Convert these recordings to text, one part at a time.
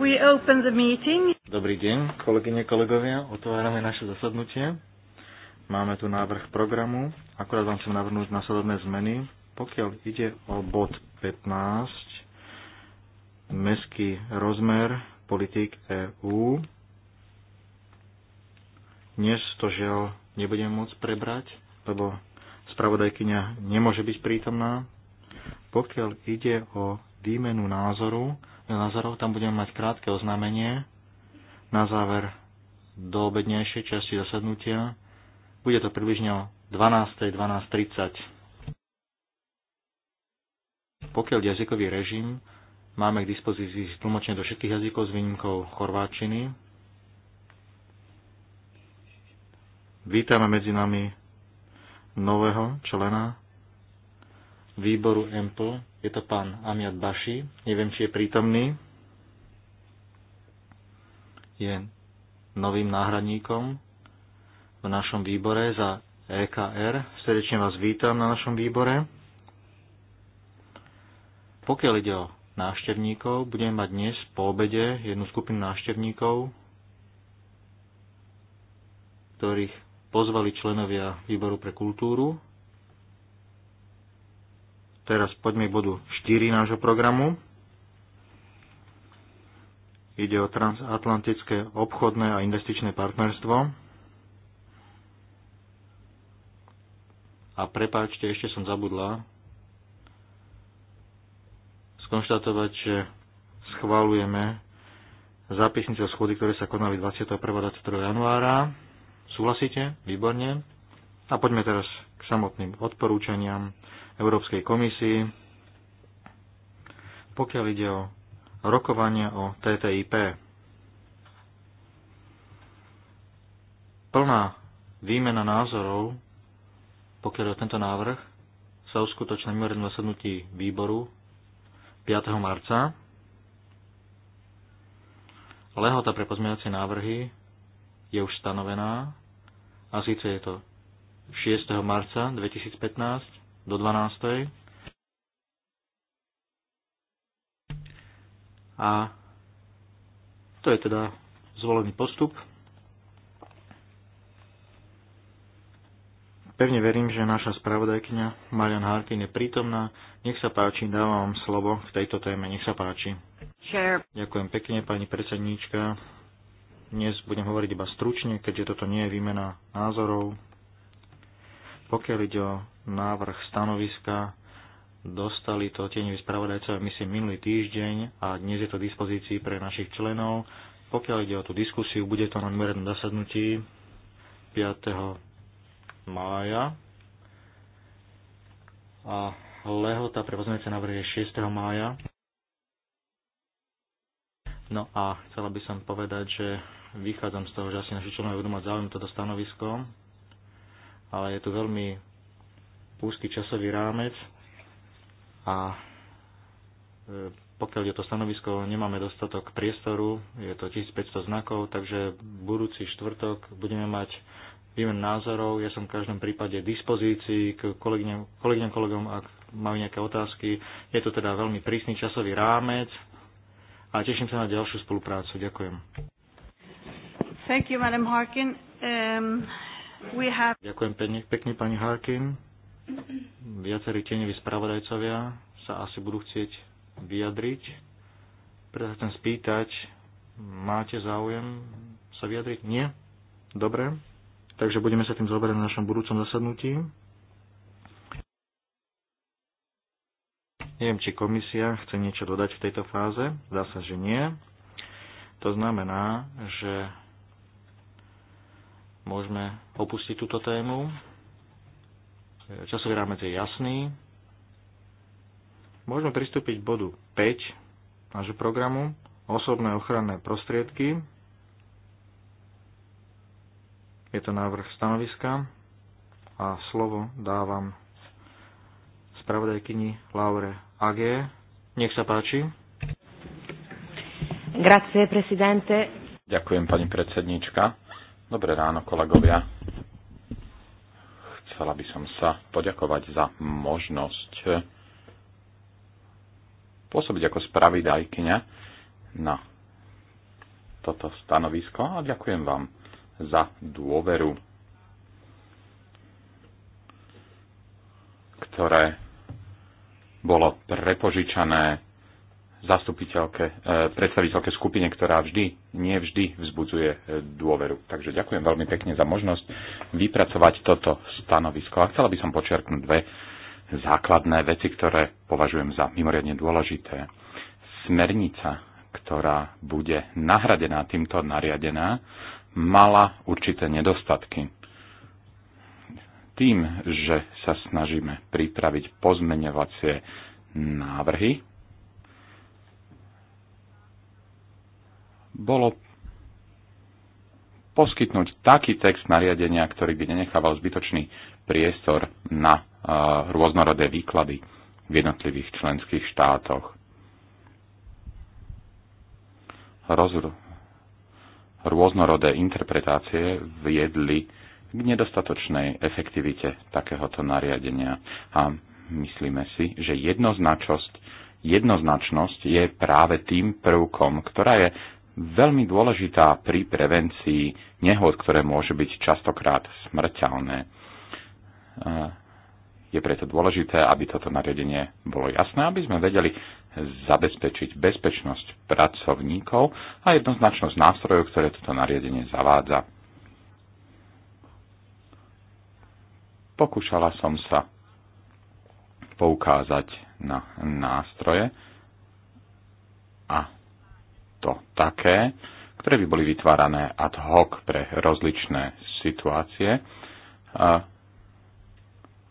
We open the meeting. Dobrý deň, kolegyne, kolegovia. Otvárame naše zasadnutie. Máme tu návrh programu. Akurát vám chcem navrhnúť následovné zmeny. Pokiaľ ide o bod 15, meský rozmer politik EU, dnes to žiaľ nebudem môcť prebrať, lebo spravodajkyňa nemôže byť prítomná. Pokiaľ ide o výmenu názoru, názorov, tam budeme mať krátke oznámenie na záver do obednejšej časti zasadnutia. Bude to približne o 12.12.30. Pokiaľ jazykový režim, máme k dispozícii tlmočenie do všetkých jazykov s výnimkou chorváčiny. Vítame medzi nami nového člena výboru EMPO. Je to pán Amiat Baši. Neviem, či je prítomný. Je novým náhradníkom v našom výbore za EKR. Srdečne vás vítam na našom výbore. Pokiaľ ide o návštevníkov, budeme mať dnes po obede jednu skupinu návštevníkov, ktorých pozvali členovia výboru pre kultúru Teraz poďme k bodu 4 nášho programu. Ide o transatlantické obchodné a investičné partnerstvo. A prepáčte, ešte som zabudla skonštatovať, že schválujeme zápisnice o schody, ktoré sa konali 21. 23. januára. Súhlasíte? Výborne. A poďme teraz k samotným odporúčaniam. Európskej komisii, pokiaľ ide o rokovania o TTIP. Plná výmena názorov, pokiaľ je o tento návrh, sa uskutočne mimoriadne zasadnutí výboru 5. marca. Lehota pre pozmeňovacie návrhy je už stanovená a síce je to 6. marca 2015 do 12. A to je teda zvolený postup. Pevne verím, že naša spravodajkňa Marian Harkin je prítomná. Nech sa páči, dávam vám slovo k tejto téme. Nech sa páči. Sure. Ďakujem pekne, pani predsedníčka. Dnes budem hovoriť iba stručne, keďže toto nie je výmena názorov. Pokiaľ ide o návrh stanoviska, dostali to tieňoví spravodajcovia, myslím, minulý týždeň a dnes je to v dispozícii pre našich členov. Pokiaľ ide o tú diskusiu, bude to na mimoriadnom zasadnutí 5. mája a lehota pre pozmeňujúce návrhy je 6. mája. No a chcela by som povedať, že vychádzam z toho, že asi naši členovia budú mať záujem toto stanovisko, ale je tu veľmi pustý časový rámec a e, pokiaľ je to stanovisko, nemáme dostatok priestoru, je to 1500 znakov, takže budúci štvrtok budeme mať výmen názorov. Ja som v každom prípade dispozícii k kolegyňam, kolegom, ak majú nejaké otázky. Je to teda veľmi prísny časový rámec a teším sa na ďalšiu spoluprácu. Ďakujem. Thank you, Madam Harkin. Um... Ďakujem pekne, pekne pani Harkin. Viacerí tieňoví spravodajcovia sa asi budú chcieť vyjadriť. Preto chcem spýtať, máte záujem sa vyjadriť? Nie? Dobre. Takže budeme sa tým zoberať na našom budúcom zasadnutí. Neviem, či komisia chce niečo dodať v tejto fáze. Zdá sa, že nie. To znamená, že môžeme opustiť túto tému. Časový rámec je jasný. Môžeme pristúpiť k bodu 5 nášho programu osobné ochranné prostriedky. Je to návrh stanoviska a slovo dávam spravodajkyni Laure AG. Nech sa páči. Grazie, presidente. Ďakujem, pani predsedníčka. Dobré ráno, kolegovia. Chcela by som sa poďakovať za možnosť pôsobiť ako spravidajkňa na toto stanovisko a ďakujem vám za dôveru, ktoré bolo prepožičané zastupiteľke, e, predstaviteľke skupine, ktorá vždy, nie vždy vzbudzuje e, dôveru. Takže ďakujem veľmi pekne za možnosť vypracovať toto stanovisko. A chcela by som počiarknúť dve základné veci, ktoré považujem za mimoriadne dôležité. Smernica, ktorá bude nahradená týmto nariadená, mala určité nedostatky. Tým, že sa snažíme pripraviť pozmeňovacie návrhy, bolo poskytnúť taký text nariadenia, ktorý by nenechával zbytočný priestor na eh, rôznorodé výklady v jednotlivých členských štátoch. Rozr- rôznorodé interpretácie viedli k nedostatočnej efektivite takéhoto nariadenia a myslíme si, že jednoznačnosť, jednoznačnosť je práve tým prvkom, ktorá je veľmi dôležitá pri prevencii nehod, ktoré môže byť častokrát smrteľné. E, je preto dôležité, aby toto nariadenie bolo jasné, aby sme vedeli zabezpečiť bezpečnosť pracovníkov a jednoznačnosť nástrojov, ktoré toto nariadenie zavádza. Pokúšala som sa poukázať na nástroje a to také, ktoré by boli vytvárané ad hoc pre rozličné situácie a,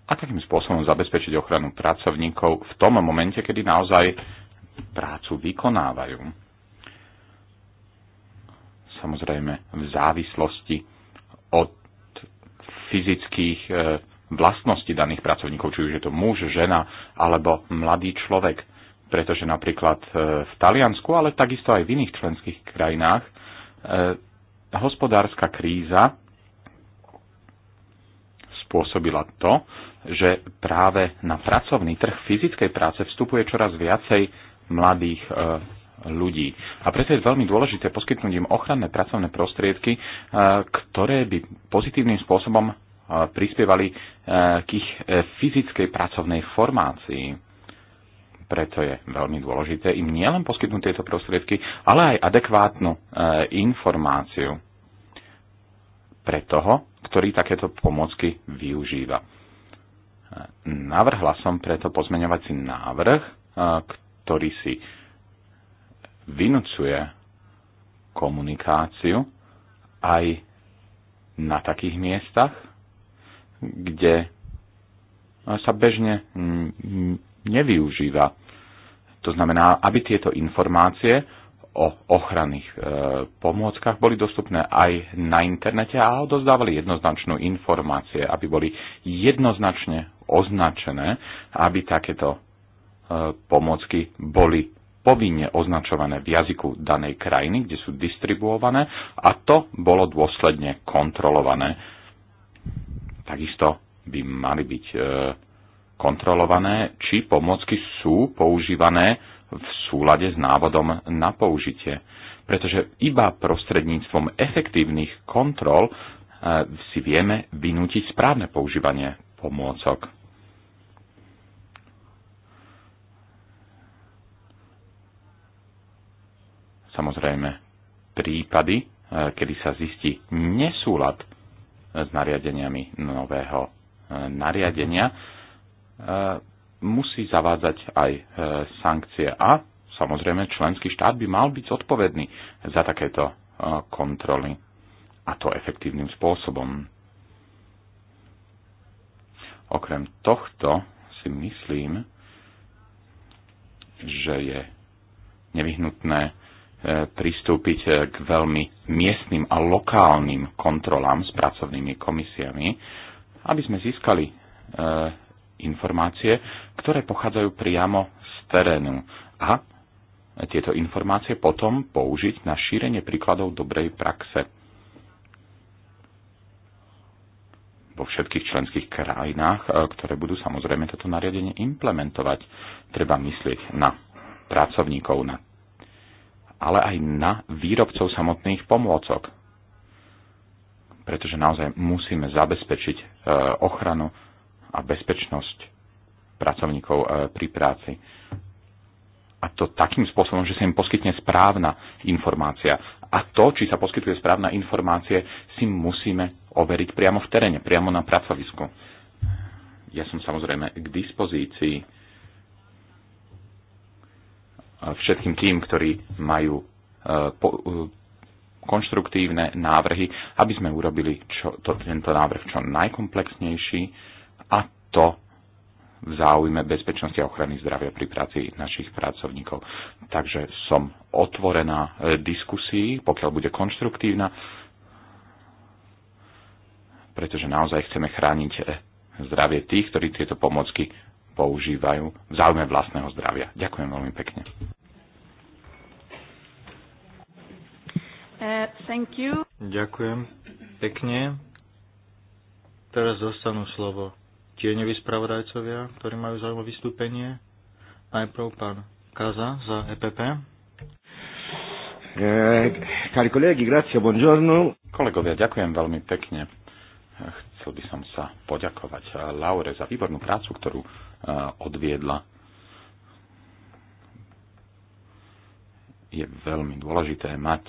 a takým spôsobom zabezpečiť ochranu pracovníkov v tom momente, kedy naozaj prácu vykonávajú. Samozrejme v závislosti od fyzických e, vlastností daných pracovníkov, či už je to muž, žena alebo mladý človek pretože napríklad e, v Taliansku, ale takisto aj v iných členských krajinách e, hospodárska kríza spôsobila to, že práve na pracovný trh fyzickej práce vstupuje čoraz viacej mladých e, ľudí. A preto je veľmi dôležité poskytnúť im ochranné pracovné prostriedky, ktoré by pozitívnym spôsobom prispievali k ich fyzickej pracovnej formácii. Preto je veľmi dôležité im nielen poskytnúť tieto prostriedky, ale aj adekvátnu e, informáciu pre toho, ktorý takéto pomocky využíva. E, navrhla som preto pozmeňovací návrh, e, ktorý si vynúcuje komunikáciu aj na takých miestach, kde sa bežne nevyužíva to znamená, aby tieto informácie o ochranných e, pomôckach boli dostupné aj na internete a odozdávali jednoznačnú informácie, aby boli jednoznačne označené, aby takéto e, pomôcky boli povinne označované v jazyku danej krajiny, kde sú distribuované a to bolo dôsledne kontrolované. Takisto by mali byť e, kontrolované, či pomocky sú používané v súlade s návodom na použitie. Pretože iba prostredníctvom efektívnych kontrol eh, si vieme vynútiť správne používanie pomôcok. Samozrejme, prípady, eh, kedy sa zistí nesúlad s nariadeniami nového eh, nariadenia, E, musí zavádzať aj e, sankcie a samozrejme členský štát by mal byť zodpovedný za takéto e, kontroly a to efektívnym spôsobom. Okrem tohto si myslím, že je nevyhnutné pristúpiť k veľmi miestnym a lokálnym kontrolám s pracovnými komisiami, aby sme získali informácie, ktoré pochádzajú priamo z terénu a tieto informácie potom použiť na šírenie príkladov dobrej praxe vo všetkých členských krajinách, e, ktoré budú samozrejme toto nariadenie implementovať. Treba myslieť na pracovníkov, na, ale aj na výrobcov samotných pomôcok, pretože naozaj musíme zabezpečiť e, ochranu a bezpečnosť pracovníkov e, pri práci. A to takým spôsobom, že sa im poskytne správna informácia. A to, či sa poskytuje správna informácia, si musíme overiť priamo v teréne, priamo na pracovisku. Ja som samozrejme k dispozícii e, všetkým tým, ktorí majú e, konštruktívne návrhy, aby sme urobili čo, to, tento návrh čo najkomplexnejší to v záujme bezpečnosti a ochrany zdravia pri práci našich pracovníkov. Takže som otvorená e, diskusii, pokiaľ bude konštruktívna, pretože naozaj chceme chrániť e, zdravie tých, ktorí tieto pomocky používajú v záujme vlastného zdravia. Ďakujem veľmi pekne. Uh, thank you. Ďakujem pekne. Teraz dostanú slovo tieňoví spravodajcovia, ktorí majú zaujímavé vystúpenie. Najprv pán Kaza za EPP. Eh, cari colleghi, grazie, buongiorno. Kolegovia, ďakujem veľmi pekne. Chcel by som sa poďakovať eh, Laure za výbornú prácu, ktorú eh, odviedla. Je veľmi dôležité mať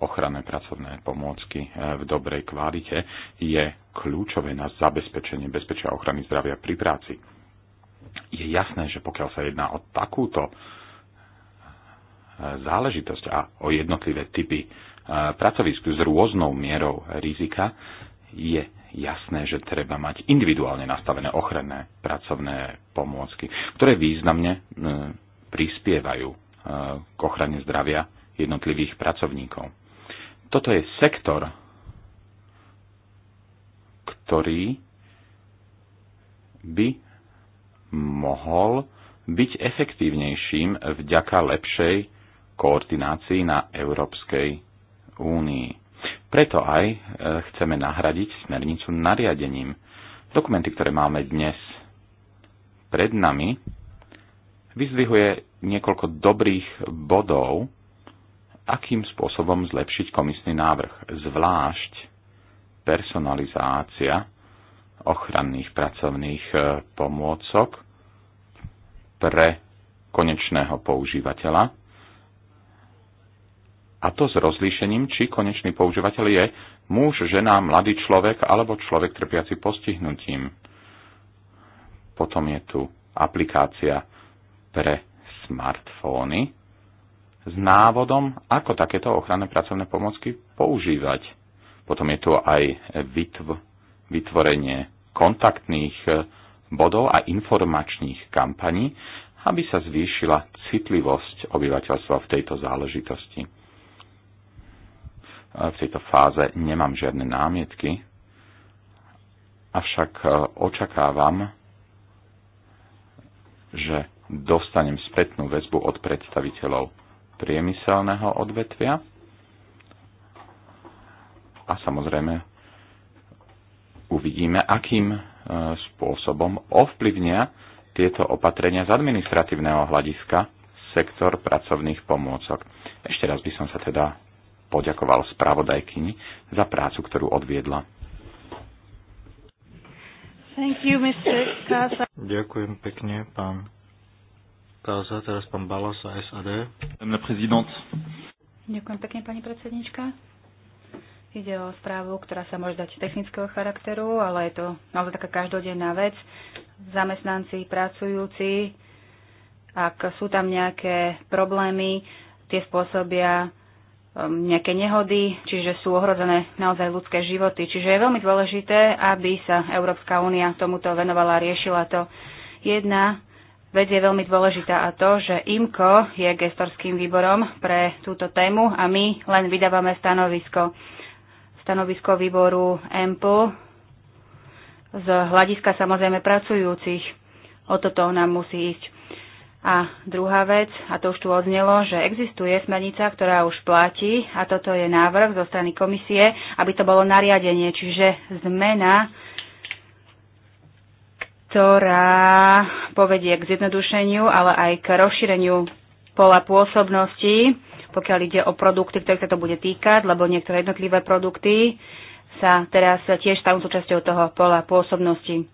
ochranné pracovné pomôcky v dobrej kvalite. Je kľúčové na zabezpečenie bezpečia a ochrany zdravia pri práci. Je jasné, že pokiaľ sa jedná o takúto e, záležitosť a o jednotlivé typy e, pracovisk s rôznou mierou rizika, je jasné, že treba mať individuálne nastavené ochranné pracovné pomôcky, ktoré významne e, prispievajú k ochrane zdravia jednotlivých pracovníkov. Toto je sektor, ktorý by mohol byť efektívnejším vďaka lepšej koordinácii na Európskej únii. Preto aj e, chceme nahradiť smernicu nariadením. Dokumenty, ktoré máme dnes pred nami, vyzdvihuje niekoľko dobrých bodov, akým spôsobom zlepšiť komisný návrh, zvlášť personalizácia ochranných pracovných e, pomôcok pre konečného používateľa. A to s rozlíšením, či konečný používateľ je muž, žena, mladý človek alebo človek trpiaci postihnutím. Potom je tu aplikácia pre smartfóny s návodom, ako takéto ochranné pracovné pomocky používať potom je tu aj vytv- vytvorenie kontaktných eh, bodov a informačných kampaní, aby sa zvýšila citlivosť obyvateľstva v tejto záležitosti. Eh, v tejto fáze nemám žiadne námietky, avšak eh, očakávam, že dostanem spätnú väzbu od predstaviteľov priemyselného odvetvia a samozrejme uvidíme, akým e, spôsobom ovplyvnia tieto opatrenia z administratívneho hľadiska sektor pracovných pomôcok. Ešte raz by som sa teda poďakoval spravodajkyni za prácu, ktorú odviedla. Thank you, Mr. Kaza. Ďakujem pekne, pán Kaza. Teraz pán Balas a SAD. Ďakujem pekne, pani predsednička. Ide o správu, ktorá sa môže dať technického charakteru, ale je to naozaj taká každodenná vec. Zamestnanci, pracujúci, ak sú tam nejaké problémy, tie spôsobia um, nejaké nehody, čiže sú ohrozené naozaj ľudské životy. Čiže je veľmi dôležité, aby sa Európska únia tomuto venovala a riešila to. Jedna vec je veľmi dôležitá a to, že IMCO je gestorským výborom pre túto tému a my len vydávame stanovisko stanovisko výboru EMPO z hľadiska samozrejme pracujúcich. O toto nám musí ísť. A druhá vec, a to už tu odznelo, že existuje smernica, ktorá už platí, a toto je návrh zo strany komisie, aby to bolo nariadenie, čiže zmena ktorá povedie k zjednodušeniu, ale aj k rozšíreniu pola pôsobnosti pokiaľ ide o produkty, ktoré sa to bude týkať, lebo niektoré jednotlivé produkty sa teraz tiež stávajú súčasťou toho pola pôsobnosti.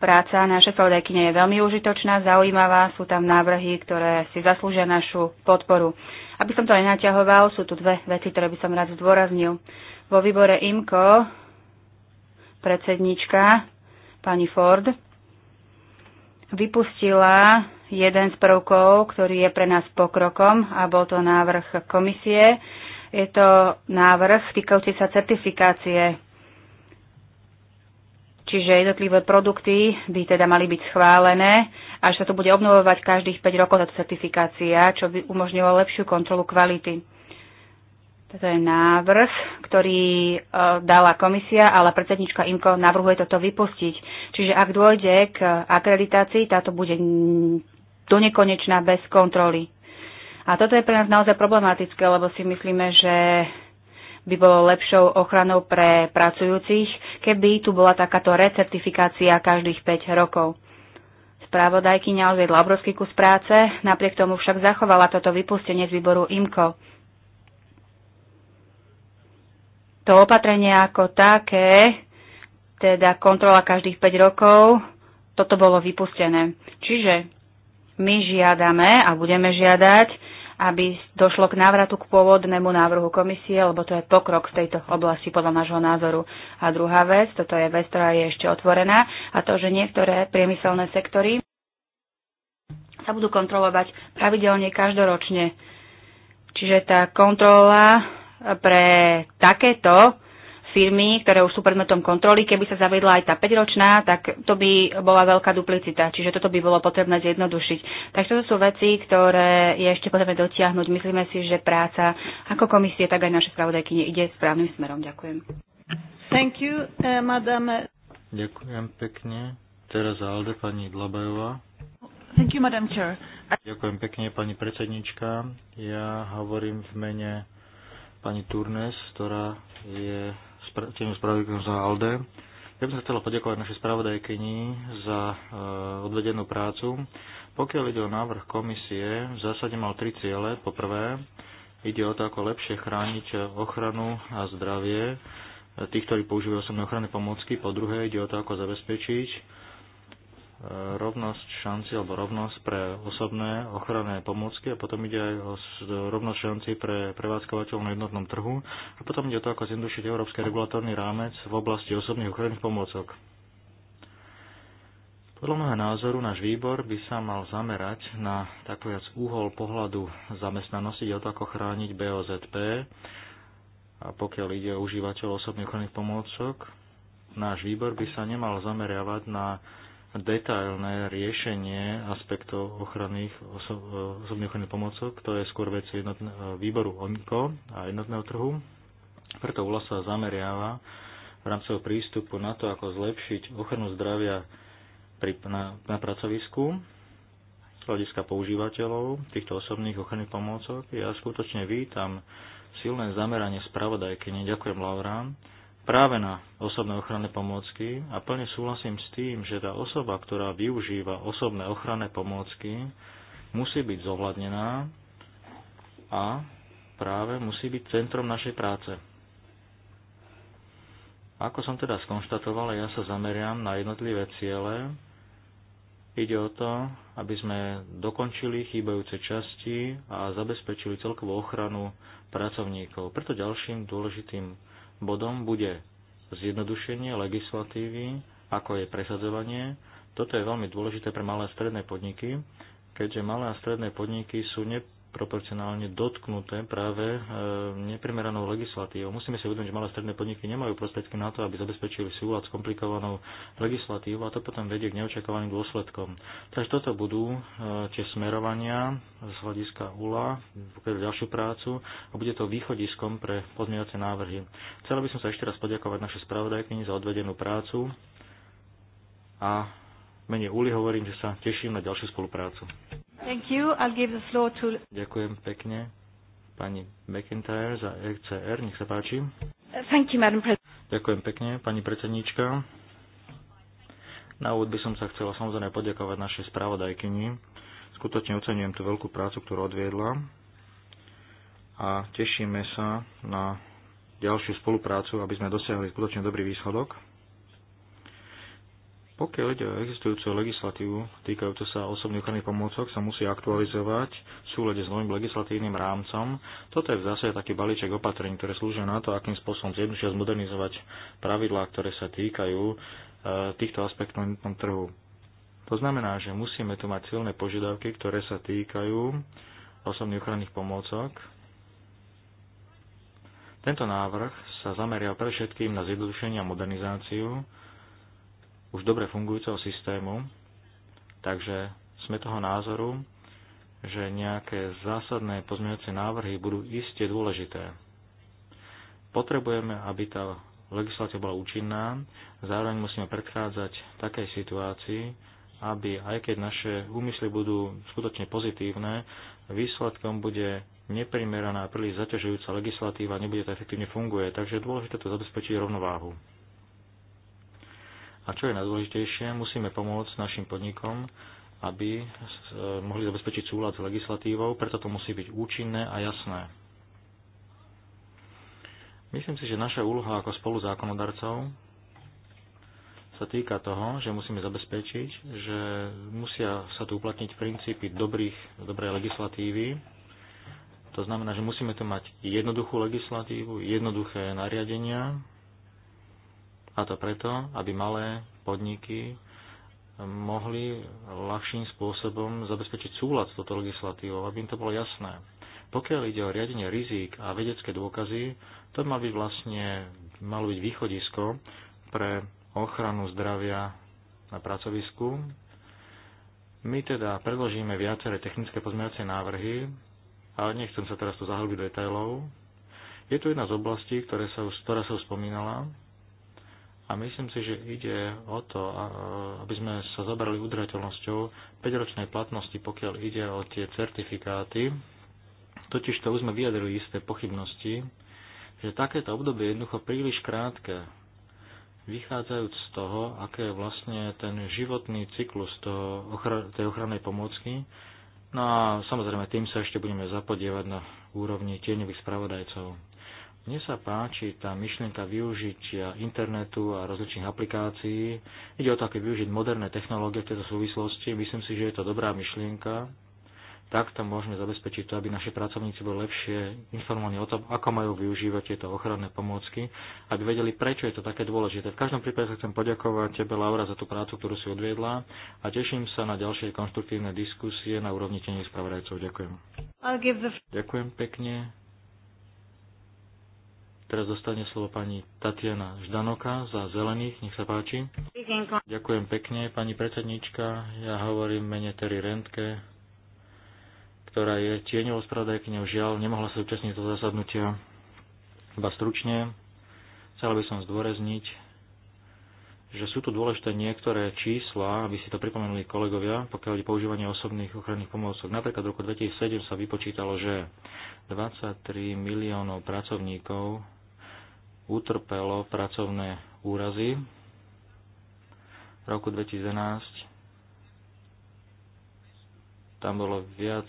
Práca naše spravodajkyne je veľmi užitočná, zaujímavá, sú tam návrhy, ktoré si zaslúžia našu podporu. Aby som to aj naťahoval, sú tu dve veci, ktoré by som rád zdôraznil. Vo výbore IMKO predsednička pani Ford vypustila jeden z prvkov, ktorý je pre nás pokrokom a bol to návrh komisie. Je to návrh týkajúci sa certifikácie. Čiže jednotlivé produkty by teda mali byť schválené, až sa to bude obnovovať každých 5 rokov táto certifikácia, čo by umožnilo lepšiu kontrolu kvality. Toto je návrh, ktorý e, dala komisia, ale predsednička IMKO navrhuje toto vypustiť. Čiže ak dôjde k akreditácii, táto bude do nekonečná bez kontroly. A toto je pre nás naozaj problematické, lebo si myslíme, že by bolo lepšou ochranou pre pracujúcich, keby tu bola takáto recertifikácia každých 5 rokov. Spravodajkyňa odvedla obrovský kus práce, napriek tomu však zachovala toto vypustenie z výboru IMCO. To opatrenie ako také, teda kontrola každých 5 rokov, toto bolo vypustené. Čiže my žiadame a budeme žiadať, aby došlo k návratu k pôvodnému návrhu komisie, lebo to je pokrok v tejto oblasti podľa nášho názoru. A druhá vec, toto je vec, ktorá je ešte otvorená, a to, že niektoré priemyselné sektory sa budú kontrolovať pravidelne každoročne. Čiže tá kontrola pre takéto firmy, ktoré už sú predmetom kontroly, keby sa zavedla aj tá 5-ročná, tak to by bola veľká duplicita, čiže toto by bolo potrebné zjednodušiť. Takže toto sú veci, ktoré je ešte potrebné dotiahnuť. Myslíme si, že práca ako komisie, tak aj naše spravodajkyne ide správnym smerom. Ďakujem. Thank you, uh, eh, madam. Ďakujem pekne. Teraz Alde, pani Dlabajová. Thank you, madam chair. Ďakujem pekne, pani predsednička. Ja hovorím v mene pani Turnes, ktorá je tému spravodajkom za ALDE. Ja by som chcela poďakovať našej spravodajkyni za e, odvedenú prácu. Pokiaľ ide o návrh komisie, v zásade mal tri ciele. Poprvé, ide o to, ako lepšie chrániť ochranu a zdravie eh, tých, ktorí používajú osobné ochranné pomôcky. Po druhé, ide o to, ako zabezpečiť, rovnosť šanci alebo rovnosť pre osobné ochranné pomôcky a potom ide aj o rovnosť šanci pre prevádzkovateľov na jednotnom trhu a potom ide o to, ako zjednodušiť európsky regulatórny rámec v oblasti osobných ochranných pomôcok. Podľa môjho názoru náš výbor by sa mal zamerať na tak viac úhol pohľadu zamestnanosti, ide o to, ako chrániť BOZP a pokiaľ ide o užívateľov osobných ochranných pomôcok, náš výbor by sa nemal zameriavať na detailné riešenie aspektov ochranných e, osobných ochranných pomocok, to je skôr vec jednotné, e, výboru ONKO a jednotného trhu. Preto ULA sa zameriava v rámci prístupu na to, ako zlepšiť ochranu zdravia pri, na, na pracovisku z hľadiska používateľov týchto osobných ochranných pomôcok. Ja skutočne vítam silné zameranie spravodajkyne. Ďakujem, Laura práve na osobné ochranné pomôcky a plne súhlasím s tým, že tá osoba, ktorá využíva osobné ochranné pomôcky, musí byť zohľadnená a práve musí byť centrom našej práce. Ako som teda skonštatoval, ja sa zameriam na jednotlivé ciele. Ide o to, aby sme dokončili chýbajúce časti a zabezpečili celkovú ochranu pracovníkov. Preto ďalším dôležitým bodom bude zjednodušenie legislatívy, ako je presadzovanie. Toto je veľmi dôležité pre malé a stredné podniky, keďže malé a stredné podniky sú ne, proporcionálne dotknuté práve e, neprimeranou legislatívou. Musíme si uvedomiť, že malé stredné podniky nemajú prostriedky na to, aby zabezpečili súlad s komplikovanou legislatívou a to potom vedie k neočakávaným dôsledkom. Takže toto budú e, tie smerovania z hľadiska ULA, pokiaľ ďalšiu prácu a bude to východiskom pre pozmeňovacie návrhy. Chcel by som sa ešte raz poďakovať našej spravodajkyni za odvedenú prácu a mene Uli hovorím, že sa teším na ďalšiu spoluprácu. Thank you. I'll give the floor to... Ďakujem pekne pani McIntyre za ECR. Nech sa páči. Thank you, Madam Ďakujem pekne, pani predsedníčka. Na úvod by som sa chcela samozrejme poďakovať našej spravodajkyni. Skutočne ocenujem tú veľkú prácu, ktorú odviedla a tešíme sa na ďalšiu spoluprácu, aby sme dosiahli skutočne dobrý výsledok. Pokiaľ ide o existujúcu legislatívu týkajúcu sa osobných ochranných pomôcok, sa musí aktualizovať v súlade s novým legislatívnym rámcom. Toto je v zásade taký balíček opatrení, ktoré slúžia na to, akým spôsobom zjednodušia zmodernizovať pravidlá, ktoré sa týkajú e, týchto aspektov na trhu. To znamená, že musíme tu mať silné požiadavky, ktoré sa týkajú osobných ochranných pomôcok. Tento návrh sa zameria pre všetkým na zjednodušenie a modernizáciu už dobre fungujúceho systému, takže sme toho názoru, že nejaké zásadné pozmeňujúce návrhy budú iste dôležité. Potrebujeme, aby tá legislatíva bola účinná, zároveň musíme predchádzať takej situácii, aby aj keď naše úmysly budú skutočne pozitívne, výsledkom bude neprimeraná a príliš zaťažujúca legislatíva, nebude to efektívne funguje, takže je dôležité to zabezpečiť rovnováhu. A čo je najdôležitejšie, musíme pomôcť našim podnikom, aby e, mohli zabezpečiť súlad s legislatívou, preto to musí byť účinné a jasné. Myslím si, že naša úloha ako spoluzákonodarcov sa týka toho, že musíme zabezpečiť, že musia sa tu uplatniť princípy dobrých, dobrej legislatívy. To znamená, že musíme tu mať jednoduchú legislatívu, jednoduché nariadenia, a to preto, aby malé podniky mohli ľahším spôsobom zabezpečiť súlad s touto legislatívou, aby im to bolo jasné. Pokiaľ ide o riadenie rizík a vedecké dôkazy, to mal by vlastne, malo byť východisko pre ochranu zdravia na pracovisku. My teda predložíme viaceré technické pozmeňovacie návrhy, ale nechcem sa teraz tu zahlbiť do detailov. Je tu jedna z oblastí, ktoré sa, ktorá sa už spomínala, a myslím si, že ide o to, aby sme sa zabrali udržateľnosťou 5-ročnej platnosti, pokiaľ ide o tie certifikáty. Totiž to už sme vyjadrili isté pochybnosti, že takéto obdobie je jednoducho príliš krátke. Vychádzajúc z toho, aké je vlastne ten životný cyklus toho, tej ochrannej pomôcky, no a samozrejme tým sa ešte budeme zapodievať na úrovni tieňových spravodajcov. Mne sa páči tá myšlienka využitia internetu a rozličných aplikácií. Ide o to, ako využiť moderné technológie v tejto súvislosti. Myslím si, že je to dobrá myšlienka. Takto môžeme zabezpečiť to, aby naši pracovníci boli lepšie informovaní o tom, ako majú využívať tieto ochranné pomôcky, aby vedeli, prečo je to také dôležité. V každom prípade sa chcem poďakovať tebe, Laura, za tú prácu, ktorú si odviedla a teším sa na ďalšie konštruktívne diskusie na úrovni tených spravodajcov. Ďakujem. The... Ďakujem pekne. Teraz dostane slovo pani Tatiana Ždanoka za Zelených. Nech sa páči. Ďakujem pekne, pani predsednička. Ja hovorím mene Terry Rentke, ktorá je tieňovou spravodajkyňou. Žiaľ, nemohla sa účastniť toho zasadnutia. Iba stručne. Chcela by som zdôrazniť, že sú tu dôležité niektoré čísla, aby si to pripomenuli kolegovia, pokiaľ ide používanie osobných ochranných pomôcok. Napríklad v roku 2007 sa vypočítalo, že 23 miliónov pracovníkov utrpelo pracovné úrazy. V roku 2011 tam bolo viac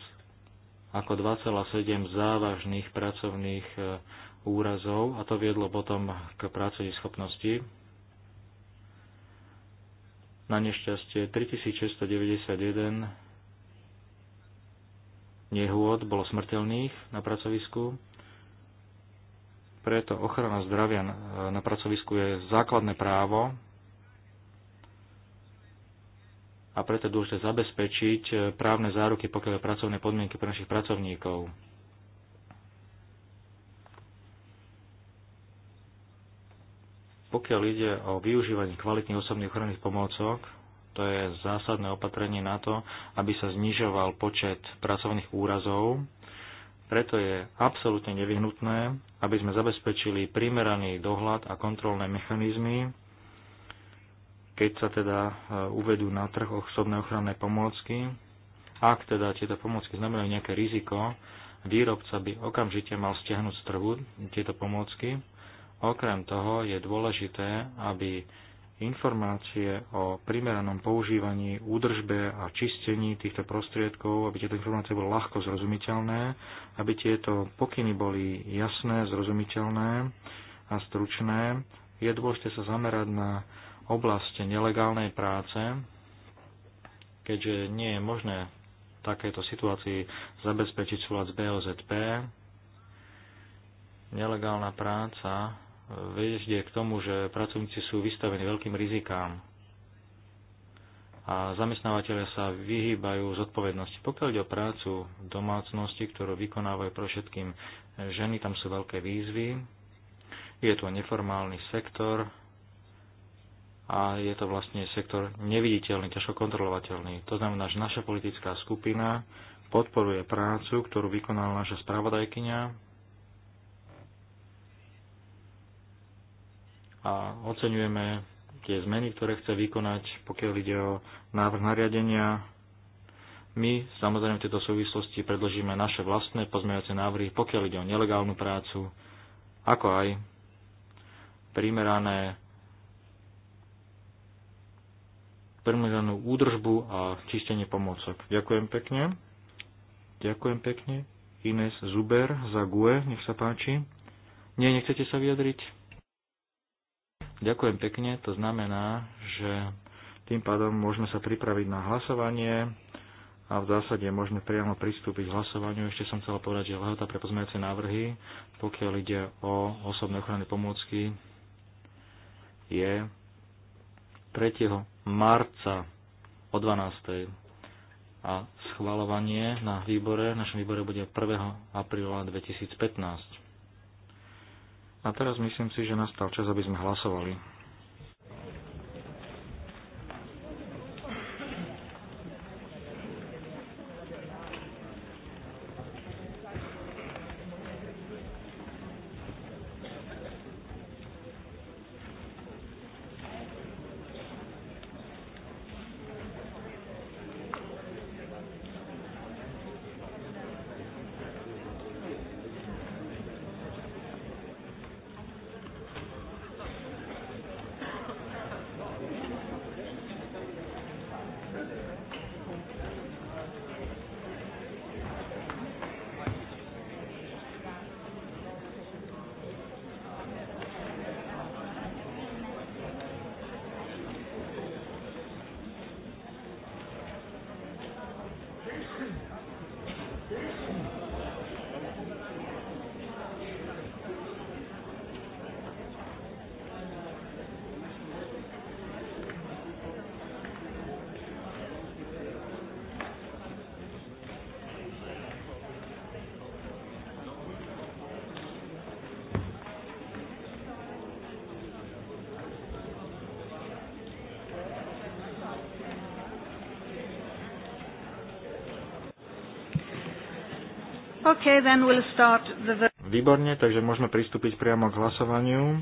ako 2,7 závažných pracovných e, úrazov a to viedlo potom k pracovnej schopnosti. Na nešťastie 3691 nehôd bolo smrteľných na pracovisku preto ochrana zdravia na pracovisku je základné právo a preto je dôležité zabezpečiť eh, právne záruky, pokiaľ pracovné podmienky pre našich pracovníkov. Pokiaľ ide o využívanie kvalitných osobných ochranných pomôcok, to je zásadné opatrenie na to, aby sa znižoval počet pracovných úrazov preto je absolútne nevyhnutné, aby sme zabezpečili primeraný dohľad a kontrolné mechanizmy, keď sa teda e, uvedú na trh osobné ochranné pomôcky. Ak teda tieto pomôcky znamenajú nejaké riziko, výrobca by okamžite mal stiahnuť z trhu tieto pomôcky. Okrem toho je dôležité, aby informácie o primeranom používaní, údržbe a čistení týchto prostriedkov, aby tieto informácie boli ľahko zrozumiteľné, aby tieto pokyny boli jasné, zrozumiteľné a stručné. Je dôležité sa zamerať na oblasti nelegálnej práce, keďže nie je možné v takejto situácii zabezpečiť súlad s BOZP. Nelegálna práca vedie k tomu, že pracovníci sú vystavení veľkým rizikám a zamestnávateľe sa vyhýbajú zodpovednosti. Pokiaľ ide o prácu v domácnosti, ktorú vykonávajú pre všetkým ženy, tam sú veľké výzvy. Je to neformálny sektor a je to vlastne sektor neviditeľný, ťažko kontrolovateľný. To znamená, že naša politická skupina podporuje prácu, ktorú vykonala naša spravodajkyňa a oceňujeme tie zmeny, ktoré chce vykonať, pokiaľ ide o návrh nariadenia. My samozrejme v tejto súvislosti predložíme naše vlastné pozmeňovacie návrhy, pokiaľ ide o nelegálnu prácu, ako aj primerané primeranú údržbu a čistenie pomôcok. Ďakujem pekne. Ďakujem pekne. Ines Zuber za GUE, nech sa páči. Nie, nechcete sa vyjadriť? Ďakujem pekne, to znamená, že tým pádom môžeme sa pripraviť na hlasovanie a v zásade môžeme priamo pristúpiť k hlasovaniu. Ešte som chcel povedať, že lehota pre pozmeňujúce návrhy, pokiaľ ide o osobné ochranné pomôcky, je 3. marca o 12. A schvalovanie na výbore, našom výbore bude 1. apríla 2015. A teraz myslím si, že nastal čas, aby sme hlasovali. Okay, then we'll start the... Výborne, takže môžeme pristúpiť priamo k hlasovaniu.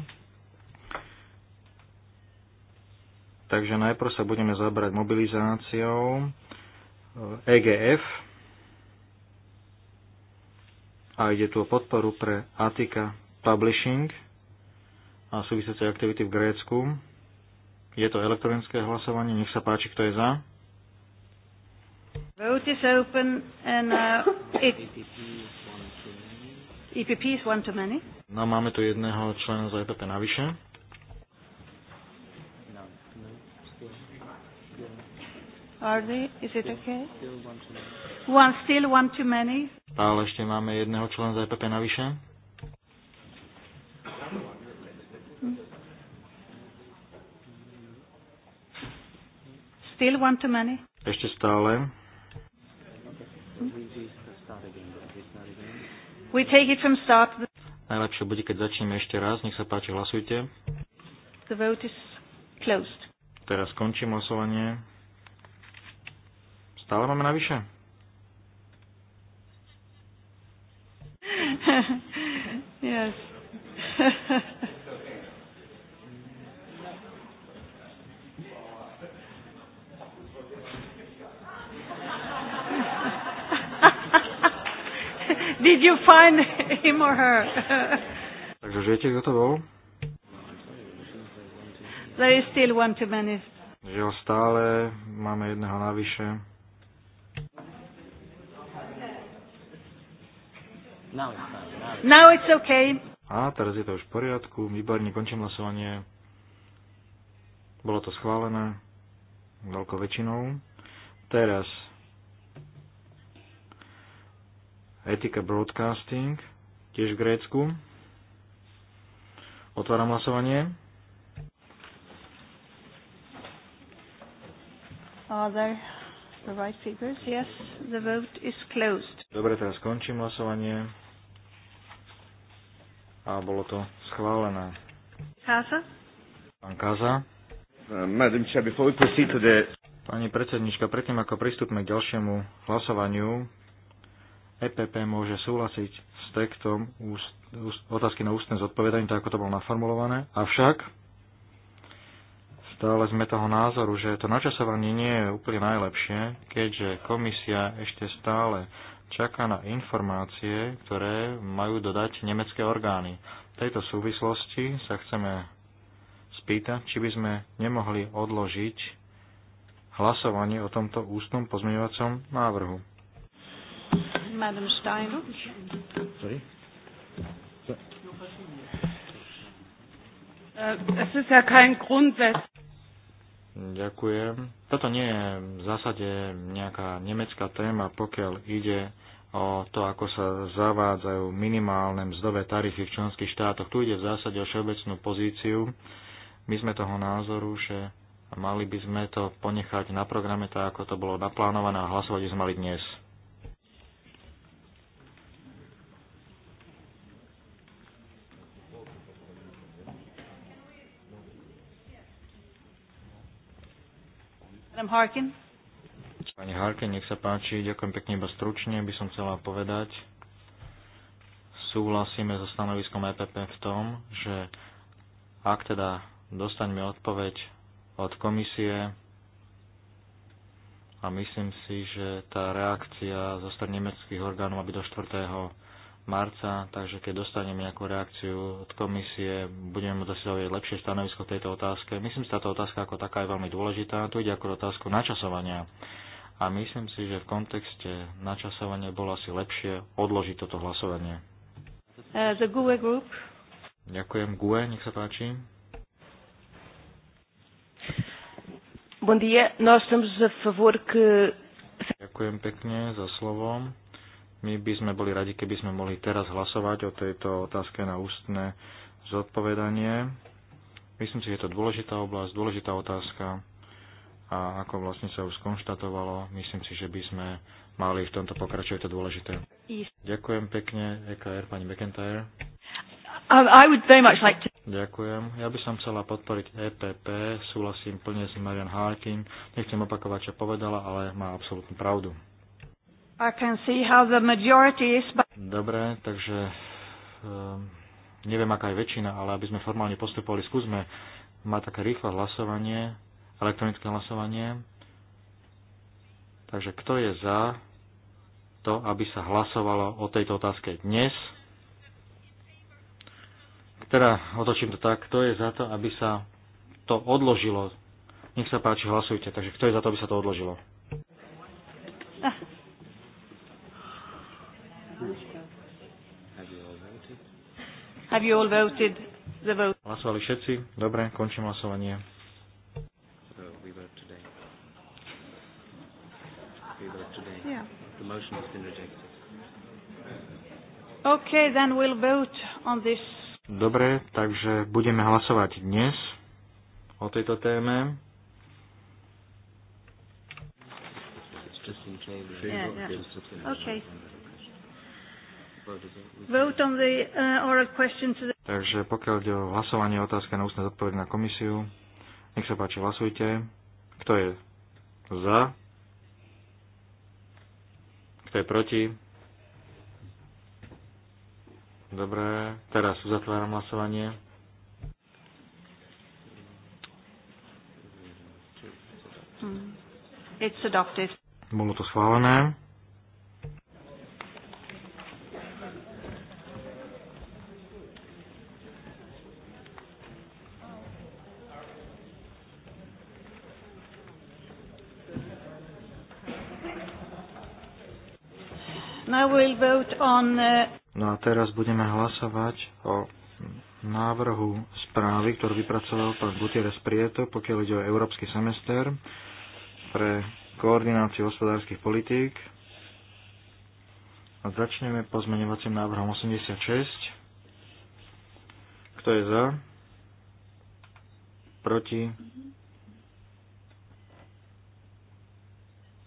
Takže najprv sa budeme zabrať mobilizáciou EGF eh, e a ide tu o podporu pre Attica Publishing a súvisiace aktivity v Grécku. Je to elektronické hlasovanie, nech sa páči, kto je za vote is open and uh, it... EPP is one too many. No, máme tu jedného člena z EPP navyše. Are they? Is it okay? One still one too many. Stále ešte máme jedného člena z EPP navyše. Still one too many. Ešte stále We take it from start. Najlepšie bude, keď začneme ešte raz. Nech sa páči, hlasujte. The vote is closed. Teraz skončím hlasovanie. Stále máme navyše? yes. Did you find him or her? Takže viete, kto to bol? There is still one too many. Že ho stále máme jedného navyše. Now it's, Now it's okay. A teraz je to už v poriadku. Výborne, končím hlasovanie. Bolo to schválené veľkou väčšinou. Teraz Etika Broadcasting, tiež v Grécku. Otváram hlasovanie. Are there the right Yes, the vote is closed. Dobre, teraz skončím hlasovanie. A bolo to schválené. Káza? Pán Káza. Uh, Madam Chair, before we proceed to the... Pani predsednička, predtým ako pristúpme k ďalšiemu hlasovaniu, EPP môže súhlasiť s textom úst, úst, otázky na ústne zodpovedanie, tak ako to bolo naformulované. Avšak stále sme toho názoru, že to načasovanie nie je úplne najlepšie, keďže komisia ešte stále čaká na informácie, ktoré majú dodať nemecké orgány. V tejto súvislosti sa chceme spýtať, či by sme nemohli odložiť hlasovanie o tomto ústnom pozmeňovacom návrhu. Madam Stein. Sorry. Äh, es ist ja kein Grundsatz. Ďakujem. Toto nie je v zásade nejaká nemecká téma, pokiaľ ide o to, ako sa zavádzajú minimálne mzdové tarify v členských štátoch. Tu ide v zásade o všeobecnú pozíciu. My sme toho názoru, že mali by sme to ponechať na programe tak, ako to bolo naplánované a hlasovať by sme mali dnes. Harkin. Pani Harkin, nech sa páči. Ďakujem pekne iba stručne. By som chcela povedať, súhlasíme so stanoviskom EPP v tom, že ak teda dostaňme odpoveď od komisie a myslím si, že tá reakcia zo strany nemeckých orgánov, aby do 4 marca, takže keď dostaneme nejakú reakciu od komisie, budeme môcť dosiahovať lepšie stanovisko v tejto otázke. Myslím si, táto otázka ako taká je veľmi dôležitá. Tu ide ako otázku načasovania. A myslím si, že v kontexte načasovania bolo asi lepšie odložiť toto hlasovanie. Uh, the GUE Group. Ďakujem. GUE, nech sa páči. Bon dia, nós estamos a favor que... Ďakujem pekne za slovom. My by sme boli radi, keby sme mohli teraz hlasovať o tejto otázke na ústne zodpovedanie. Myslím si, že je to dôležitá oblasť, dôležitá otázka a ako vlastne sa už skonštatovalo, myslím si, že by sme mali v tomto pokračovať, to dôležité. Ďakujem pekne, EKR, pani McIntyre. Um, I would very much like to... Ďakujem. Ja by som chcela podporiť EPP, súhlasím plne s Marian Harkin, nechcem opakovať, čo povedala, ale má absolútnu pravdu. I can see how the majority is, but... Dobre, takže um, neviem, aká je väčšina, ale aby sme formálne postupovali, skúsme mať také rýchle hlasovanie, elektronické hlasovanie. Takže kto je za to, aby sa hlasovalo o tejto otázke dnes? Teda otočím to tak, kto je za to, aby sa to odložilo? Nech sa páči, hlasujte. Takže kto je za to, aby sa to odložilo? Have you all voted the vote? Hlasovali všetci? Dobre, končím hlasovanie. We vote today. We vote today. Yeah. The motion has been rejected. Okay, then we'll vote on this. Dobre, takže budeme hlasovať dnes o tejto téme. Yeah, yeah. Okay. Uh, Takže pokiaľ ide o hlasovanie otázka na ústne zodpovede na komisiu, nech sa páči, hlasujte. Kto je za? Kto je proti? Dobre, teraz uzatváram hlasovanie. Hmm. It's adopted. Bolo to schválené. Uh, no a teraz budeme hlasovať o návrhu správy, ktorú vypracoval pán Gutierrez Prieto, pokiaľ ide o európsky semester pre koordináciu hospodárskych politík. A začneme pozmeňovacím návrhom 86. Kto je za? Proti?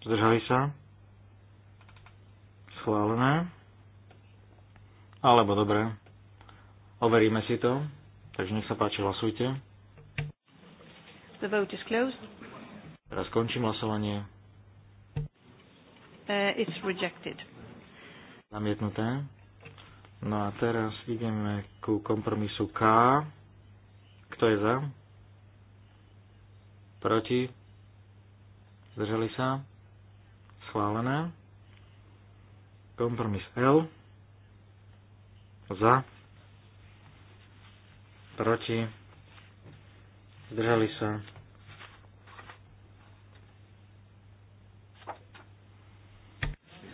Zdržali sa? schválené. Alebo dobre, overíme si to. Takže nech sa páči, hlasujte. The vote is closed. Teraz končím hlasovanie. Uh, it's rejected. Zamietnuté. No a teraz ideme ku kompromisu K. Kto je za? Proti? Zdržali sa? Schválené. Kompromis L. Za. Proti. Zdržali sa.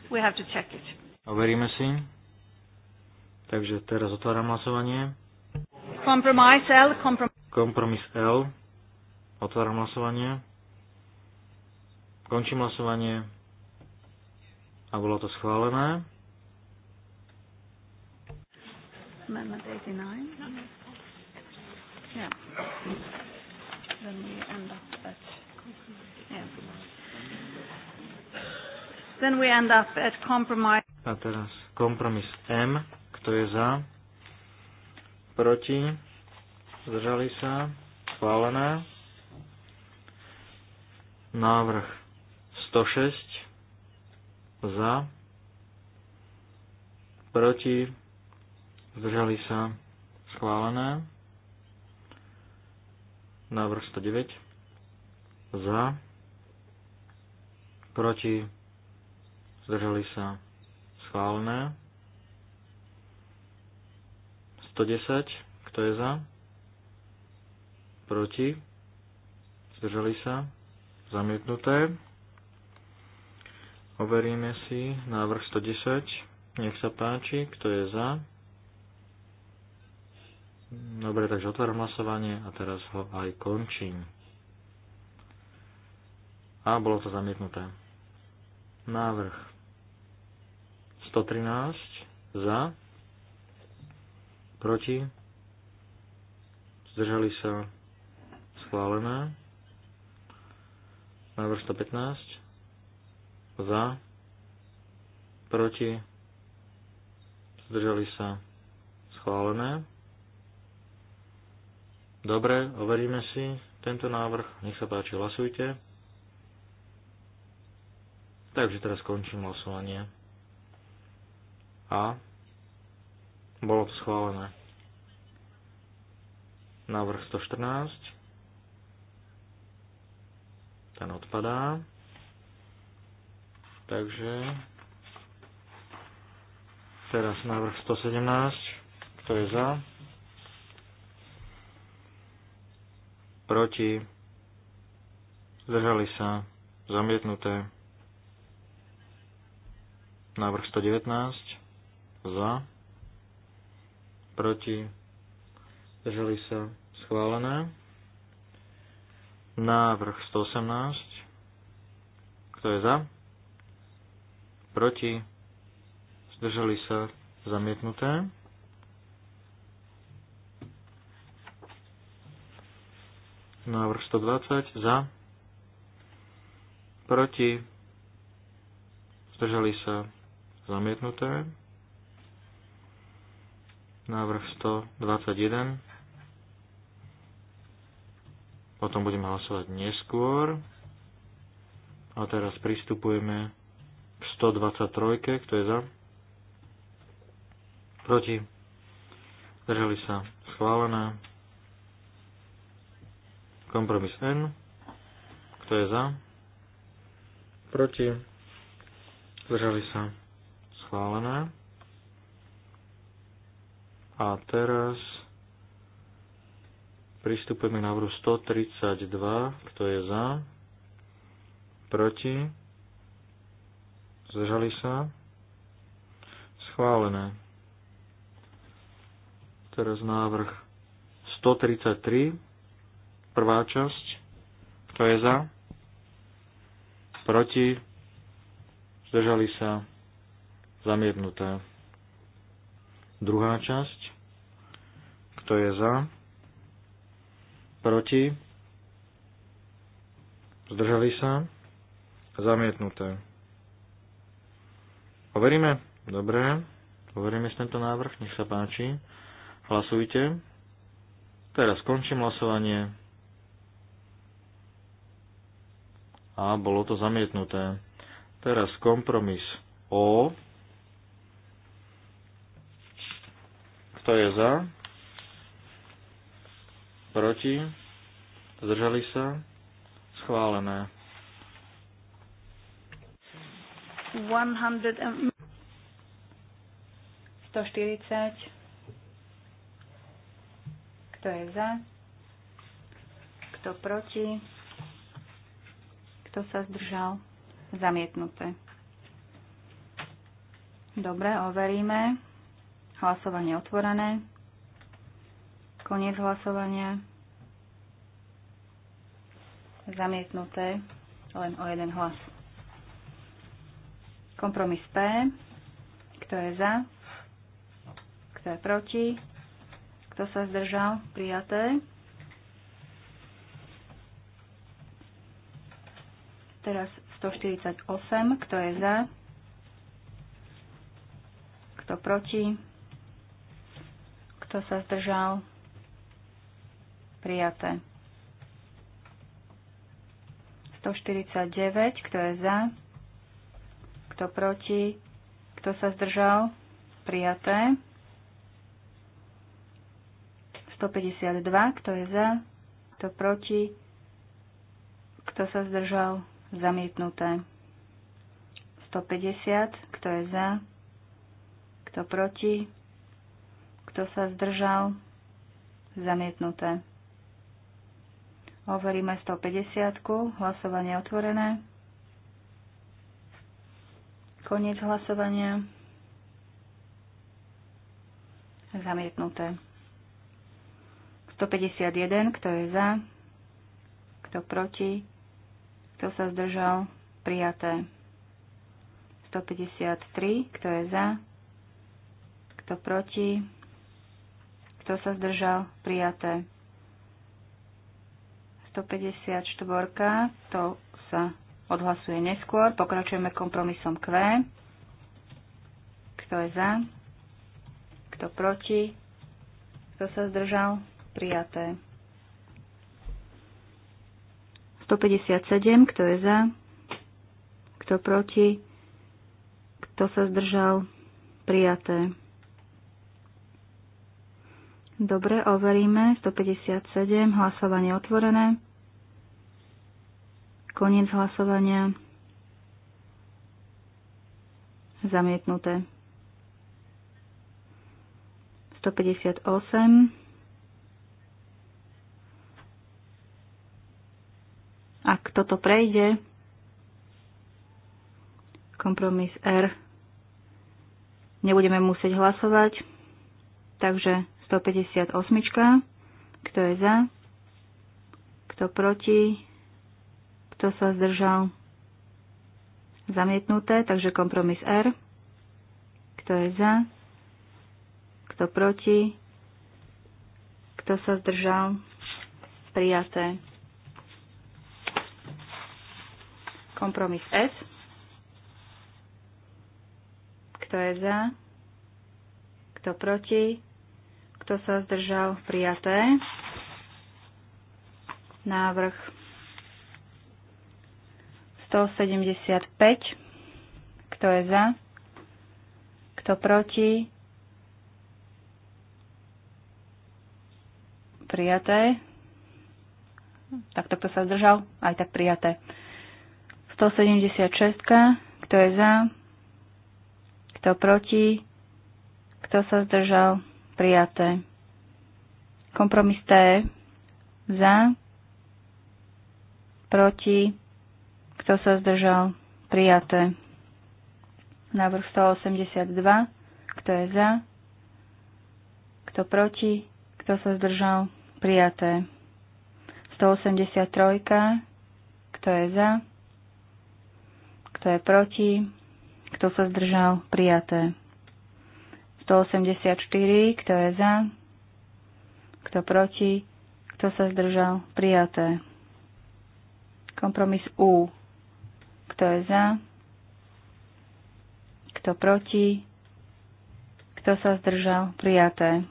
We have to check it. Overíme si. Takže teraz otváram hlasovanie. Kompromis L. Kompromis L. Otváram hlasovanie. Končím hlasovanie. A bolo to schválené. Amendment 89. Yeah. Then we end up at yeah. Then we end up at compromise. A teraz kompromis M, kto je za, proti, zdržali sa, schválené. Návrh 106, za, proti, zdržali sa, schválené. Návrh 109, za, proti, zdržali sa, schválené. 110, kto je za, proti, zdržali sa, zamietnuté. Overíme si návrh 110. Nech sa páči, kto je za. Dobre, takže otváram hlasovanie a teraz ho aj končím. A bolo to zamietnuté. Návrh 113 za, proti, zdržali sa schválené. Návrh 115 za, proti, zdržali sa schválené. Dobre, overíme si tento návrh. Nech sa páči, hlasujte. Takže teraz končím hlasovanie. A bolo to schválené. Návrh 114. Ten odpadá. Takže teraz návrh 117. Kto je za? Proti? Zdržali sa? Zamietnuté? Návrh 119. Za? Proti? Zdržali sa? Schválené? Návrh 118. Kto je za? proti, zdržali sa zamietnuté. Návrh 120 za, proti, zdržali sa zamietnuté. Návrh 121. Potom budeme hlasovať neskôr. A teraz pristupujeme k 123, kto je za? Proti? držali sa schválené. Kompromis N. Kto je za? Proti? držali sa schválené. A teraz pristupujeme k návrhu 132. Kto je za? Proti? Zdržali sa? Schválené. Teraz návrh 133, prvá časť. Kto je za? Proti? Zdržali sa? Zamietnuté. Druhá časť. Kto je za? Proti? Zdržali sa? Zamietnuté. Overíme? Dobre. Overíme si tento návrh. Nech sa páči. Hlasujte. Teraz končím hlasovanie. A bolo to zamietnuté. Teraz kompromis O. Kto je za? Proti? Zdržali sa? Schválené. 140. Kto je za? Kto proti? Kto sa zdržal? Zamietnuté. Dobre, overíme. Hlasovanie otvorené. Koniec hlasovania. Zamietnuté len o jeden hlas. Kompromis P. Kto je za? Kto je proti? Kto sa zdržal? Prijaté. Teraz 148. Kto je za? Kto proti? Kto sa zdržal? Prijaté. 149. Kto je za? kto proti, kto sa zdržal, prijaté. 152, kto je za, kto proti, kto sa zdržal, zamietnuté. 150, kto je za, kto proti, kto sa zdržal, zamietnuté. Overíme 150, hlasovanie otvorené. Koniec hlasovania. Zamietnuté. 151, kto je za, kto proti, kto sa zdržal, prijaté. 153, kto je za, kto proti, kto sa zdržal, prijaté. 154, to sa odhlasuje neskôr. Pokračujeme kompromisom Q. Kto je za? Kto proti? Kto sa zdržal? Prijaté. 157. Kto je za? Kto proti? Kto sa zdržal? Prijaté. Dobre, overíme. 157. Hlasovanie otvorené. Koniec hlasovania. Zamietnuté. 158. Ak toto prejde, kompromis R, nebudeme musieť hlasovať. Takže 158. Kto je za? Kto proti? Kto sa zdržal? Zamietnuté, takže kompromis R. Kto je za? Kto proti? Kto sa zdržal? Prijaté. Kompromis S. Kto je za? Kto proti? Kto sa zdržal? Prijaté. Návrh 175. Kto je za? Kto proti? Prijaté. Takto kto sa zdržal? Aj tak prijaté. 176. Kto je za? Kto proti? Kto sa zdržal? Prijaté. Kompromis T. Za. Proti. Kto sa zdržal? Prijaté. Návrh 182. Kto je za? Kto proti? Kto sa zdržal? Prijaté. 183. Kto je za? Kto je proti? Kto sa zdržal? Prijaté. 184. Kto je za? Kto proti? Kto sa zdržal? Prijaté. Kompromis U. Kto je za? Kto proti? Kto sa zdržal? Prijaté.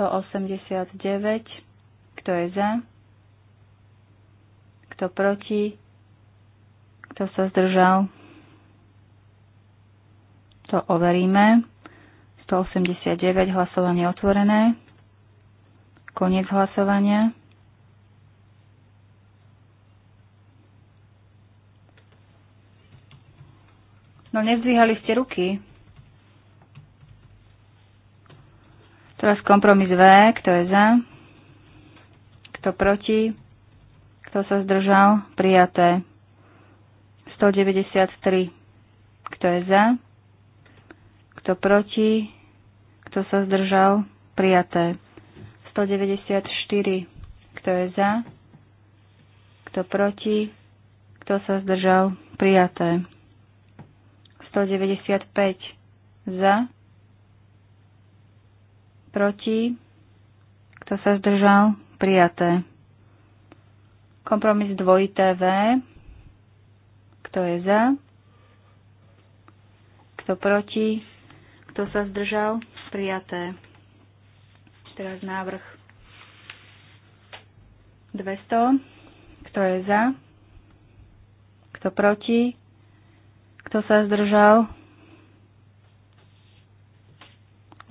189. Kto je za? Kto proti? Kto sa zdržal? To overíme. 189. Hlasovanie otvorené. Koniec hlasovania. No nevzdvíhali ste ruky. Teraz kompromis V, kto je za, kto proti, kto sa zdržal, prijaté. 193, kto je za, kto proti, kto sa zdržal, prijaté. 194, kto je za, kto proti, kto sa zdržal, prijaté. 195 za, proti, kto sa zdržal, prijaté. Kompromis dvojité V, kto je za, kto proti, kto sa zdržal, prijaté. Teraz návrh 200, kto je za, kto proti, kto sa zdržal?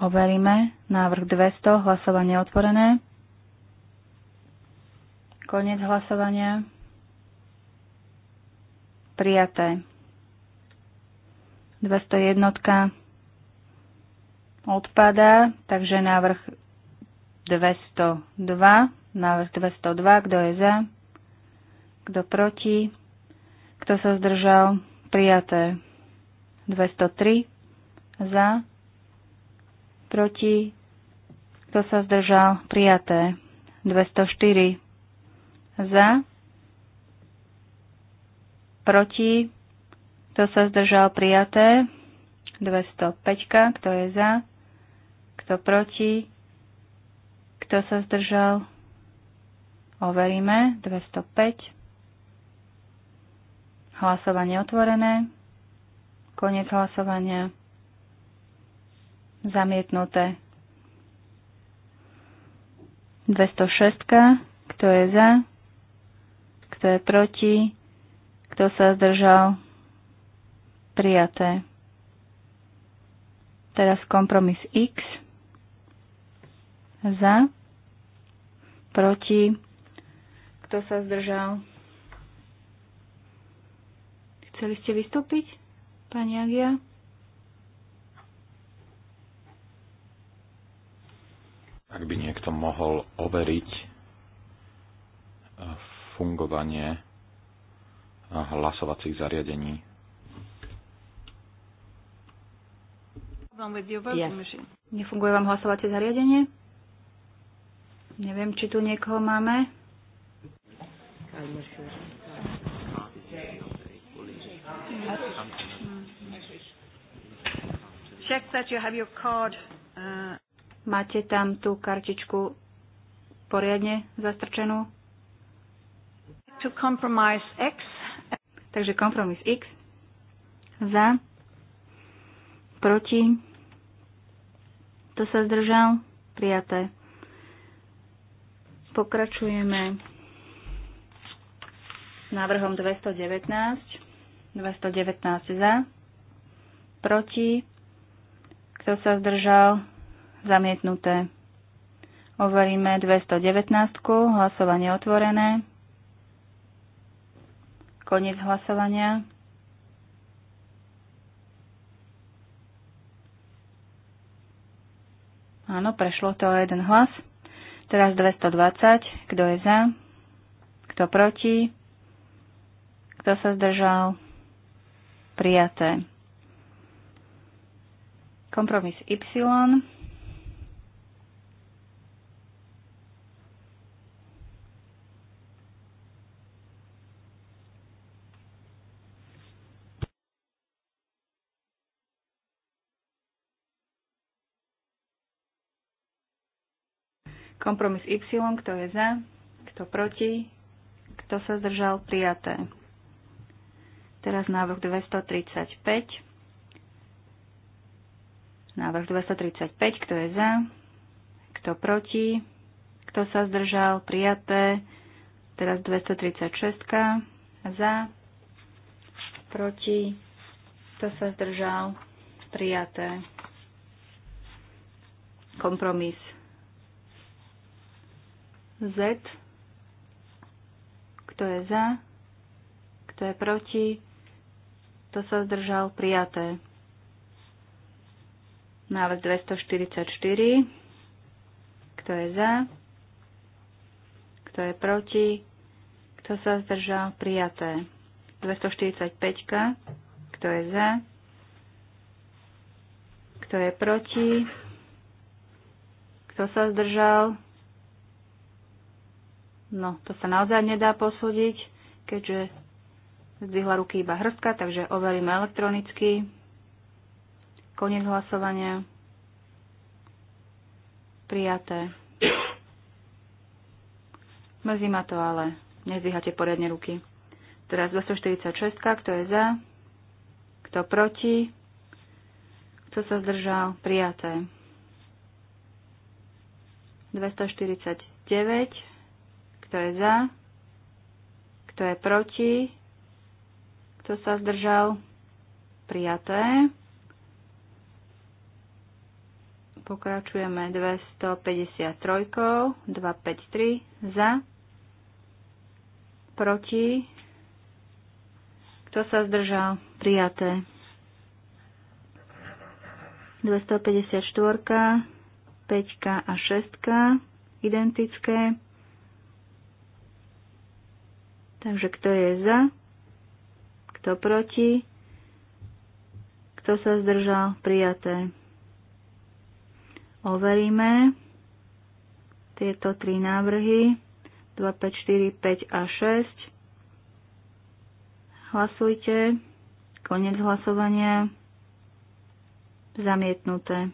Overíme. Návrh 200. Hlasovanie otvorené. Konec hlasovania. Prijaté. 201 odpadá, takže návrh 202. Návrh 202. Kto je za? Kto proti? Kto sa zdržal? prijaté. 203 za, proti, kto sa zdržal, prijaté. 204 za, proti, kto sa zdržal, prijaté. 205, kto je za, kto proti, kto sa zdržal, overíme. 205. Hlasovanie otvorené. Koniec hlasovania. Zamietnuté. 206. Kto je za? Kto je proti? Kto sa zdržal? Prijaté. Teraz kompromis X. Za. Proti. Kto sa zdržal? Chceli ste vystúpiť, pani Agia? Ak by niekto mohol overiť eh, fungovanie eh, hlasovacích zariadení. Yes. Nefunguje vám hlasovacie zariadenie? Neviem, či tu niekoho máme. Check that you have your card. Uh, Máte tam tú kartičku poriadne zastrčenú? To compromise X. Takže kompromis X. Za. Proti. To sa zdržal. Prijaté. Pokračujeme návrhom 219. 219 za, proti, kto sa zdržal, zamietnuté. Overíme 219, hlasovanie otvorené. Koniec hlasovania. Áno, prešlo to jeden hlas. Teraz 220. Kto je za? Kto proti? Kto sa zdržal? prijaté. Kompromis Y. Kompromis Y, kto je za, kto proti, kto sa zdržal, prijaté. Teraz návrh 235. Návrh 235, kto je za, kto proti, kto sa zdržal, prijaté. Teraz 236 za, proti, kto sa zdržal, prijaté. Kompromis Z, kto je za, kto je proti, kto sa zdržal? Prijaté. Návrh 244. Kto je za? Kto je proti? Kto sa zdržal? Prijaté. 245. Kto je za? Kto je proti? Kto sa zdržal? No, to sa naozaj nedá posúdiť, keďže Zdvihla ruky iba hrstka, takže overíme elektronicky. Koniec hlasovania. Prijaté. Mrzí ma to, ale nezdvíhate poriadne ruky. Teraz 246, kto je za, kto proti, kto sa zdržal, prijaté. 249, kto je za, kto je proti, kto sa zdržal? Prijaté. Pokračujeme 253, 253 za, proti. Kto sa zdržal? Prijaté. 254, 5 a 6 identické. Takže kto je za? Kto proti? Kto sa zdržal? Prijaté. Overíme tieto tri návrhy. 2, 5, 4, 5 a 6. Hlasujte. Konec hlasovania. Zamietnuté.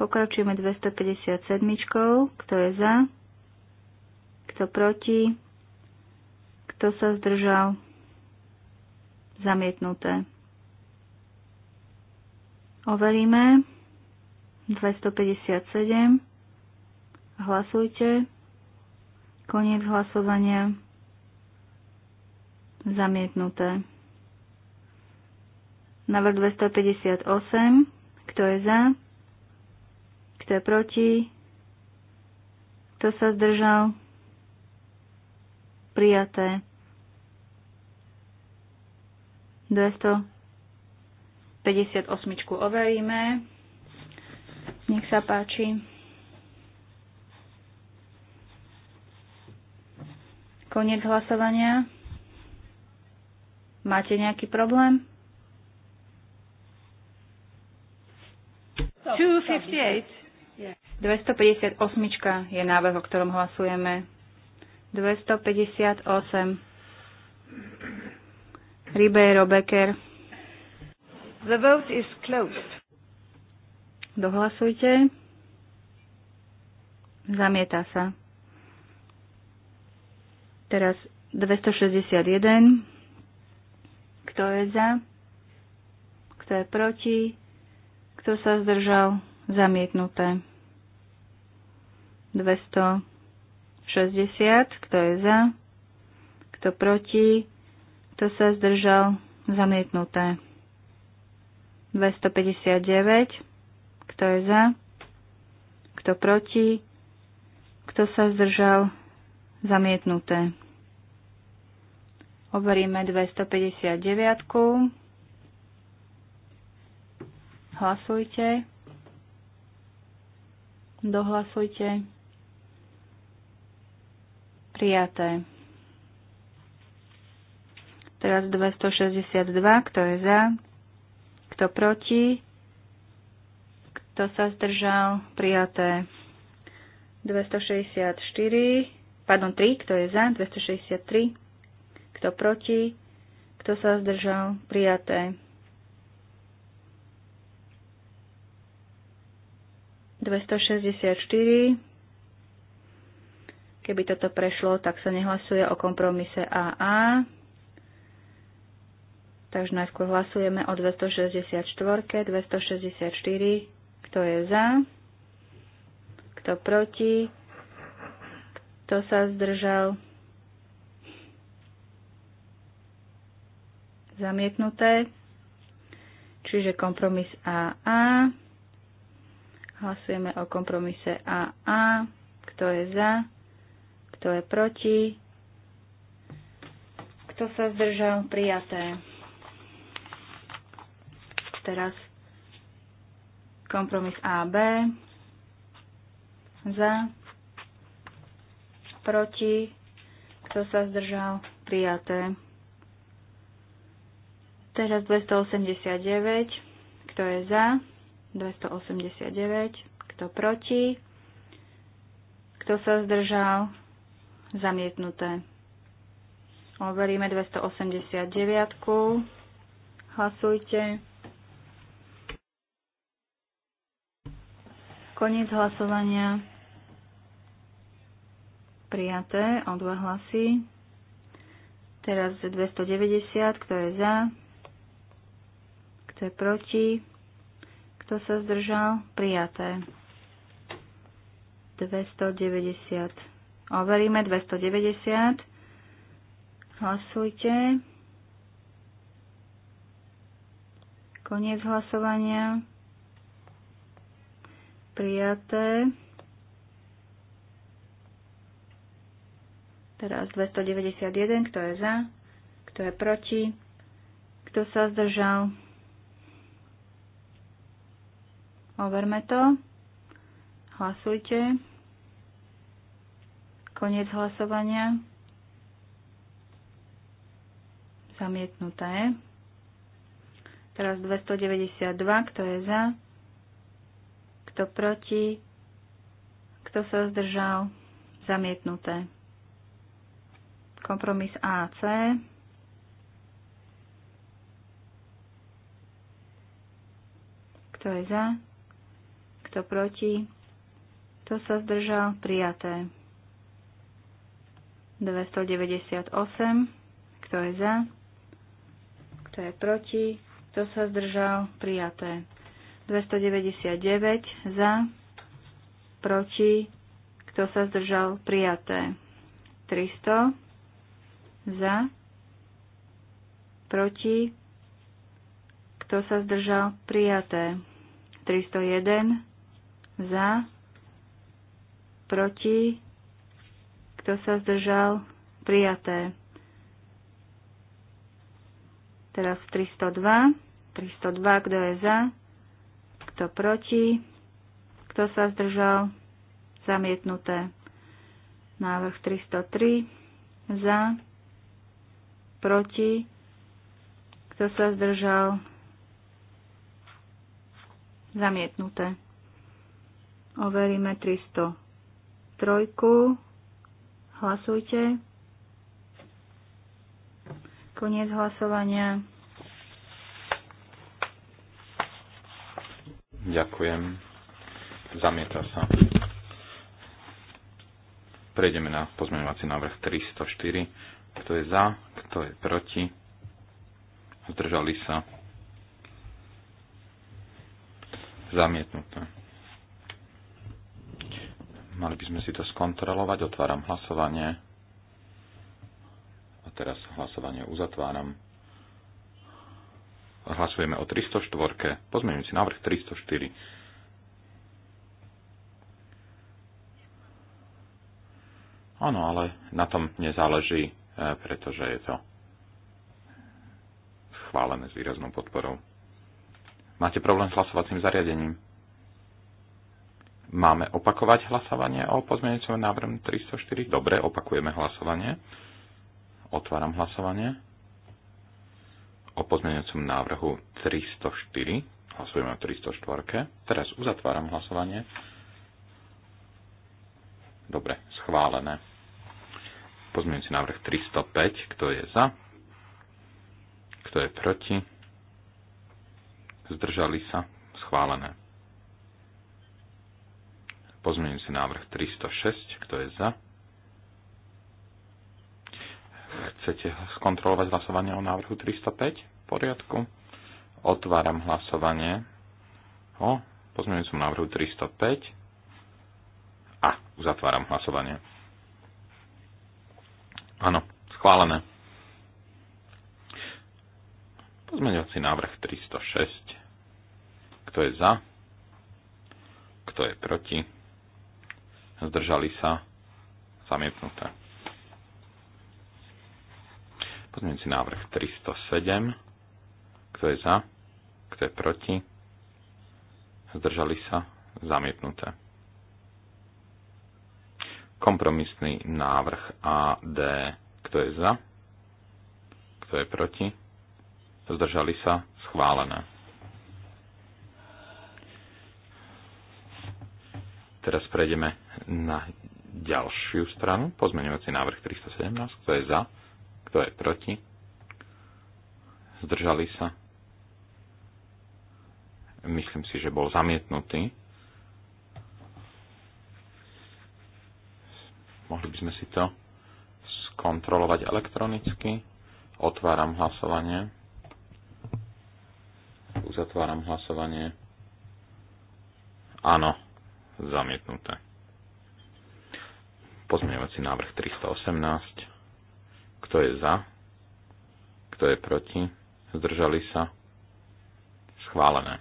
Pokračujeme 257. Kto je za? Kto proti? Kto sa zdržal? Zamietnuté. Overíme. 257. Hlasujte. Koniec hlasovania. Zamietnuté. Navrh 258. Kto je za? Kto je proti? Kto sa zdržal? Prijaté. 258 overíme. Nech sa páči. Koniec hlasovania. Máte nejaký problém? 258. je návrh, o ktorom hlasujeme. 258. Ribeiro Becker. The vote is closed. Dohlasujte. Zamieta sa. Teraz 261. Kto je za? Kto je proti? Kto sa zdržal? Zamietnuté. 260. Kto je za? Kto proti? Kto sa zdržal? Zamietnuté. 259. Kto je za? Kto proti? Kto sa zdržal? Zamietnuté. Overíme 259. Hlasujte. Dohlasujte. Prijaté. Teraz 262, kto je za, kto proti, kto sa zdržal, prijaté 264, pardon 3, kto je za, 263, kto proti, kto sa zdržal, prijaté 264, Keby toto prešlo, tak sa nehlasuje o kompromise AA. Takže najskôr hlasujeme o 264, 264, kto je za, kto proti, kto sa zdržal. Zamietnuté. Čiže kompromis AA. Hlasujeme o kompromise AA. Kto je za, kto je proti, kto sa zdržal, prijaté teraz kompromis AB za, proti, kto sa zdržal, prijaté. Teraz 289, kto je za, 289, kto proti, kto sa zdržal, zamietnuté. Overíme 289. Hlasujte. Koniec hlasovania. Prijaté o dva hlasy. Teraz 290, kto je za, kto je proti, kto sa zdržal, prijaté. 290. Overíme 290. Hlasujte. Koniec hlasovania prijaté. Teraz 291, kto je za, kto je proti, kto sa zdržal. Overme to. Hlasujte. Koniec hlasovania. Zamietnuté. Teraz 292, kto je za, kto proti? Kto sa zdržal? Zamietnuté. Kompromis AC. Kto je za? Kto proti? Kto sa zdržal? Prijaté. 298. Kto je za? Kto je proti? Kto sa zdržal? Prijaté. 299 za, proti, kto sa zdržal, prijaté. 300 za, proti, kto sa zdržal, prijaté. 301 za, proti, kto sa zdržal, prijaté. Teraz 302, 302, kto je za, kto proti? Kto sa zdržal? Zamietnuté. Návrh 303. Za. Proti. Kto sa zdržal? Zamietnuté. Overíme 303. Hlasujte. Koniec hlasovania. Ďakujem. Zamieta sa. Prejdeme na pozmeňovací návrh 304. Kto je za, kto je proti? Zdržali sa. Zamietnuté. Mali by sme si to skontrolovať. Otváram hlasovanie. A teraz hlasovanie uzatváram. Hlasujeme o 304. Pozmeňujúci návrh 304. Áno, ale na tom nezáleží, e, pretože je to schválené s výraznou podporou. Máte problém s hlasovacím zariadením? Máme opakovať hlasovanie o pozmeňujúcom návrhu 304? Dobre, opakujeme hlasovanie. Otváram hlasovanie o pozmeňujúcom návrhu 304. Hlasujeme o 304. Teraz uzatváram hlasovanie. Dobre, schválené. Pozmeňujúci návrh 305. Kto je za? Kto je proti? Zdržali sa? Schválené. Pozmeňujúci návrh 306. Kto je za? Chcete skontrolovať hlasovanie o návrhu 305? V poriadku. Otváram hlasovanie o pozmeňujúcom návrhu 305 a uzatváram hlasovanie. Áno, schválené. Pozmeňovací návrh 306. Kto je za? Kto je proti? Zdržali sa? Zamietnuté. Poďme si návrh 307. Kto je za? Kto je proti? Zdržali sa? Zamietnuté. Kompromisný návrh AD. Kto je za? Kto je proti? Zdržali sa? Schválené. Teraz prejdeme na ďalšiu stranu. Pozmeňovací návrh 317. Kto je za? Kto je proti? Zdržali sa? Myslím si, že bol zamietnutý. Mohli by sme si to skontrolovať elektronicky. Otváram hlasovanie. Uzatváram hlasovanie. Áno, zamietnuté. Pozmeňovací návrh 318. Kto je za? Kto je proti? Zdržali sa? Schválené.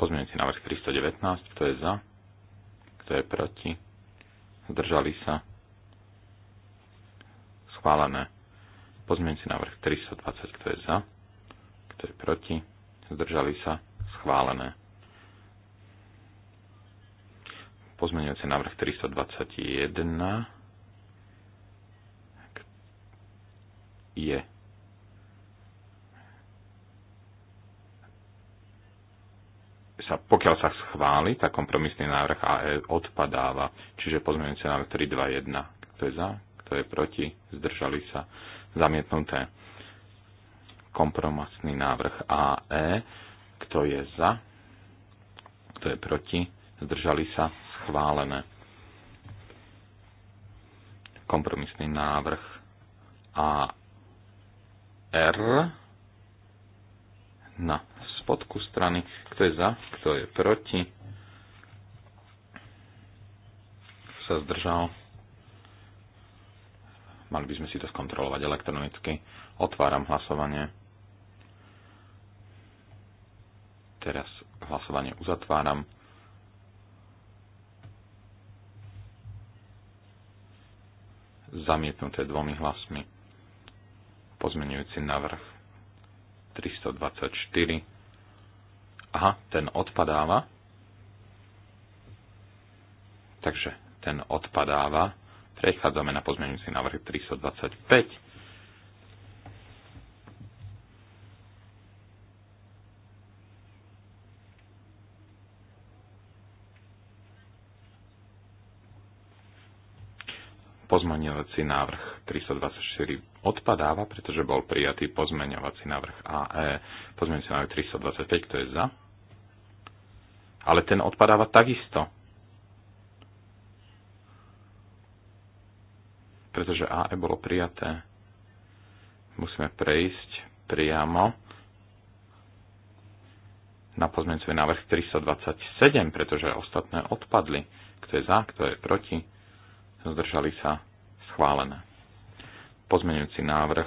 Pozmienujúci návrh 319. Kto je za? Kto je proti? Zdržali sa? Schválené. Pozmienujúci návrh 320. Kto je za? Kto je proti? Zdržali sa? Schválené. si návrh 321 je sa, pokiaľ sa schváli, tak kompromisný návrh AE odpadáva. Čiže pozmeňujúce návrh 3, 2, 1. Kto je za? Kto je proti? Zdržali sa? Zamietnuté. Kompromisný návrh AE. Kto je za? Kto je proti? Zdržali sa? Schválené. Kompromisný návrh AE R na spodku strany, kto je za, kto je proti, sa zdržal. Mali by sme si to skontrolovať elektronicky. Otváram hlasovanie. Teraz hlasovanie uzatváram. Zamietnuté dvomi hlasmi pozmenujúci návrh 324. Aha, ten odpadáva. Takže ten odpadáva. Prechádzame na pozmenujúci návrh 325 pozmeňovací návrh 324 odpadáva, pretože bol prijatý pozmeňovací návrh AE, pozmeňovací návrh 325, kto je za. Ale ten odpadáva takisto. Pretože AE bolo prijaté. Musíme prejsť priamo na pozmeňovací návrh 327, pretože ostatné odpadli. Kto je za, kto je proti zdržali sa, schválené. Pozmenujúci návrh,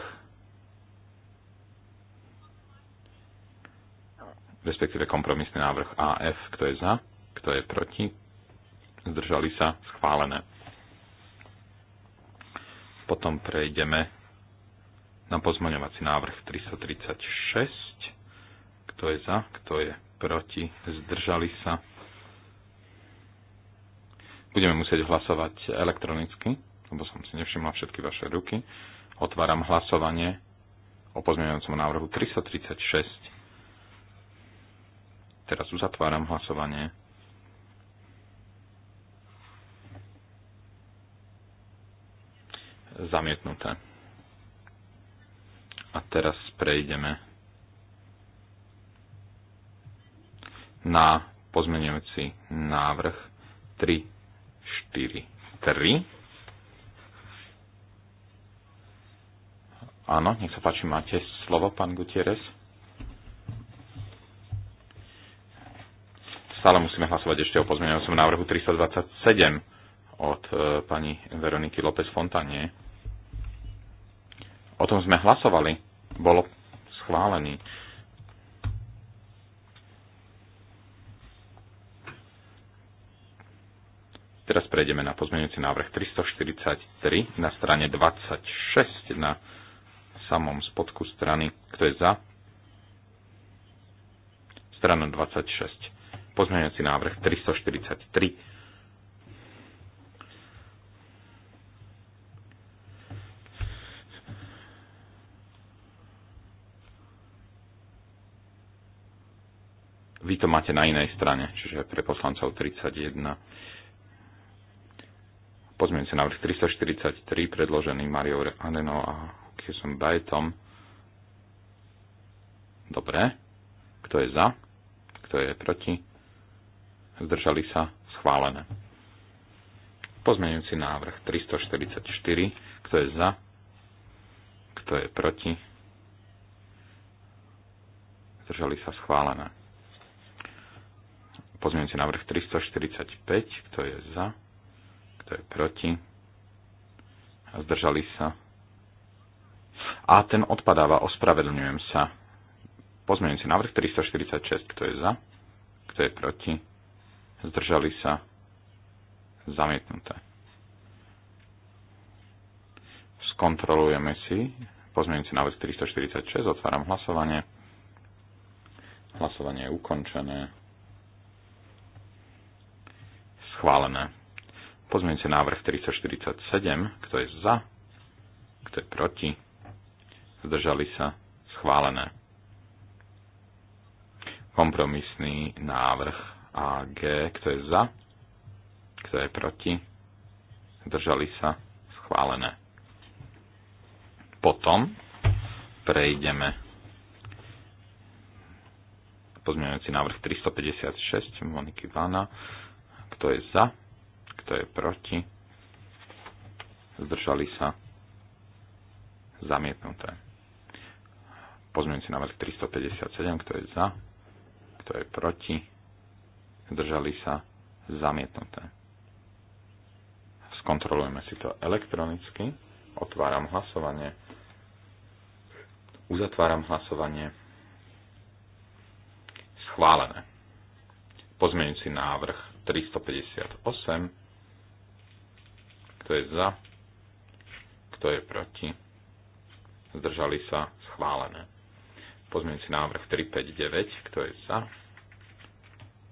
respektíve kompromisný návrh AF, kto je za, kto je proti, zdržali sa, schválené. Potom prejdeme na pozmeňovací návrh 336. Kto je za, kto je proti, zdržali sa, Budeme musieť hlasovať elektronicky, lebo som si nevšimla všetky vaše ruky. Otváram hlasovanie o pozmeňujúcom návrhu 336. Teraz uzatváram hlasovanie. Zamietnuté. A teraz prejdeme na pozmeňujúci návrh 3, 4, 3. Áno, nech sa páči, máte slovo, pán Gutierrez. Stále musíme hlasovať ešte o pozmeňovacom návrhu 327 od e, pani Veroniky López Fontanie. O tom sme hlasovali. Bolo schválený. Teraz prejdeme na pozmeňujúci návrh 343 na strane 26 na samom spodku strany. Kto je za? Strana 26. Pozmeňujúci návrh 343 vy to máte na inej strane, čiže pre poslancov 31. Pozmienujúci návrh 343 predložený Mariou Aneno a Kirsom Bajtom. Dobre. Kto je za? Kto je proti? Zdržali sa? Schválené. Pozmeňujúci návrh 344. Kto je za? Kto je proti? Zdržali sa? Schválené. Pozmeňujúci návrh 345. Kto je za? Kto je proti? a Zdržali sa. A ten odpadáva, ospravedlňujem sa. pozmením si návrh 346, kto je za? Kto je proti? Zdržali sa. Zamietnuté. Skontrolujeme si pozmením si návrh 346, otváram hlasovanie. Hlasovanie je ukončené. Schválené pozmeňte návrh 347, kto je za, kto je proti, zdržali sa, schválené. Kompromisný návrh AG, kto je za, kto je proti, zdržali sa, schválené. Potom prejdeme pozmeňujúci návrh 356 Moniky Vána. Kto je za? Kto je proti? Zdržali sa? Zamietnuté. Pozmeňujúci návrh 357. Kto je za? Kto je proti? Zdržali sa? Zamietnuté. Skontrolujeme si to elektronicky. Otváram hlasovanie. Uzatváram hlasovanie. Schválené. Pozmeňujúci návrh 358 kto je za? Kto je proti? Zdržali sa schválené. si návrh 359. Kto je za?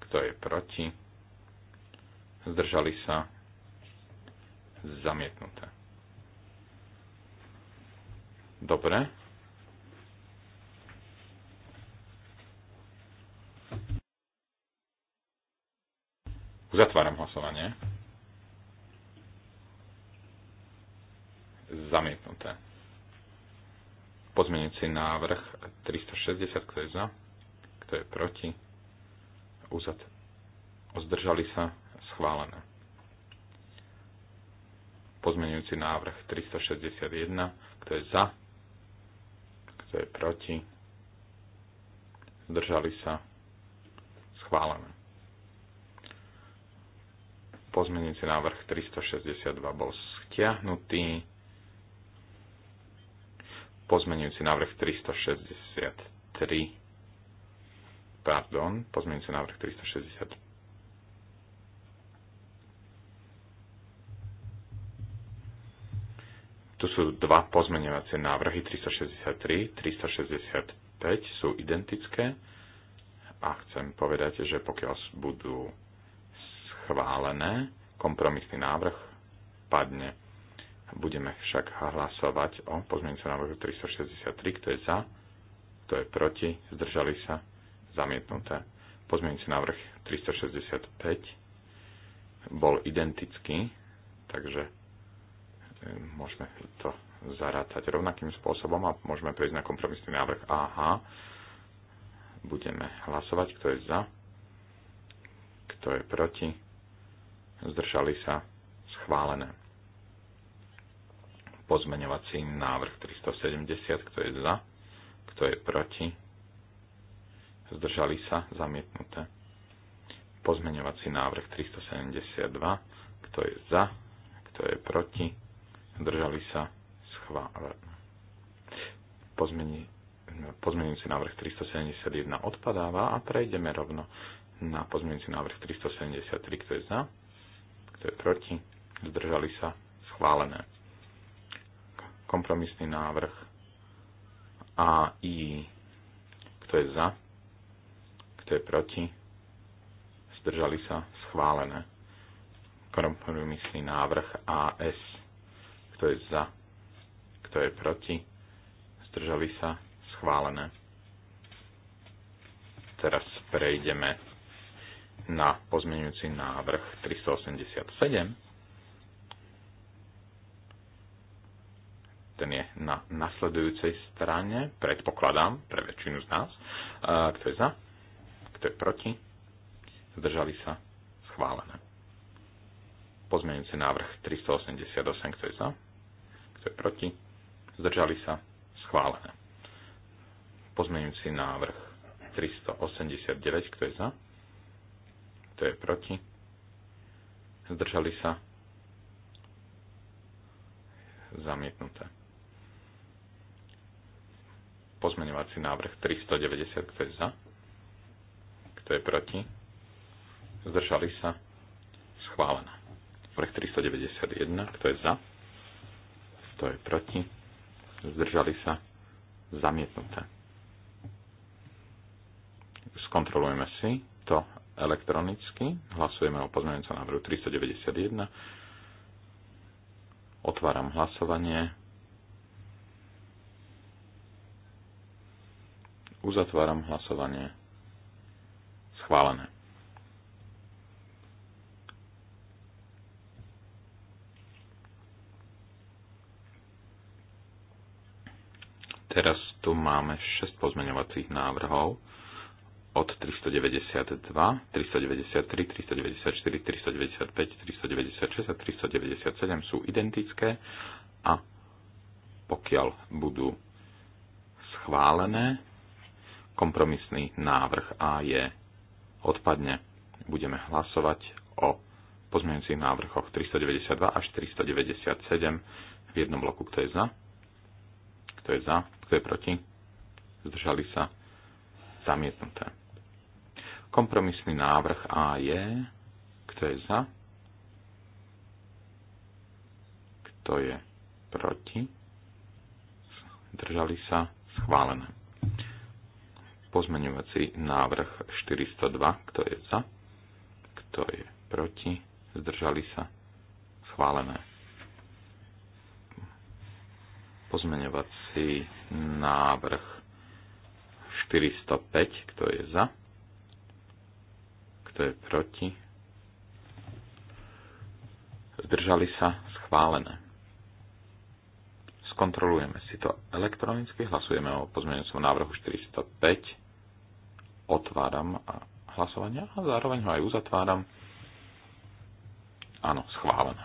Kto je proti? Zdržali sa zamietnuté. Dobre. Uzatváram hlasovanie. zamietnuté. Pozmenujúci návrh 360, kto je za, kto je proti, uzad, ozdržali sa, schválené. Pozmenujúci návrh 361, kto je za, kto je proti, zdržali sa, schválené pozmenujúci návrh 362 bol stiahnutý. Pozmenujúci návrh 363. Pardon, pozmenujúci návrh 363 Tu sú dva pozmeňovacie návrhy, 363, 365 sú identické a chcem povedať, že pokiaľ budú schválené, kompromisný návrh padne. Budeme však hlasovať o pozmeňujúcom návrhu 363, kto je za, kto je proti, zdržali sa, zamietnuté. Pozmeňujúci návrh 365 bol identický, takže e, môžeme to zarátať rovnakým spôsobom a môžeme prejsť na kompromisný návrh AH. Budeme hlasovať, kto je za, kto je proti, zdržali sa, schválené Pozmeňovací návrh 370, kto je za, kto je proti, zdržali sa, zamietnuté. Pozmeňovací návrh 372, kto je za, kto je proti, zdržali sa, schválené. pozmeňujúci návrh 371 odpadáva a prejdeme rovno na pozmeňujúci návrh 373, kto je za, kto je proti, zdržali sa, schválené Kompromisný návrh AI. Kto je za? Kto je proti? Zdržali sa? Schválené. Kompromisný návrh AS. Kto je za? Kto je proti? Zdržali sa? Schválené. Teraz prejdeme na pozmeňujúci návrh 387 ten je na nasledujúcej strane, predpokladám, pre väčšinu z nás. Kto je za? Kto je proti? Zdržali sa? Schválené. Pozmeňujúci návrh 388, kto je za? Kto je proti? Zdržali sa? Schválené. Pozmeňujúci návrh 389, kto je za? Kto je proti? Zdržali sa? zamietnuté pozmeňovací návrh 390, kto je za, kto je proti, zdržali sa, schválená. Návrh 391, kto je za, kto je proti, zdržali sa, zamietnuté. Skontrolujeme si to elektronicky, hlasujeme o pozmeňujúcom návrhu 391, otváram hlasovanie, Uzatváram hlasovanie. Schválené. Teraz tu máme 6 pozmeňovacích návrhov od 392, 393, 394, 395, 396 a 397 sú identické a pokiaľ budú schválené, kompromisný návrh A je odpadne. Budeme hlasovať o pozmeňujúcich návrhoch 392 až 397 v jednom bloku. Kto je za? Kto je za? Kto je proti? Zdržali sa? Zamietnuté. Kompromisný návrh A je... Kto je za? Kto je proti? Držali sa? Schválené. Pozmeňovací návrh 402. Kto je za? Kto je proti? Zdržali sa? Schválené. Pozmeňovací návrh 405. Kto je za? Kto je proti? Zdržali sa? Schválené skontrolujeme si to elektronicky, hlasujeme o pozmeňujúcom návrhu 405 otváram hlasovanie a zároveň ho aj uzatváram. Áno, schválené.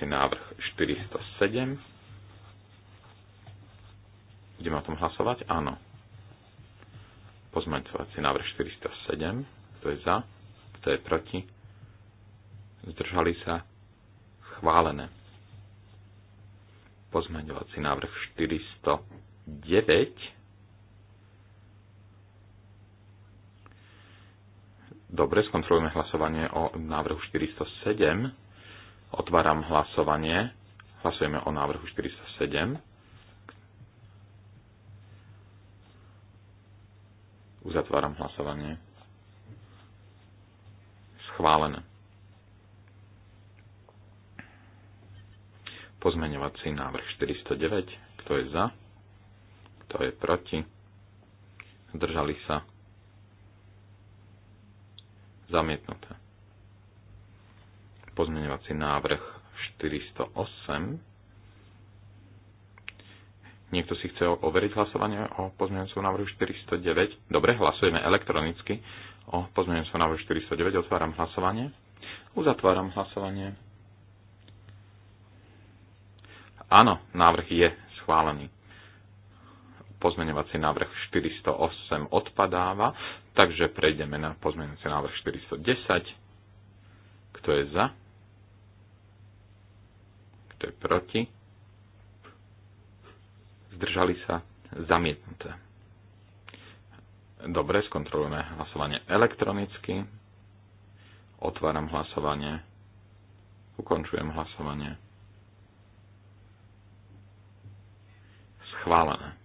si návrh 407. Ideme o tom hlasovať? Áno. Pozmenujúci návrh 407. Kto je za? Kto je proti? Zdržali sa? Schválené. Pozmeňovací návrh 409 Dobre, skontrolujeme hlasovanie o návrhu 407. Otváram hlasovanie. Hlasujeme o návrhu 407. Uzatváram hlasovanie. Schválené. Pozmeňovací návrh 409. Kto je za? Kto je proti? Zdržali sa? Zamietnuté. Pozmeňovací návrh 408. Niekto si chce overiť hlasovanie o pozmeňovacom návrhu 409? Dobre, hlasujeme elektronicky o pozmeňovacom návrhu 409. Otváram hlasovanie. Uzatváram hlasovanie. Áno, návrh je schválený pozmeňovací návrh 408 odpadáva, takže prejdeme na pozmeňovací návrh 410. Kto je za? Kto je proti? Zdržali sa? Zamietnuté. Dobre, skontrolujeme hlasovanie elektronicky. Otváram hlasovanie. Ukončujem hlasovanie. Schválené.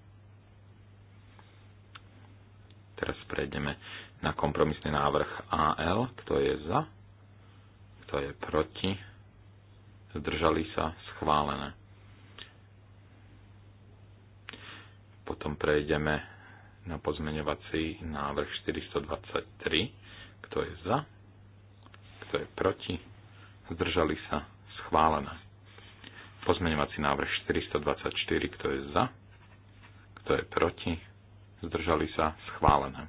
Teraz prejdeme na kompromisný návrh AL. Kto je za? Kto je proti? Zdržali sa? Schválené. Potom prejdeme na pozmeňovací návrh 423. Kto je za? Kto je proti? Zdržali sa? Schválené. Pozmeňovací návrh 424. Kto je za? Kto je proti? zdržali sa, schválené.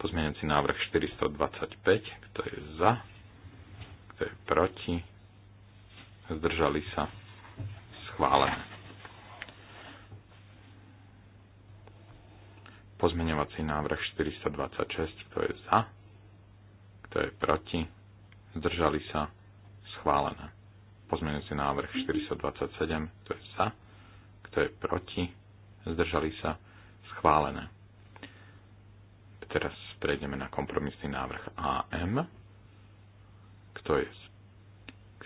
Pozmienujúci návrh 425, kto je za, kto je proti, zdržali sa, schválené. Pozmeňovací návrh 426, kto je za, kto je proti, zdržali sa, schválené. Pozmeňujúci návrh 427, kto je za, kto je proti, zdržali sa, schválené schválené. Teraz prejdeme na kompromisný návrh AM. Kto je,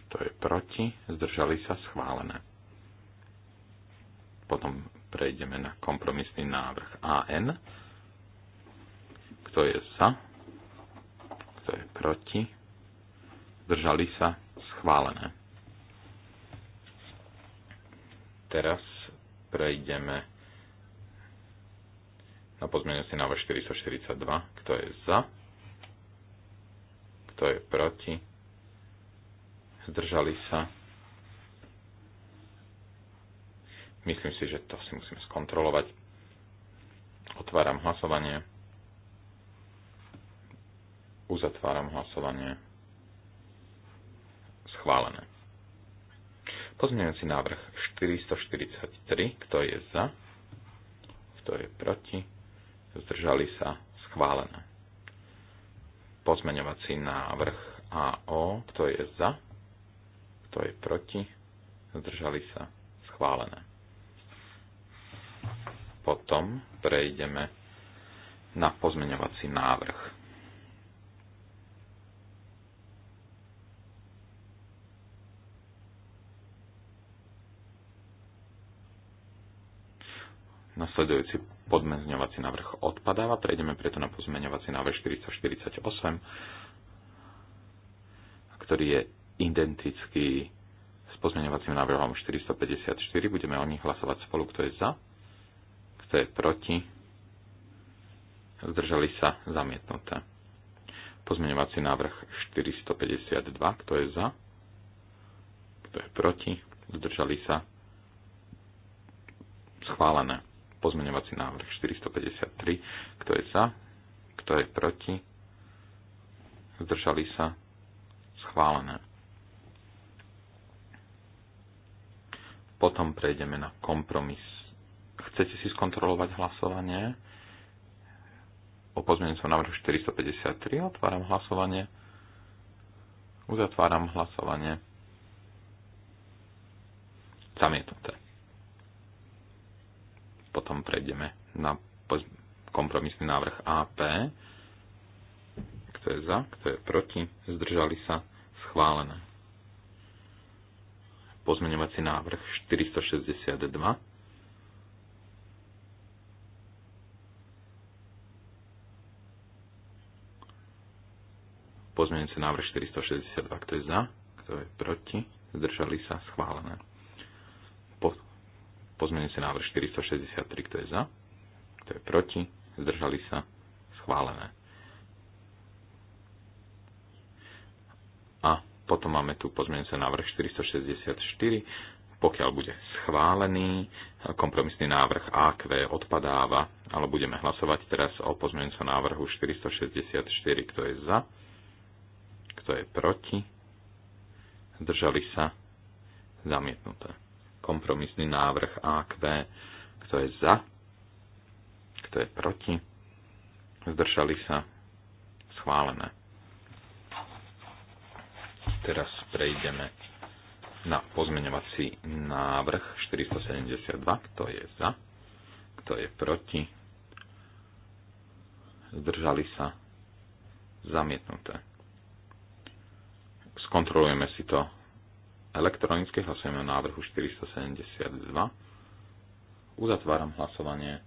kto je proti? Zdržali sa schválené. Potom prejdeme na kompromisný návrh AN. Kto je za? Kto je proti? Zdržali sa schválené. Teraz prejdeme na pozmeňujúci návrh 442. Kto je za? Kto je proti? Zdržali sa? Myslím si, že to si musíme skontrolovať. Otváram hlasovanie. Uzatváram hlasovanie. Schválené. Pozmeňujúci návrh 443. Kto je za? Kto je proti? zdržali sa, schválené. Pozmeňovací návrh AO, kto je za, kto je proti, zdržali sa, schválené. Potom prejdeme na pozmeňovací návrh. Nasledujúci podmezňovací návrh odpadáva. Prejdeme preto na pozmeňovací návrh 448, ktorý je identický s pozmeňovacím návrhom 454. Budeme o nich hlasovať spolu, kto je za, kto je proti. Zdržali sa zamietnuté. Pozmeňovací návrh 452, kto je za, kto je proti. Zdržali sa schválené Pozmeňovací návrh 453. Kto je za? Kto je proti? Zdržali sa? Schválené. Potom prejdeme na kompromis. Chcete si skontrolovať hlasovanie? O pozmeňujúcom návrhu 453 otváram hlasovanie. Uzatváram hlasovanie. Zamietnuté potom prejdeme na kompromisný návrh AP. Kto je za, kto je proti, zdržali sa, schválené. Pozmeňovací návrh 462. Pozmeňujúci návrh 462. Kto je za? Kto je proti? Zdržali sa? Schválené. Pozmenujúci návrh 463, kto je za, kto je proti, zdržali sa, schválené. A potom máme tu sa návrh 464, pokiaľ bude schválený kompromisný návrh AQ odpadáva, ale budeme hlasovať teraz o sa návrhu 464, kto je za, kto je proti, zdržali sa, zamietnuté kompromisný návrh AQ. Kto je za? Kto je proti? Zdržali sa? Schválené. Teraz prejdeme na pozmeňovací návrh 472. Kto je za? Kto je proti? Zdržali sa? Zamietnuté. Skontrolujeme si to Elektronicky hlasujeme o návrhu 472. Uzatváram hlasovanie.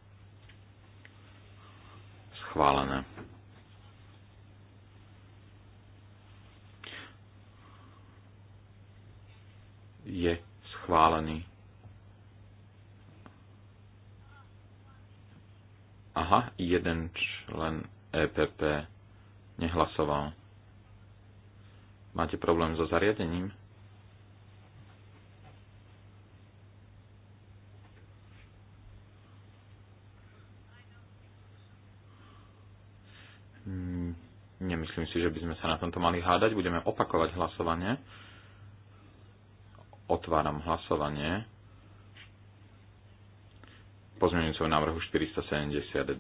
Schválené. Je schválený. Aha, jeden člen EPP nehlasoval. Máte problém so zariadením? Mm, nemyslím si, že by sme sa na tomto mali hádať. Budeme opakovať hlasovanie. Otváram hlasovanie pozmeňujúceho návrhu 472.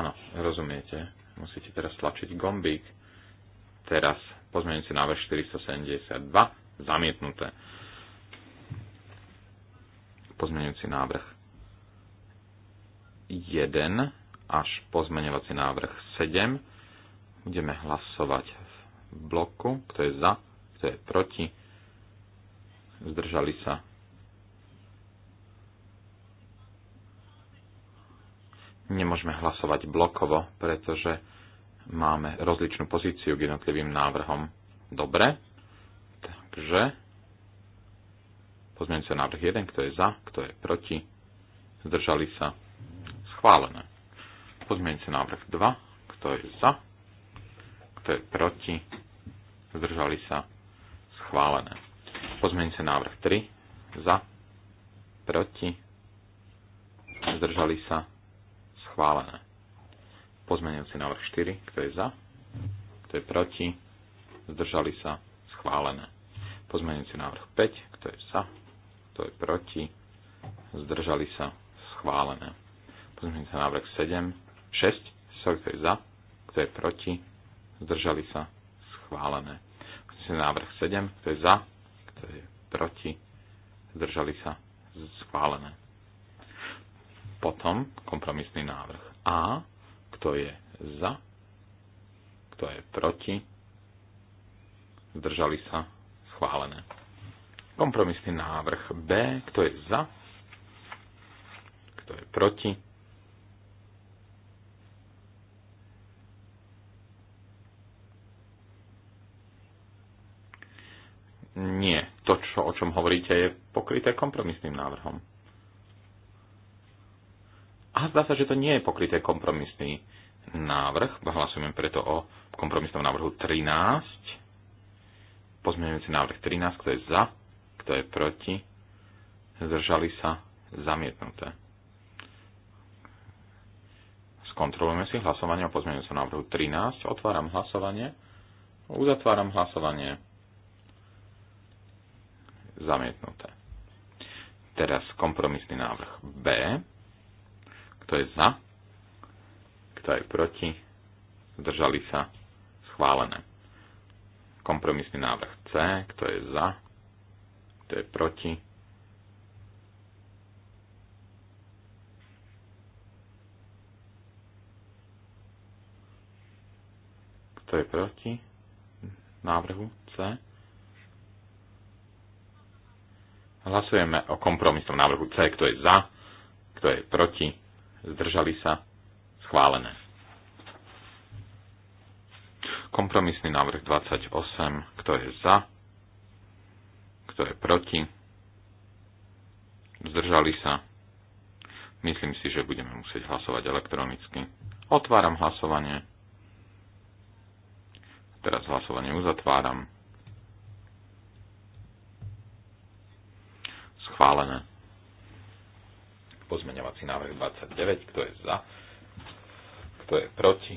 Áno, rozumiete. Musíte teraz tlačiť gombík. Teraz pozmeňujúci návrh 472 zamietnuté pozmeňujúci návrh 1 až pozmeňovací návrh 7. Budeme hlasovať v bloku, kto je za, kto je proti. Zdržali sa. Nemôžeme hlasovať blokovo, pretože máme rozličnú pozíciu k jednotlivým návrhom. Dobre, takže Pozmeňujúci návrh 1, kto je za, kto je proti, zdržali sa, schválené. Pozmeňujúci návrh 2, kto je za, kto je proti, zdržali sa, schválené. Pozmeňujúci návrh 3, za, proti, zdržali sa, schválené. Pozmeňujúci návrh 4, kto je za, kto je proti, zdržali sa, schválené. Pozmeňujúci návrh 5, kto je za, kto je proti, zdržali sa, schválené. sa návrh 7, 6, sorry, kto je za, kto je proti, zdržali sa, schválené. sa návrh 7, kto je za, kto je proti, zdržali sa, schválené. Potom kompromisný návrh A, kto je za, kto je proti, zdržali sa, schválené Kompromisný návrh B, kto je za, kto je proti. Nie, to, čo, o čom hovoríte, je pokryté kompromisným návrhom. A zdá sa, že to nie je pokryté kompromisný návrh. Hlasujeme preto o kompromisnom návrhu 13. Pozmeňujúci návrh 13, kto je za, kto je proti, zdržali sa, zamietnuté. Skontrolujeme si hlasovanie o pozmeňujúcom návrhu 13. Otváram hlasovanie. Uzatváram hlasovanie. Zamietnuté. Teraz kompromisný návrh B. Kto je za? Kto je proti? Zdržali sa? Schválené. Kompromisný návrh C. Kto je za? kto je proti. Kto je proti návrhu C? Hlasujeme o kompromisnom návrhu C, kto je za, kto je proti, zdržali sa, schválené. Kompromisný návrh 28, kto je za, kto je proti, zdržali sa. Myslím si, že budeme musieť hlasovať elektronicky. Otváram hlasovanie. Teraz hlasovanie uzatváram. Schválené. Pozmeňovací návrh 29. Kto je za? Kto je proti?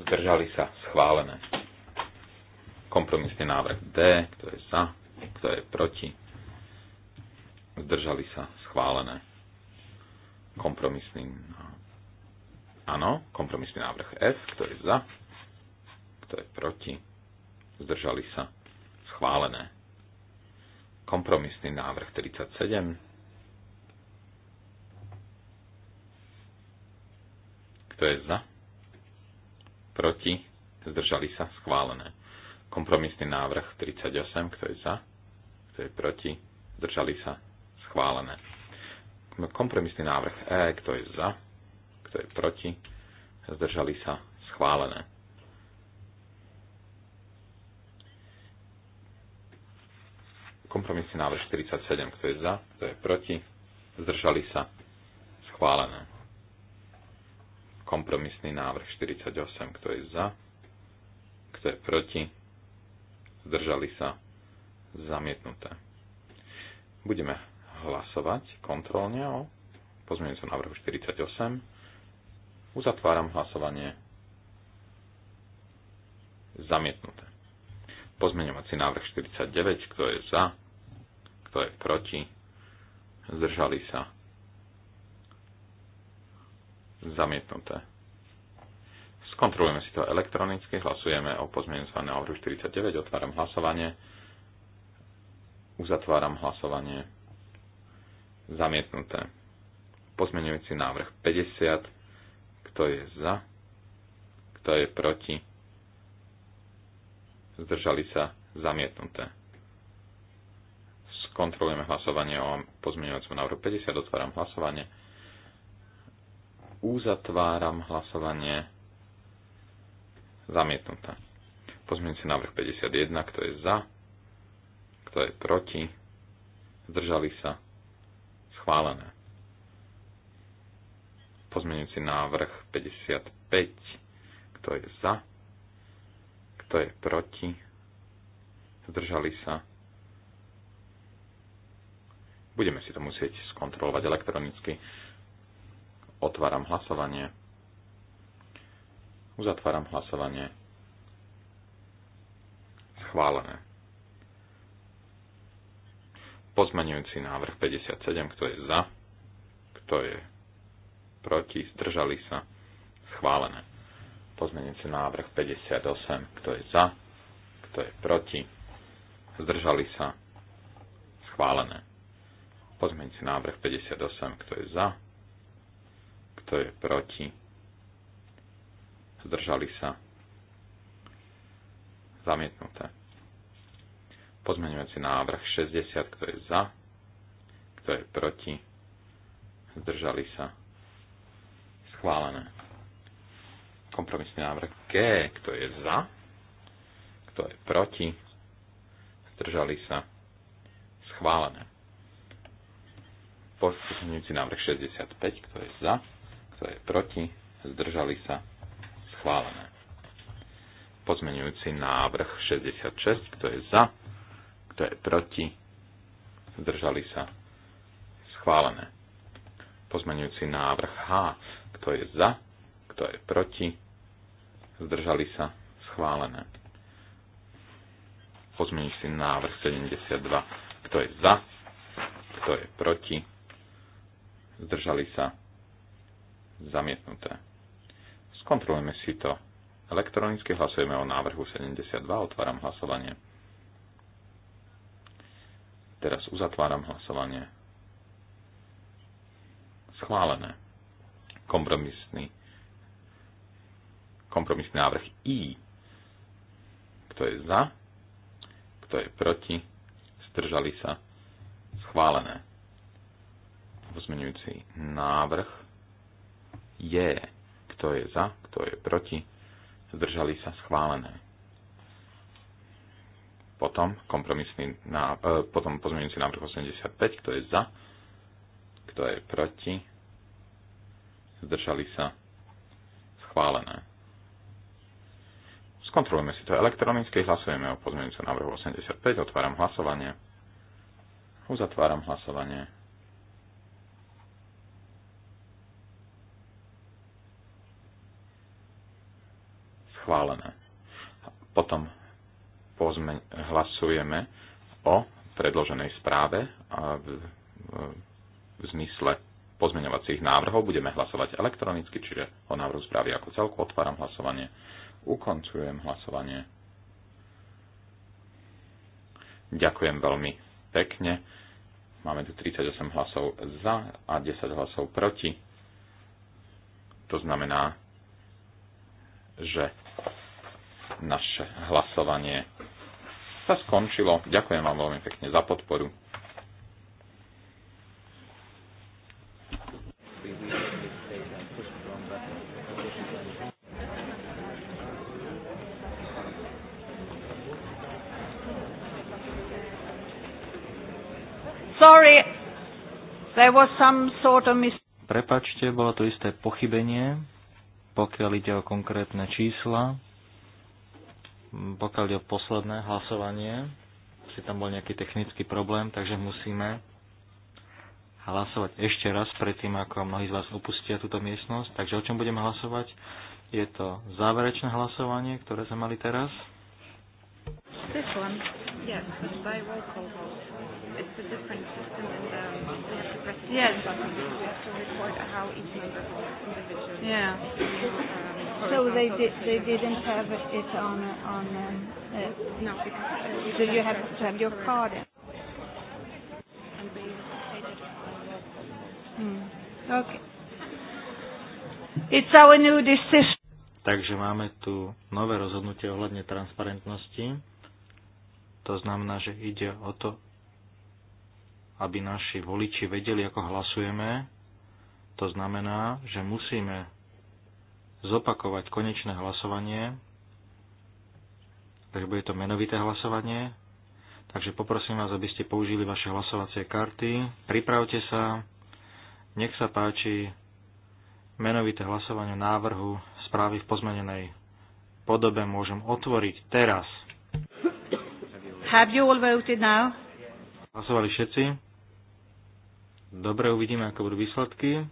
Zdržali sa. Schválené. Kompromisný návrh D. Kto je za? Kto je proti? Zdržali sa schválené. Kompromisný Áno, kompromisný návrh F. Kto je za? Kto je proti? Zdržali sa schválené. Kompromisný návrh 37. Kto je za? Proti? Zdržali sa? Schválené. Kompromisný návrh 38, kto je za, kto je proti, držali sa, schválené. Kompromisný návrh E, kto je za, kto je proti, zdržali sa, schválené. Kompromisný návrh 47, kto je za, kto je proti, zdržali sa, schválené. Kompromisný návrh 48, kto je za, kto je proti, zdržali sa, zamietnuté. Budeme hlasovať kontrolne o pozmeňujúcom návrhu 48. Uzatváram hlasovanie zamietnuté. Pozmeňovací návrh 49, kto je za, kto je proti, zdržali sa, zamietnuté Skontrolujeme si to elektronicky, hlasujeme o pozmeňujúcom návrhu 49, otváram hlasovanie, uzatváram hlasovanie, zamietnuté. Pozmeňujúci návrh 50, kto je za, kto je proti, zdržali sa, zamietnuté. Skontrolujeme hlasovanie o pozmeňujúcom návrhu 50, otváram hlasovanie, uzatváram hlasovanie, Zamietnuté. Pozmienci návrh 51, kto je za, kto je proti, zdržali sa, schválené. Pozmeňujúci návrh 55, kto je za, kto je proti, zdržali sa. Budeme si to musieť skontrolovať elektronicky. Otváram hlasovanie. Uzatváram hlasovanie. Schválené. Pozmenujúci návrh 57, kto je za, kto je proti, zdržali sa, schválené. Pozmenujúci návrh 58, kto je za, kto je proti, zdržali sa, schválené. Pozmeňte návrh 58, kto je za, kto je proti, zdržali sa, zamietnuté. Pozmeňujúci návrh 60, kto je za, kto je proti, zdržali sa, schválené. Kompromisný návrh G, kto je za, kto je proti, zdržali sa, schválené. Pozmeňujúci návrh 65, kto je za, kto je proti, zdržali sa, schválené. Pozmenujúci návrh 66, kto je za, kto je proti, zdržali sa, schválené. Pozmenujúci návrh H, kto je za, kto je proti, zdržali sa, schválené. Pozmenujúci návrh 72, kto je za, kto je proti, zdržali sa, zamietnuté Skontrolujeme si to. Elektronicky hlasujeme o návrhu 72. Otváram hlasovanie. Teraz uzatváram hlasovanie. Schválené. Kompromisný. Kompromisný návrh I. Kto je za? Kto je proti? Zdržali sa? Schválené. Pozmenujúci návrh je kto je za, kto je proti? Zdržali sa schválené. Potom, kompromisný na, e, potom pozmeňujúci návrh 85, kto je za, kto je proti, zdržali sa schválené. Skontrolujeme si to elektronicky, hlasujeme o pozmeňujúcom návrhu 85, otváram hlasovanie, uzatváram hlasovanie. schválené. Potom pozme, hlasujeme o predloženej správe a v, v zmysle pozmeňovacích návrhov budeme hlasovať elektronicky, čiže o návrhu správy ako celku otváram hlasovanie, ukoncujem hlasovanie. Ďakujem veľmi pekne. Máme tu 38 hlasov za a 10 hlasov proti. To znamená, že naše hlasovanie sa skončilo. Ďakujem vám veľmi pekne za podporu. Sorry, there was some sort of mis- Prepačte, bolo to isté pochybenie, pokiaľ ide o konkrétne čísla pokiaľ je o posledné hlasovanie, si tam bol nejaký technický problém, takže musíme hlasovať ešte raz predtým, ako mnohí z vás opustia túto miestnosť. Takže o čom budeme hlasovať? Je to záverečné hlasovanie, ktoré sme mali teraz. This one, yes, by roll call vote. It's a different system and um, we have to press yes. the button. We have to record how each member votes individually. Yeah. Uh, so they did, they didn't have it on on. uh, no. So you have to have your card. In. Hmm. Okay. It's our new decision. Takže máme tu nové rozhodnutie ohľadne transparentnosti. To znamená, že ide o to, aby naši voliči vedeli, ako hlasujeme. To znamená, že musíme zopakovať konečné hlasovanie. Takže bude to menovité hlasovanie. Takže poprosím vás, aby ste použili vaše hlasovacie karty. Pripravte sa. Nech sa páči menovité hlasovanie návrhu správy v pozmenenej podobe môžem otvoriť teraz. Have you all voted now? Hlasovali všetci. Dobre, uvidíme, ako budú výsledky.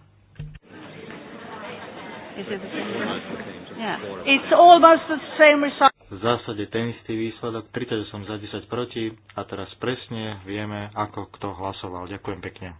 It's almost the same result. V zásade ten istý výsledok, 38 za 10 proti a teraz presne vieme, ako kto hlasoval. Ďakujem pekne.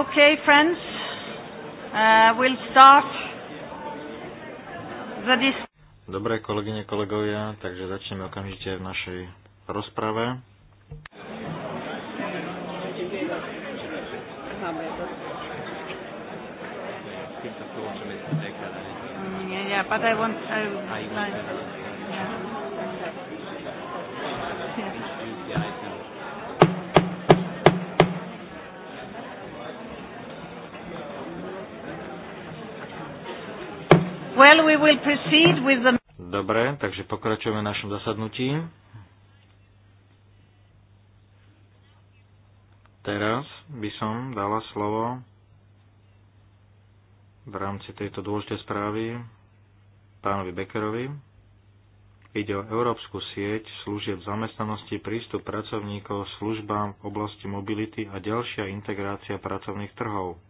Okay, friends, uh, we'll start the Dobre, kolegyne, kolegovia, takže začneme okamžite v našej rozprave. Mm, yeah, yeah, but I want, I, I, Well, we will proceed with the... Dobre, takže pokračujeme v našom zasadnutí. Teraz by som dala slovo v rámci tejto dôležitej správy pánovi Beckerovi. Ide o Európsku sieť služieb zamestnanosti, prístup pracovníkov, službám v oblasti mobility a ďalšia integrácia pracovných trhov.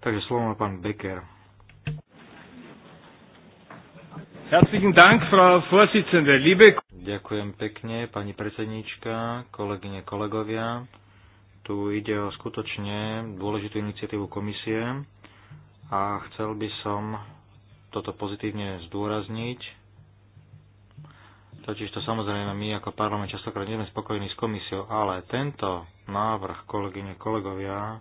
Takže slovo má pán Becker. Herzlichen Dank, Frau Vorsitzende, liebe... Ďakujem pekne, pani predsednička, kolegyne, kolegovia. Tu ide o skutočne dôležitú iniciatívu komisie a chcel by som toto pozitívne zdôrazniť. Totiž to samozrejme my ako parlament častokrát nie sme spokojní s komisiou, ale tento návrh, kolegyne, kolegovia,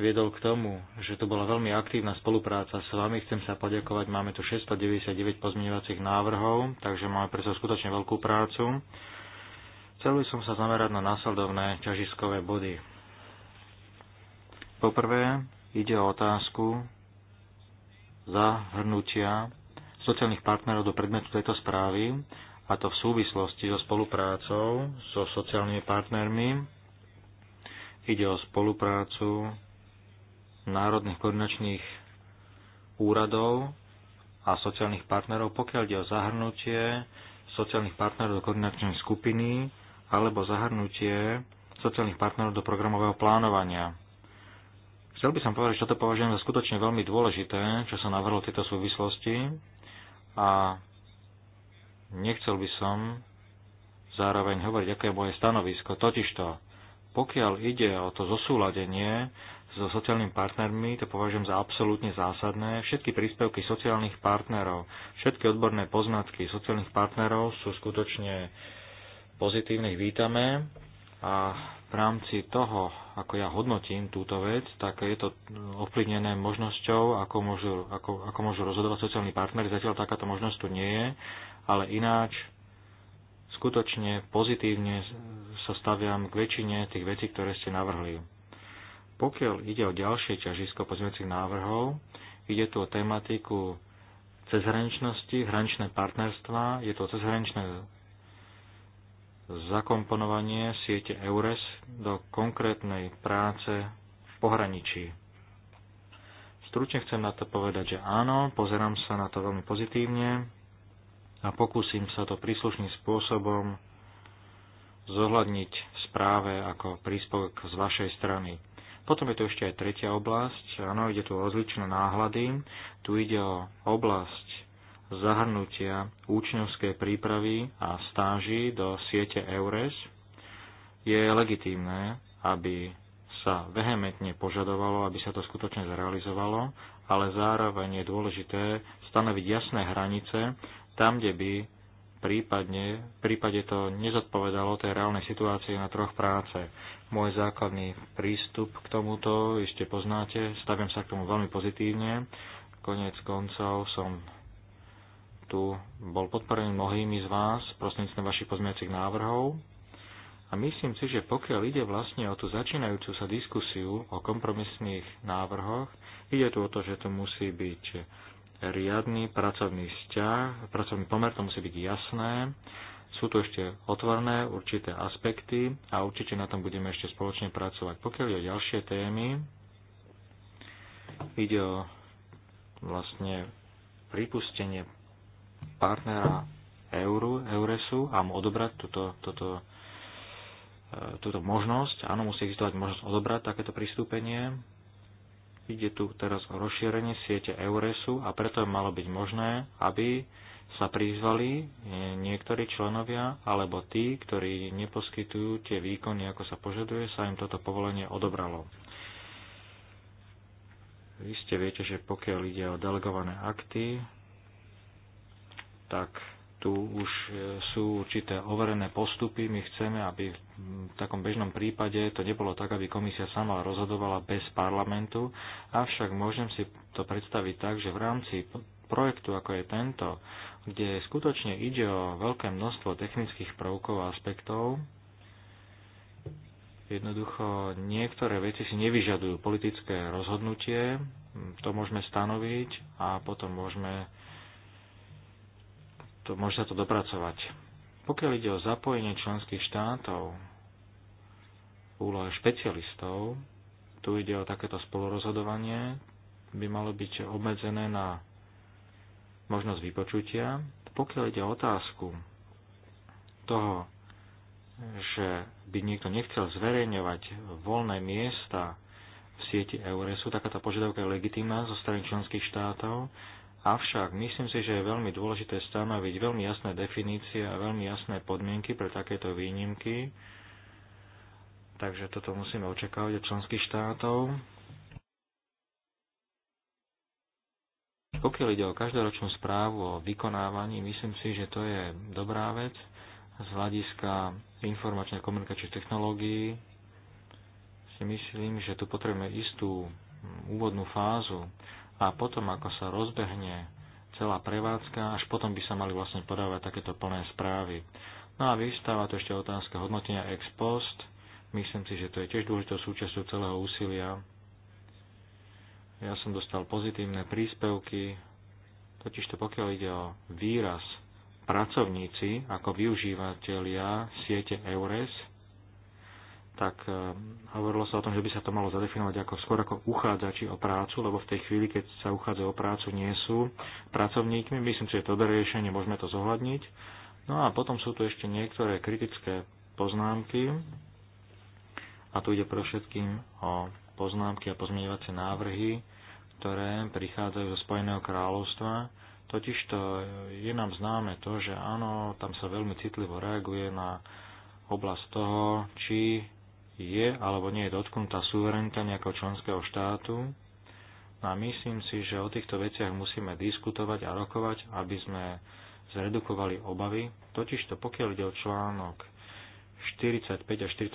viedol k tomu, že to bola veľmi aktívna spolupráca s vami. Chcem sa poďakovať, máme tu 699 pozmeňovacích návrhov, takže máme preto skutočne veľkú prácu. Chcel by som sa zamerať na následovné ťažiskové body. Poprvé ide o otázku zahrnutia sociálnych partnerov do predmetu tejto správy, a to v súvislosti so spoluprácou so sociálnymi partnermi. Ide o spoluprácu národných koordinačných úradov a sociálnych partnerov, pokiaľ ide o zahrnutie sociálnych partnerov do koordinačnej skupiny alebo zahrnutie sociálnych partnerov do programového plánovania. Chcel by som povedať, že toto považujem za skutočne veľmi dôležité, čo sa navrhlo tieto súvislosti a nechcel by som zároveň hovoriť, aké je moje stanovisko. Totižto, pokiaľ ide o to zosúladenie so sociálnymi partnermi, to považujem za absolútne zásadné. Všetky príspevky sociálnych partnerov, všetky odborné poznatky sociálnych partnerov sú skutočne pozitívne, ich vítame a v rámci toho, ako ja hodnotím túto vec, tak je to ovplyvnené možnosťou, ako môžu, ako, ako môžu rozhodovať sociálni partnery. Zatiaľ takáto možnosť tu nie je, ale ináč skutočne pozitívne sa staviam k väčšine tých vecí, ktoré ste navrhli. Pokiaľ ide o ďalšie ťažisko pozmeňujúcich návrhov, ide tu o tematiku cezhraničnosti, hraničné partnerstva, je to cezhraničné zakomponovanie siete EURES do konkrétnej práce v pohraničí. Stručne chcem na to povedať, že áno, pozerám sa na to veľmi pozitívne a pokúsim sa to príslušným spôsobom zohľadniť v správe ako príspevok z vašej strany. Potom je tu ešte aj tretia oblasť. Áno, ide tu o rozličné náhľady. Tu ide o oblasť zahrnutia účňovskej prípravy a stáži do siete EURES, je legitímne, aby sa vehementne požadovalo, aby sa to skutočne zrealizovalo, ale zároveň je dôležité stanoviť jasné hranice tam, kde by prípadne, v prípade to nezodpovedalo tej reálnej situácii na troch práce môj základný prístup k tomuto, ešte poznáte, staviam sa k tomu veľmi pozitívne. Konec koncov som tu bol podporený mnohými z vás prostredníctvom vašich pozmeňacích návrhov. A myslím si, že pokiaľ ide vlastne o tú začínajúcu sa diskusiu o kompromisných návrhoch, ide tu o to, že to musí byť riadny pracovný vzťah, pracovný pomer, to musí byť jasné sú to ešte otvorné určité aspekty a určite na tom budeme ešte spoločne pracovať. Pokiaľ je ďalšie témy, ide o vlastne pripustenie partnera euru, Euresu a mu odobrať túto, túto, e, túto možnosť. Áno, musí existovať možnosť odobrať takéto pristúpenie. Ide tu teraz o rozšírenie siete Euresu a preto malo byť možné, aby sa prizvali e, niektorí členovia alebo tí, ktorí neposkytujú tie výkony, ako sa požaduje, sa im toto povolenie odobralo. Vy ste viete, že pokiaľ ide o delegované akty, tak tu už e, sú určité overené postupy. My chceme, aby v takom bežnom prípade to nebolo tak, aby komisia sama rozhodovala bez parlamentu, avšak môžem si to predstaviť tak, že v rámci projektu, ako je tento, kde skutočne ide o veľké množstvo technických prvkov a aspektov. Jednoducho niektoré veci si nevyžadujú politické rozhodnutie, to môžeme stanoviť a potom môžeme to, môže sa to dopracovať. Pokiaľ ide o zapojenie členských štátov úlohe špecialistov, tu ide o takéto spolurozhodovanie, by malo byť obmedzené na možnosť vypočutia. Pokiaľ ide o otázku toho, že by niekto nechcel zverejňovať voľné miesta v sieti Euresu, taká tá požiadavka je legitimná zo strany členských štátov, avšak myslím si, že je veľmi dôležité stanoviť veľmi jasné definície a veľmi jasné podmienky pre takéto výnimky, takže toto musíme očakávať od členských štátov. Pokiaľ ide o každoročnú správu o vykonávaní, myslím si, že to je dobrá vec z hľadiska informačnej komunikačných technológií. Si myslím, že tu potrebujeme istú úvodnú fázu a potom, ako sa rozbehne celá prevádzka, až potom by sa mali vlastne podávať takéto plné správy. No a vystáva to ešte otázka hodnotenia ex post. Myslím si, že to je tiež dôležitou súčasťou celého úsilia ja som dostal pozitívne príspevky, totižto pokiaľ ide o výraz pracovníci ako využívateľia siete EURES, tak e, hovorilo sa o tom, že by sa to malo zadefinovať ako skôr ako uchádzači o prácu, lebo v tej chvíli, keď sa uchádzajú o prácu, nie sú pracovníkmi. Myslím si, že to dobré riešenie, môžeme to zohľadniť. No a potom sú tu ešte niektoré kritické poznámky a tu ide pre všetkým o poznámky a pozmeňovacie návrhy, ktoré prichádzajú zo Spojeného kráľovstva. Totižto je nám známe to, že áno, tam sa veľmi citlivo reaguje na oblasť toho, či je alebo nie je dotknutá suverenita nejakého členského štátu. No a myslím si, že o týchto veciach musíme diskutovať a rokovať, aby sme zredukovali obavy. Totižto pokiaľ ide o článok 45 a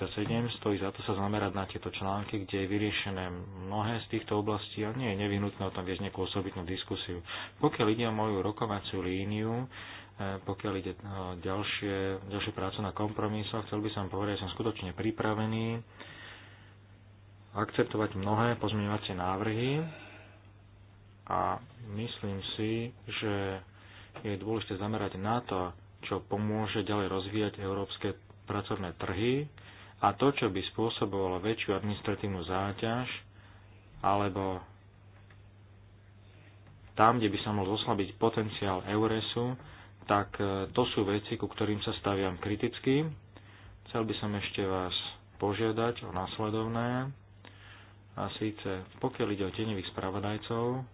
47 stojí za to sa zamerať na tieto články, kde je vyriešené mnohé z týchto oblastí a nie je nevyhnutné o tom viesť nejakú osobitnú diskusiu. Pokiaľ ide o moju rokovaciu líniu, e, pokiaľ ide o ďalšie, ďalšie práce na kompromisoch, chcel by som povedať, že som skutočne pripravený akceptovať mnohé pozmeňovacie návrhy a myslím si, že je dôležité zamerať na to, čo pomôže ďalej rozvíjať európske pracovné trhy a to, čo by spôsobovalo väčšiu administratívnu záťaž alebo tam, kde by sa mohol zoslabiť potenciál Euresu, tak e, to sú veci, ku ktorým sa staviam kriticky. Chcel by som ešte vás požiadať o následovné. A síce, pokiaľ ide o tenevých spravodajcov,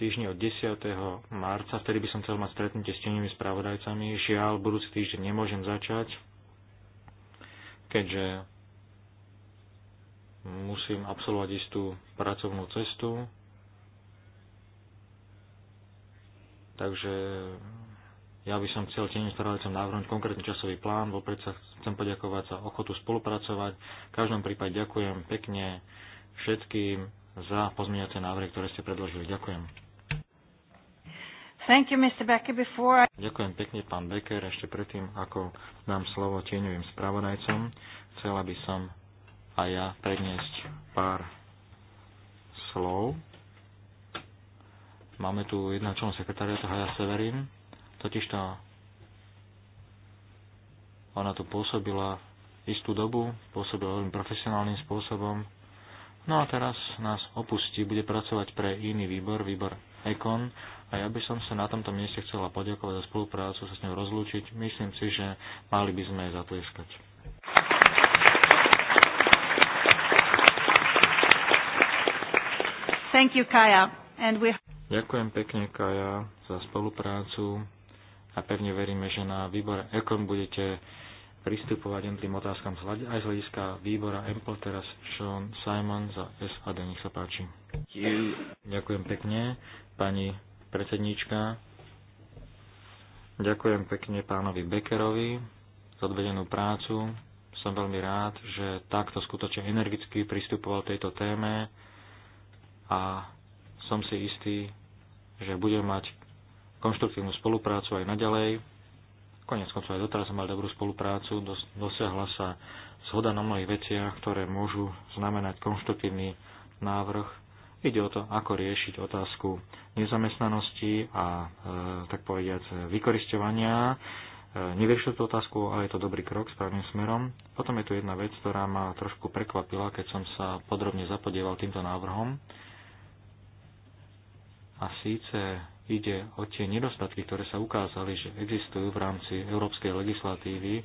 týždni od 10. marca, vtedy by som chcel mať stretnutie s tenými spravodajcami. Žiaľ, budúci týždeň nemôžem začať, keďže musím absolvovať istú pracovnú cestu. Takže ja by som chcel tým spravodajcom navrhnúť konkrétny časový plán, bo predsa chcem poďakovať za ochotu spolupracovať. V každom prípade ďakujem pekne všetkým za pozmeňujúce návrhy, ktoré ste predložili. Ďakujem. Thank you, Mr. Becker. Before I... Ďakujem pekne, pán Becker. Ešte predtým, ako dám slovo tieňovým spravodajcom, chcela by som a ja predniesť pár slov. Máme tu jedna člena sekretariatu Haja Severin, tá, ona tu pôsobila istú dobu, pôsobila veľmi profesionálnym spôsobom, No a teraz nás opustí, bude pracovať pre iný výbor, výbor Ekon, a ja by som sa na tomto mieste chcela poďakovať za spoluprácu, sa s ňou rozlúčiť. Myslím si, že mali by sme jej zatlieskať. Thank you, Kaja. And we... Ďakujem pekne, Kaja, za spoluprácu a pevne veríme, že na výbore Ekon budete pristupovať jednotlivým otázkam aj z hľadiska výbora Apple teraz Sean Simon za SAD. Nech sa páči. Ďakujem pekne, pani predsedníčka. Ďakujem pekne pánovi Beckerovi za odvedenú prácu. Som veľmi rád, že takto skutočne energicky pristupoval tejto téme a som si istý, že budem mať konštruktívnu spoluprácu aj naďalej Konec koncov aj doteraz sme mali dobrú spoluprácu, dos- dosiahla sa zhoda na mnohých veciach, ktoré môžu znamenať konštruktívny návrh. Ide o to, ako riešiť otázku nezamestnanosti a e, tak povediať vykoristovania. E, Nevieš tú otázku, ale je to dobrý krok správnym smerom. Potom je tu jedna vec, ktorá ma trošku prekvapila, keď som sa podrobne zapodieval týmto návrhom. A síce ide o tie nedostatky, ktoré sa ukázali, že existujú v rámci európskej legislatívy,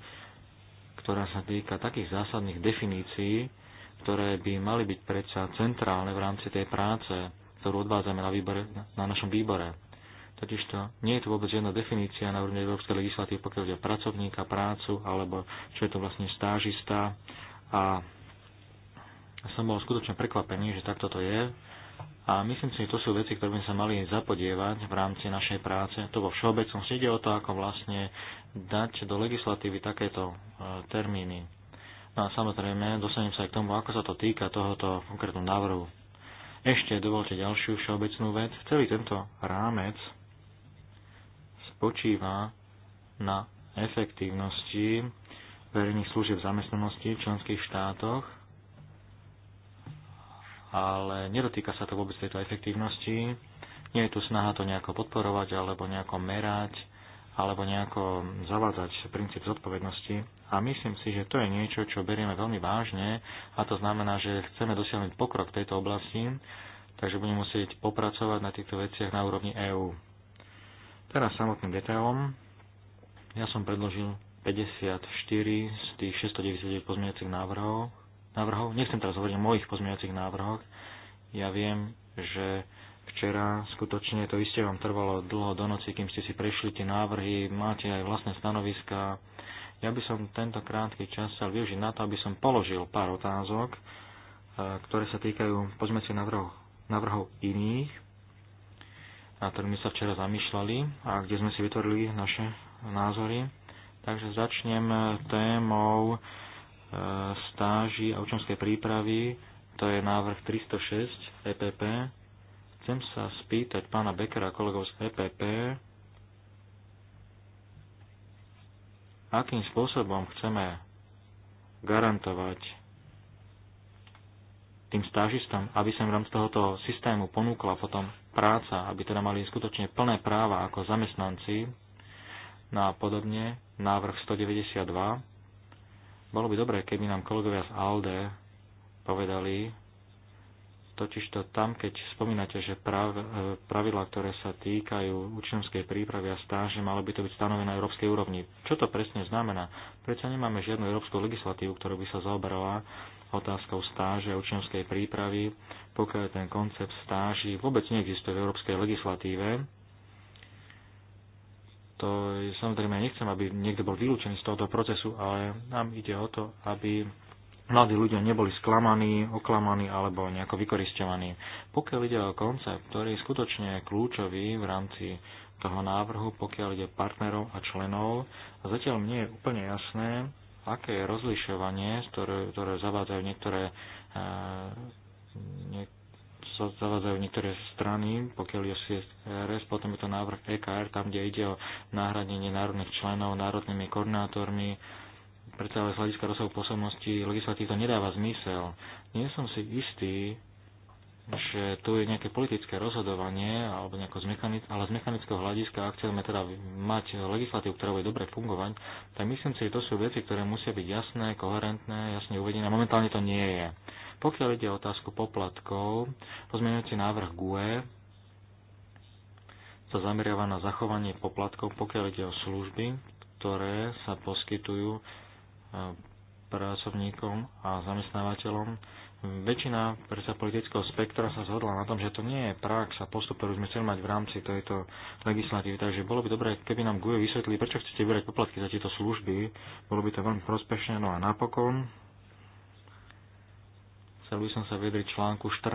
ktorá sa týka takých zásadných definícií, ktoré by mali byť predsa centrálne v rámci tej práce, ktorú odvádzame na, výbore, na našom výbore. Totižto nie je tu vôbec žiadna definícia na úrovni európskej legislatívy, pokiaľ ide pracovníka, prácu, alebo čo je to vlastne stážista. A som bol skutočne prekvapený, že takto to je a myslím si, že to sú veci, ktoré by sa mali zapodievať v rámci našej práce. To vo všeobecnosti ide o to, ako vlastne dať do legislatívy takéto e, termíny. No a samozrejme, dostanem sa aj k tomu, ako sa to týka tohoto konkrétnu návrhu. Ešte dovolte ďalšiu všeobecnú vec. Celý tento rámec spočíva na efektívnosti verejných služieb zamestnanosti v členských štátoch ale nedotýka sa to vôbec tejto efektívnosti. Nie je tu snaha to nejako podporovať, alebo nejako merať, alebo nejako zavádzať princíp zodpovednosti. A myslím si, že to je niečo, čo berieme veľmi vážne a to znamená, že chceme dosiahnuť pokrok v tejto oblasti, takže budeme musieť popracovať na týchto veciach na úrovni EÚ. Teraz samotným detailom. Ja som predložil 54 z tých 699 pozmeňujúcich návrhov návrhov. Nechcem teraz hovoriť o mojich pozmeňovacích návrhoch. Ja viem, že včera skutočne to isté vám trvalo dlho do noci, kým ste si prešli tie návrhy, máte aj vlastné stanoviska. Ja by som tento krátky čas chcel využiť na to, aby som položil pár otázok, eh, ktoré sa týkajú pozmeňovacích návrhov, návrhov iných, na ktorými sa včera zamýšľali a kde sme si vytvorili naše názory. Takže začnem eh, témou stáži a učňovskej prípravy, to je návrh 306 EPP. Chcem sa spýtať pána Bekera a kolegov z EPP, akým spôsobom chceme garantovať tým stážistom, aby sa im v rámci tohoto systému ponúkla potom práca, aby teda mali skutočne plné práva ako zamestnanci. No a podobne návrh 192 bolo by dobré, keby nám kolegovia z ALDE povedali, totižto tam, keď spomínate, že prav, e, pravidlá, ktoré sa týkajú učňovskej prípravy a stáže, malo by to byť stanovené na európskej úrovni. Čo to presne znamená? Prečo nemáme žiadnu európsku legislatívu, ktorá by sa zaoberala otázkou stáže a učňovskej prípravy, pokiaľ ten koncept stáži vôbec neexistuje v európskej legislatíve, to je, samozrejme, ja nechcem, aby niekto bol vylúčený z tohoto procesu, ale nám ide o to, aby mladí ľudia neboli sklamaní, oklamaní alebo nejako vykoristovaní. Pokiaľ ide o koncept, ktorý je skutočne kľúčový v rámci toho návrhu, pokiaľ ide partnerov a členov, a zatiaľ mne je úplne jasné, aké je rozlišovanie, ktoré, ktoré zavádzajú niektoré, e, sa zavádzajú niektoré strany, pokiaľ je CSRS, potom je to návrh EKR, tam, kde ide o náhradenie národných členov národnými koordinátormi. predsa ale z hľadiska rozsahu posobnosti legislatív to nedáva zmysel. Nie som si istý, že tu je nejaké politické rozhodovanie, alebo nejako z mechanic- ale z mechanického hľadiska, ak chceme teda mať legislatívu, ktorá bude dobre fungovať, tak myslím si, že to sú veci, ktoré musia byť jasné, koherentné, jasne uvedené. Momentálne to nie je. Pokiaľ ide o otázku poplatkov, pozmeňujúci návrh GUE sa zameriava na zachovanie poplatkov, pokiaľ ide o služby, ktoré sa poskytujú e, pracovníkom a zamestnávateľom. Väčšina predsa politického spektra sa zhodla na tom, že to nie je prax a postup, ktorú sme chceli mať v rámci tejto legislatívy. Takže bolo by dobré, keby nám GUE vysvetlili, prečo chcete vybrať poplatky za tieto služby. Bolo by to veľmi prospešné. No a napokon Chcel by som sa vedriť článku 14.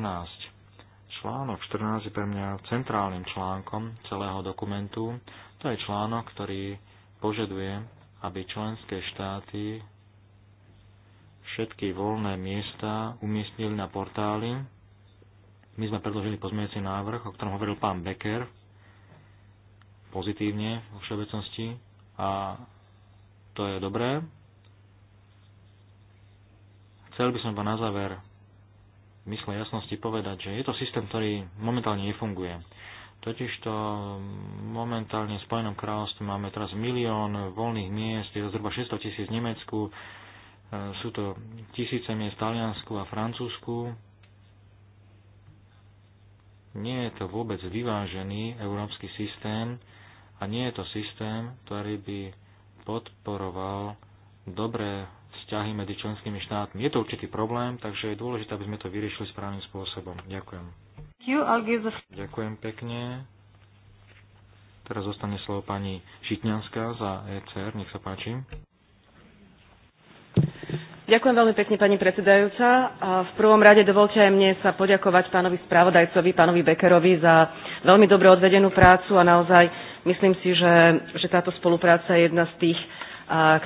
Článok 14 je pre mňa centrálnym článkom celého dokumentu. To je článok, ktorý požaduje, aby členské štáty všetky voľné miesta umiestnili na portáli. My sme predložili pozmeňujúci návrh, o ktorom hovoril pán Becker, pozitívne vo všeobecnosti a to je dobré. Chcel by som vám na záver mysle jasnosti povedať, že je to systém, ktorý momentálne nefunguje. Totižto momentálne v Spojenom kráľovstve máme teraz milión voľných miest, je to zhruba 600 tisíc v Nemecku, e, sú to tisíce miest v Taliansku a Francúzsku. Nie je to vôbec vyvážený európsky systém a nie je to systém, ktorý by podporoval dobré vzťahy medzi členskými štátmi. Je to určitý problém, takže je dôležité, aby sme to vyriešili správnym spôsobom. Ďakujem. Ďakujem pekne. Teraz zostane slovo pani Šitňanská za ECR. Nech sa páči. Ďakujem veľmi pekne, pani predsedajúca. A v prvom rade dovolte aj mne sa poďakovať pánovi spravodajcovi, pánovi Bekerovi za veľmi dobre odvedenú prácu a naozaj myslím si, že, že táto spolupráca je jedna z tých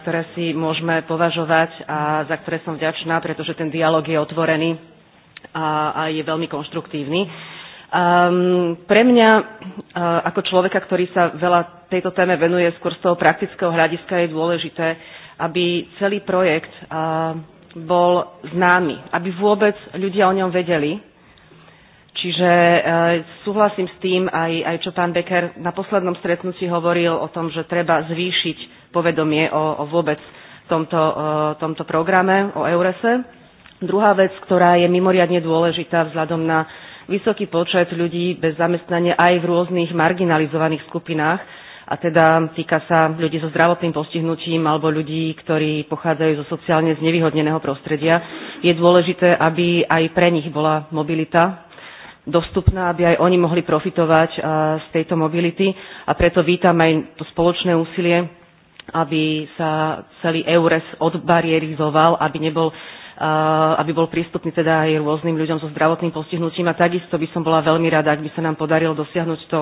ktoré si môžeme považovať a za ktoré som vďačná, pretože ten dialog je otvorený a, a je veľmi konštruktívny. Um, pre mňa, uh, ako človeka, ktorý sa veľa tejto téme venuje skôr z toho praktického hľadiska, je dôležité, aby celý projekt uh, bol známy, aby vôbec ľudia o ňom vedeli. Čiže uh, súhlasím s tým, aj, aj čo pán Becker na poslednom stretnutí hovoril o tom, že treba zvýšiť povedomie o, o vôbec tomto, o tomto programe, o Eurese. Druhá vec, ktorá je mimoriadne dôležitá vzhľadom na vysoký počet ľudí bez zamestnania aj v rôznych marginalizovaných skupinách, a teda týka sa ľudí so zdravotným postihnutím alebo ľudí, ktorí pochádzajú zo sociálne znevýhodneného prostredia. Je dôležité, aby aj pre nich bola mobilita dostupná, aby aj oni mohli profitovať z tejto mobility a preto vítam aj to spoločné úsilie aby sa celý EURES odbarierizoval, aby nebol eh, aby bol prístupný teda aj rôznym ľuďom so zdravotným postihnutím. A takisto by som bola veľmi rada, ak by sa nám podarilo dosiahnuť to,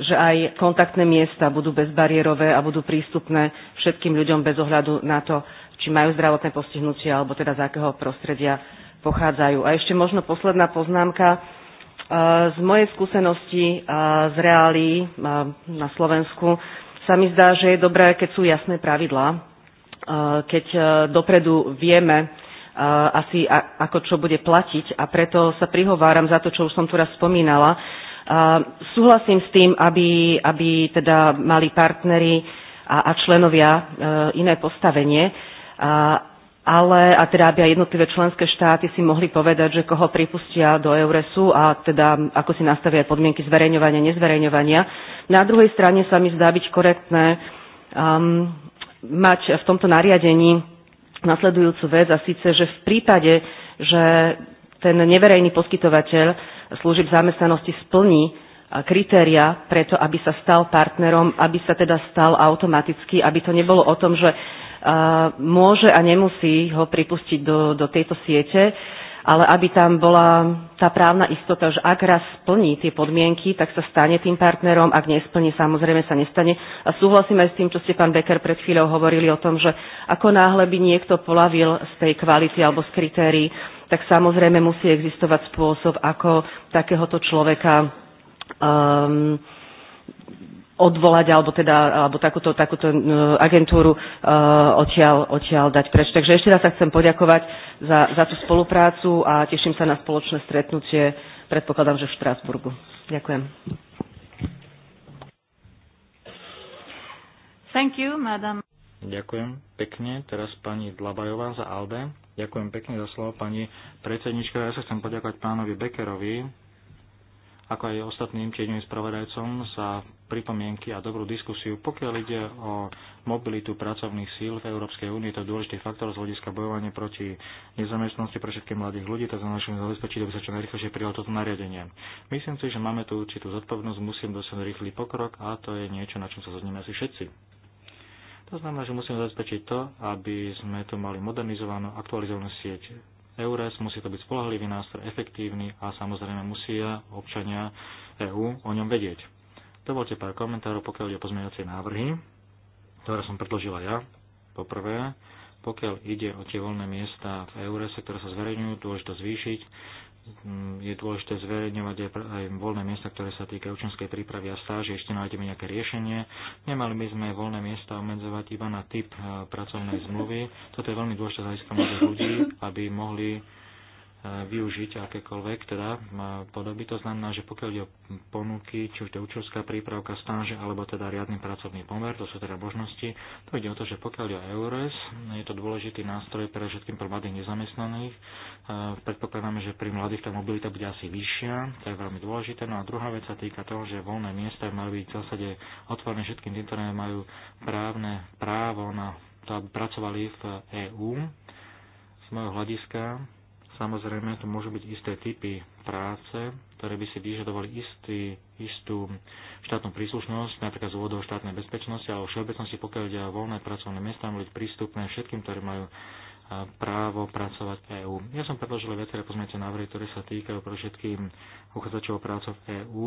že aj kontaktné miesta budú bezbariérové a budú prístupné všetkým ľuďom bez ohľadu na to, či majú zdravotné postihnutie alebo teda z akého prostredia pochádzajú. A ešte možno posledná poznámka. Eh, z mojej skúsenosti eh, z reálii na Slovensku sa mi zdá, že je dobré, keď sú jasné pravidlá, e, keď e, dopredu vieme e, asi ako čo bude platiť a preto sa prihováram za to, čo už som tu raz spomínala. Súhlasím s tým, aby, aby teda mali partnery a, a členovia iné postavenie, ale a teda aby aj jednotlivé členské štáty si mohli povedať, že koho pripustia do Euresu a teda ako si nastavia podmienky zverejňovania, nezverejňovania. Na druhej strane sa mi zdá byť korektné um, mať v tomto nariadení nasledujúcu vec a síce, že v prípade, že ten neverejný poskytovateľ služieb zamestnanosti splní kritéria preto, aby sa stal partnerom, aby sa teda stal automaticky, aby to nebolo o tom, že môže a nemusí ho pripustiť do, do tejto siete, ale aby tam bola tá právna istota, že ak raz splní tie podmienky, tak sa stane tým partnerom, ak nesplní, samozrejme sa nestane. A súhlasím aj s tým, čo ste pán Becker pred chvíľou hovorili o tom, že ako náhle by niekto polavil z tej kvality alebo z kritérií, tak samozrejme musí existovať spôsob, ako takéhoto človeka um, odvolať alebo, teda, alebo takúto, takúto e, agentúru e, odtiaľ, odtiaľ dať preč. Takže ešte raz sa chcem poďakovať za, za tú spoluprácu a teším sa na spoločné stretnutie, predpokladám, že v Štrásburgu. Ďakujem. Thank you, madam. Ďakujem pekne. Teraz pani Dlabajová za Albe. Ďakujem pekne za slovo, pani predsednička. Ja sa chcem poďakovať pánovi Bekerovi, ako aj ostatným tieňovým spravodajcom za pripomienky a dobrú diskusiu. Pokiaľ ide o mobilitu pracovných síl v Európskej únii, to je dôležitý faktor z hľadiska bojovania proti nezamestnanosti pre všetkých mladých ľudí, tak musíme zabezpečiť, aby sa čo najrychlejšie prijalo toto nariadenie. Myslím si, že máme tu určitú zodpovednosť, musím dosiahnuť rýchly pokrok a to je niečo, na čom sa zhodneme asi všetci. To znamená, že musíme zabezpečiť to, aby sme tu mali modernizovanú, aktualizovanú sieť EURES, musí to byť spolahlivý nástroj, efektívny a samozrejme musia občania EÚ o ňom vedieť. Dovolte pár komentárov, pokiaľ ide o pozmeňovacie návrhy, ktoré som predložila ja. Poprvé, pokiaľ ide o tie voľné miesta v Eurese, ktoré sa zverejňujú, dôležité zvýšiť. Mm, je dôležité zverejňovať aj, aj voľné miesta, ktoré sa týkajú učenskej prípravy a stáže. Ešte nájdeme nejaké riešenie. Nemali by sme voľné miesta obmedzovať iba na typ eh, pracovnej zmluvy. Toto je veľmi dôležité z ľudí, aby mohli využiť akékoľvek, teda podoby. To znamená, že pokiaľ ide o ponuky, či už to je učovská prípravka, stáže alebo teda riadny pracovný pomer, to sú teda možnosti, to ide o to, že pokiaľ ide o EURES, je to dôležitý nástroj pre všetkým pre mladých nezamestnaných. Predpokladáme, že pri mladých tá mobilita bude asi vyššia, to je veľmi dôležité. No a druhá vec sa týka toho, že voľné miesta majú byť v zásade otvorené všetkým tým, ktoré majú právne právo na to, aby pracovali v EÚ. Z môjho hľadiska Samozrejme, to môžu byť isté typy práce, ktoré by si vyžadovali istý, istú štátnu príslušnosť, napríklad z úvodov štátnej bezpečnosti, ale v všeobecnosti, pokiaľ ide o voľné pracovné miesta, byť prístupné všetkým, ktorí majú právo pracovať v EÚ. Ja som predložil viaceré pozmeňujúce návrhy, ktoré sa týkajú pre všetkým uchádzačov o prácu v EÚ.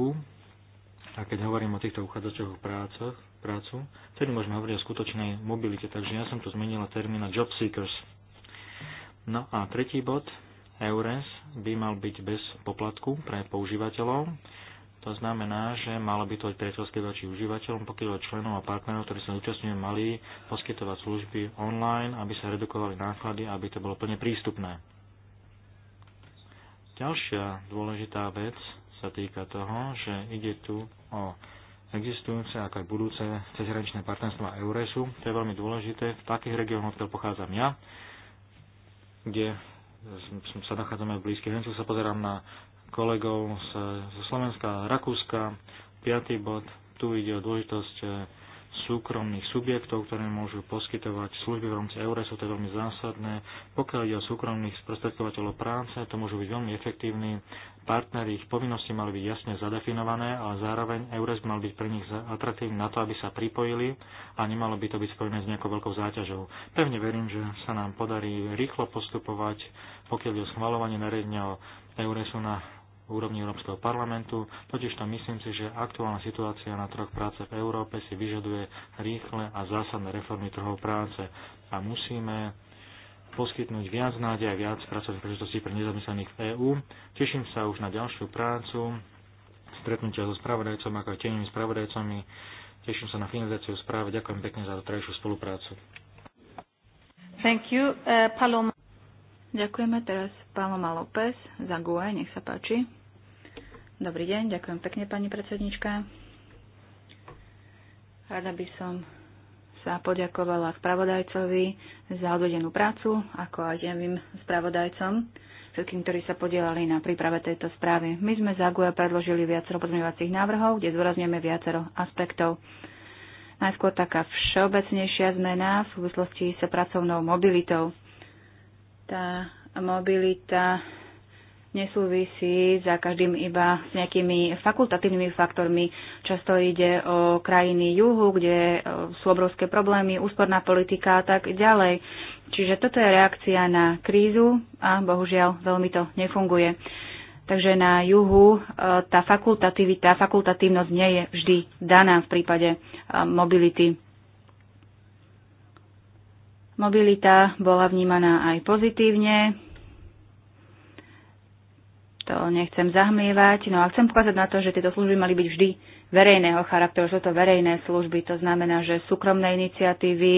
A keď hovorím o týchto uchádzačoch o prácu, prácu, vtedy môžeme hovoriť o skutočnej mobilite. Takže ja som tu zmenila termína job seekers. No a tretí bod, EURES by mal byť bez poplatku pre používateľov. To znamená, že malo by to byť priateľské voči užívateľom, pokiaľ členov a partnerov, ktorí sa zúčastňujú, mali poskytovať služby online, aby sa redukovali náklady, aby to bolo plne prístupné. Ďalšia dôležitá vec sa týka toho, že ide tu o existujúce, ako aj budúce cezhraničné partnerstva EURESu. To je veľmi dôležité v takých regiónoch, odkiaľ pochádzam ja, kde sa nachádzame v blízkej hranici, sa pozerám na kolegov z, zo Slovenska, Rakúska. Piatý bod, tu ide o dôležitosť e, súkromných subjektov, ktoré môžu poskytovať služby v rámci Euresu, to je veľmi zásadné. Pokiaľ ide o súkromných sprostredkovateľov práce, to môžu byť veľmi efektívni. Partneri ich povinnosti mali byť jasne zadefinované, ale zároveň Eures mal byť pre nich atraktívny na to, aby sa pripojili a nemalo by to byť spojené s nejakou veľkou záťažou. Pevne verím, že sa nám podarí rýchlo postupovať pokiaľ je o schvalovanie nariadenia o Euresu na úrovni Európskeho parlamentu, Totiž to myslím si, že aktuálna situácia na troch práce v Európe si vyžaduje rýchle a zásadné reformy trhov práce a musíme poskytnúť viac nádej a viac pracovných príležitostí pre nezamyslených v EÚ. Teším sa už na ďalšiu prácu, stretnutia so spravodajcom ako aj tenými spravodajcami. Teším sa na finalizáciu správy. Ďakujem pekne za doterajšiu spoluprácu. Thank you, uh, Paloma. Ďakujeme teraz Paloma López za GUE, nech sa páči. Dobrý deň, ďakujem pekne pani predsednička. Rada by som sa poďakovala spravodajcovi za odvedenú prácu, ako aj jemným spravodajcom, všetkým, ktorí sa podielali na príprave tejto správy. My sme za GUE predložili viacero pozmeňovacích návrhov, kde zdôrazňujeme viacero aspektov. Najskôr taká všeobecnejšia zmena v súvislosti sa pracovnou mobilitou tá mobilita nesúvisí za každým iba s nejakými fakultatívnymi faktormi. Často ide o krajiny juhu, kde e, sú obrovské problémy, úsporná politika a tak ďalej. Čiže toto je reakcia na krízu a bohužiaľ veľmi to nefunguje. Takže na juhu e, tá fakultativita, fakultatívnosť nie je vždy daná v prípade e, mobility. Mobilita bola vnímaná aj pozitívne. To nechcem zahmlievať, no a chcem ukázať na to, že tieto služby mali byť vždy verejného charakteru, sú to verejné služby, to znamená, že súkromné iniciatívy,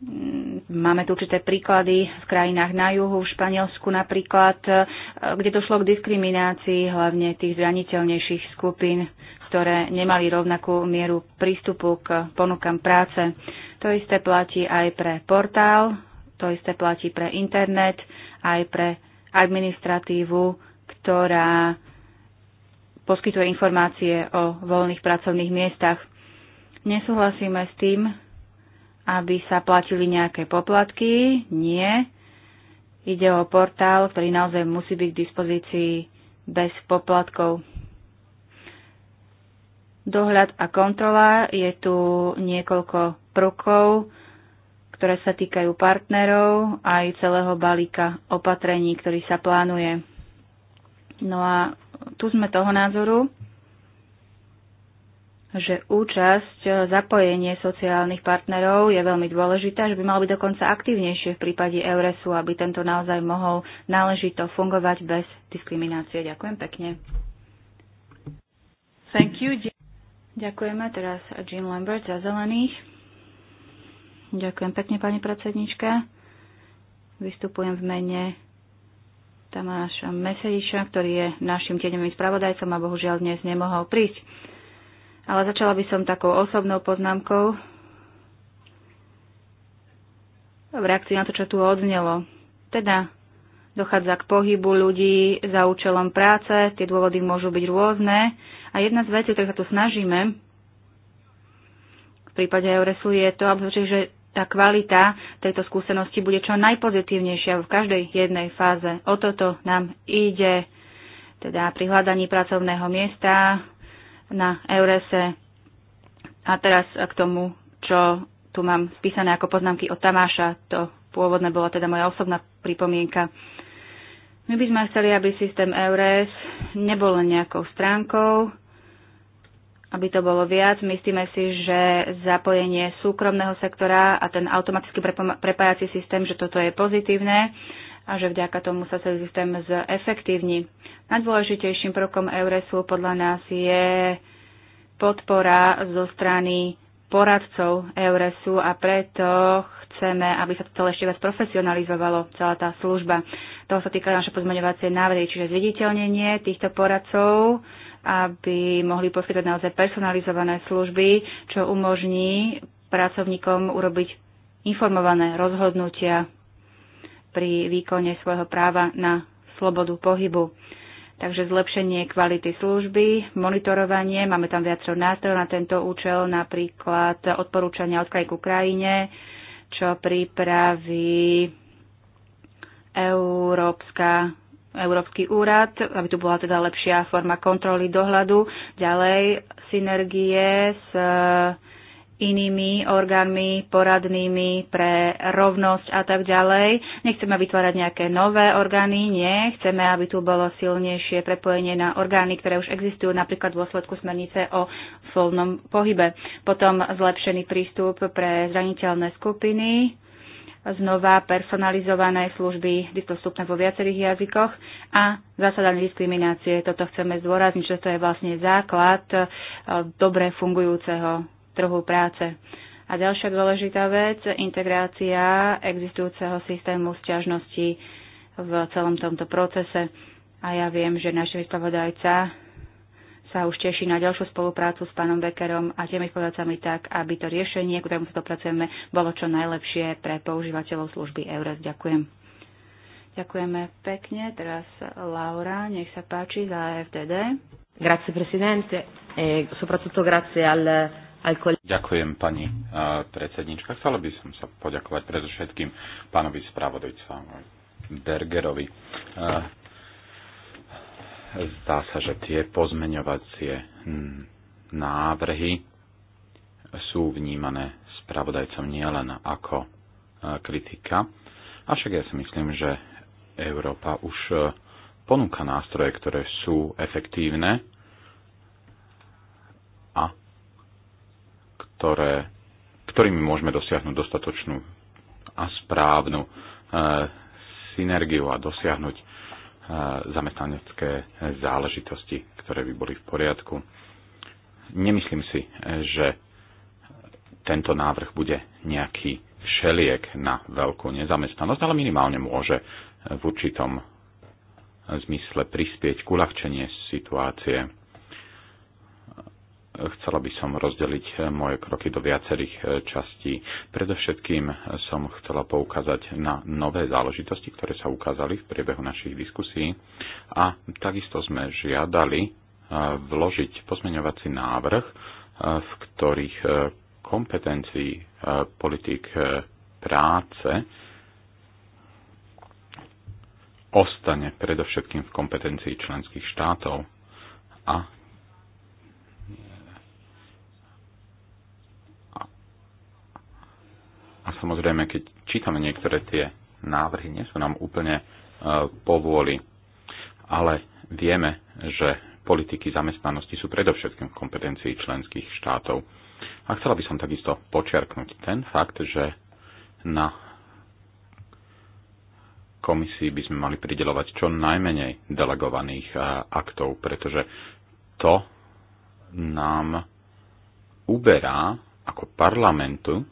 mm, Máme tu určité príklady v krajinách na juhu, v Španielsku napríklad, e, kde došlo k diskriminácii hlavne tých zraniteľnejších skupín, ktoré nemali rovnakú mieru prístupu k ponukám práce. To isté platí aj pre portál, to isté platí pre internet, aj pre administratívu, ktorá poskytuje informácie o voľných pracovných miestach. Nesúhlasíme s tým, aby sa platili nejaké poplatky. Nie. Ide o portál, ktorý naozaj musí byť k dispozícii bez poplatkov. Dohľad a kontrola je tu niekoľko prvkov, ktoré sa týkajú partnerov aj celého balíka opatrení, ktorý sa plánuje. No a tu sme toho názoru, že účasť, zapojenie sociálnych partnerov je veľmi dôležité, že by malo byť dokonca aktívnejšie v prípade Euresu, aby tento naozaj mohol náležito fungovať bez diskriminácie. Ďakujem pekne. Thank you. Ďakujeme teraz Jean Lambert za zelených. Ďakujem pekne, pani predsednička. Vystupujem v mene Tamáša Meseriša, ktorý je našim tieňovým spravodajcom a bohužiaľ dnes nemohol prísť. Ale začala by som takou osobnou poznámkou v reakcii na to, čo tu odznelo. Teda dochádza k pohybu ľudí za účelom práce, tie dôvody môžu byť rôzne a jedna z vecí, ktoré sa tu snažíme, v prípade Euresu je to, že tá kvalita tejto skúsenosti bude čo najpozitívnejšia v každej jednej fáze. O toto nám ide, teda pri hľadaní pracovného miesta na Eurese. A teraz k tomu, čo tu mám spísané ako poznámky od Tamáša. To pôvodne bola teda moja osobná pripomienka. My by sme chceli, aby systém EURES nebol len nejakou stránkou, aby to bolo viac. Myslíme si, že zapojenie súkromného sektora a ten automaticky prepájací systém, že toto je pozitívne a že vďaka tomu sa celý systém zefektívni. Najdôležitejším prvkom Euresu podľa nás je podpora zo strany poradcov Euresu a preto chceme, aby sa to celé ešte viac profesionalizovalo, celá tá služba. Toho sa týka naše pozmeňovacie návrhy, čiže zviditeľnenie týchto poradcov, aby mohli poskytovať naozaj personalizované služby, čo umožní pracovníkom urobiť informované rozhodnutia pri výkone svojho práva na slobodu pohybu. Takže zlepšenie kvality služby, monitorovanie, máme tam viacero nástrojov na tento účel, napríklad odporúčania od kraj ku krajine, čo pripraví Európska Európsky úrad, aby tu bola teda lepšia forma kontroly dohľadu. Ďalej synergie s e, inými orgánmi poradnými pre rovnosť a tak ďalej. Nechceme vytvárať nejaké nové orgány, nie. Chceme, aby tu bolo silnejšie prepojenie na orgány, ktoré už existujú, napríklad v dôsledku smernice o voľnom pohybe. Potom zlepšený prístup pre zraniteľné skupiny znova personalizované služby dostupné vo viacerých jazykoch a zásadanie diskriminácie. Toto chceme zdôrazniť, že to je vlastne základ e, dobre fungujúceho trhu práce. A ďalšia dôležitá vec, integrácia existujúceho systému sťažnosti v celom tomto procese. A ja viem, že náš spravodajca sa už teší na ďalšiu spoluprácu s pánom Beckerom a tými podacami tak, aby to riešenie, k ktorému sa dopracujeme, bolo čo najlepšie pre používateľov služby EURES. Ďakujem. Ďakujeme pekne. Teraz Laura, nech sa páči za FDD. Grazie presidente e soprattutto grazie al, al Ďakujem pani uh, predsednička. Chcela by som sa poďakovať predovšetkým pánovi spravodajcovi Bergerovi. Uh, Zdá sa, že tie pozmeňovacie hm, návrhy sú vnímané spravodajcom nielen ako e, kritika, avšak ja si myslím, že Európa už e, ponúka nástroje, ktoré sú efektívne a ktoré, ktorými môžeme dosiahnuť dostatočnú a správnu e, synergiu a dosiahnuť zamestnanecké záležitosti, ktoré by boli v poriadku. Nemyslím si, že tento návrh bude nejaký všeliek na veľkú nezamestnanosť, ale minimálne môže v určitom zmysle prispieť k uľahčenie situácie. Chcela by som rozdeliť eh, moje kroky do viacerých eh, častí. Predovšetkým eh, som chcela poukázať na nové záležitosti, ktoré sa ukázali v priebehu našich diskusí a takisto sme žiadali vložiť pozmeňovací návrh, v ktorých kompetencií politik práce ostane predovšetkým v kompetencii členských štátov a samozrejme, keď čítame niektoré tie návrhy, nie sú nám úplne e, povôli, ale vieme, že politiky zamestnanosti sú predovšetkým v kompetencii členských štátov. A chcela by som takisto počiarknúť ten fakt, že na komisii by sme mali pridelovať čo najmenej delegovaných e, aktov, pretože to nám uberá ako parlamentu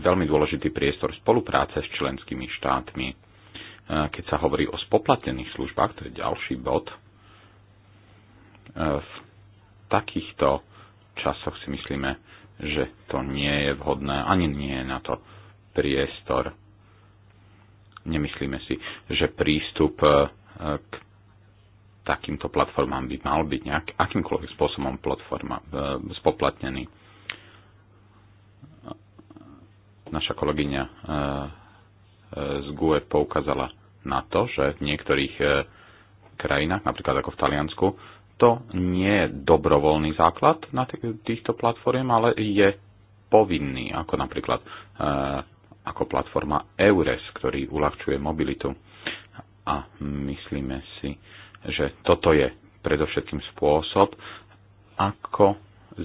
veľmi dôležitý priestor spolupráce s členskými štátmi. E, keď sa hovorí o spoplatnených službách, to je ďalší bod, e, v takýchto časoch si myslíme, že to nie je vhodné, ani nie je na to priestor. Nemyslíme si, že prístup e, k takýmto platformám by mal byť nejak, akýmkoľvek spôsobom platforma spoplatnený Naša kolegyňa eh, eh, z GUE poukázala na to, že v niektorých eh, krajinách, napríklad ako v Taliansku, to nie je dobrovoľný základ na týchto platform, ale je povinný, ako napríklad ako platforma EURES, ktorý uľahčuje mobilitu. A myslíme si, že toto je predovšetkým spôsob, ako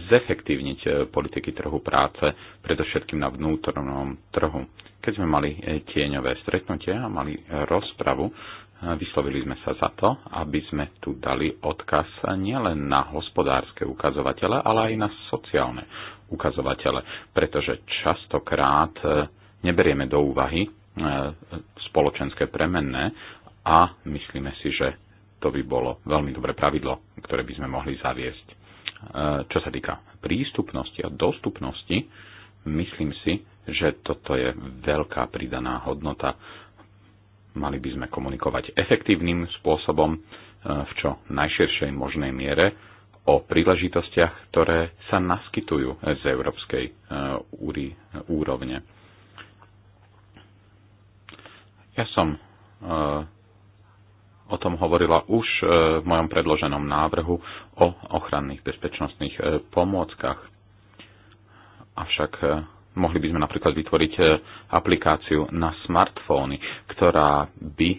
zefektívniť e, politiky trhu práce, predovšetkým na vnútornom trhu. Keď sme mali e, tieňové stretnutie a mali e, rozpravu, vyslovili sme sa za to, aby sme tu dali odkaz nielen na hospodárske ukazovatele, ale aj na sociálne ukazovatele, pretože častokrát neberieme do úvahy spoločenské premenné a myslíme si, že to by bolo veľmi dobré pravidlo, ktoré by sme mohli zaviesť. E, čo sa týka prístupnosti a dostupnosti, myslím si, že toto je veľká pridaná hodnota. Mali by sme komunikovať efektívnym spôsobom e, v čo najširšej možnej miere o príležitostiach, ktoré sa naskytujú z európskej e, úrovne. Ja som o tom hovorila už e, v mojom predloženom návrhu o ochranných bezpečnostných e, pomôckach. Avšak e, mohli by sme napríklad vytvoriť aplikáciu na smartfóny, ktorá by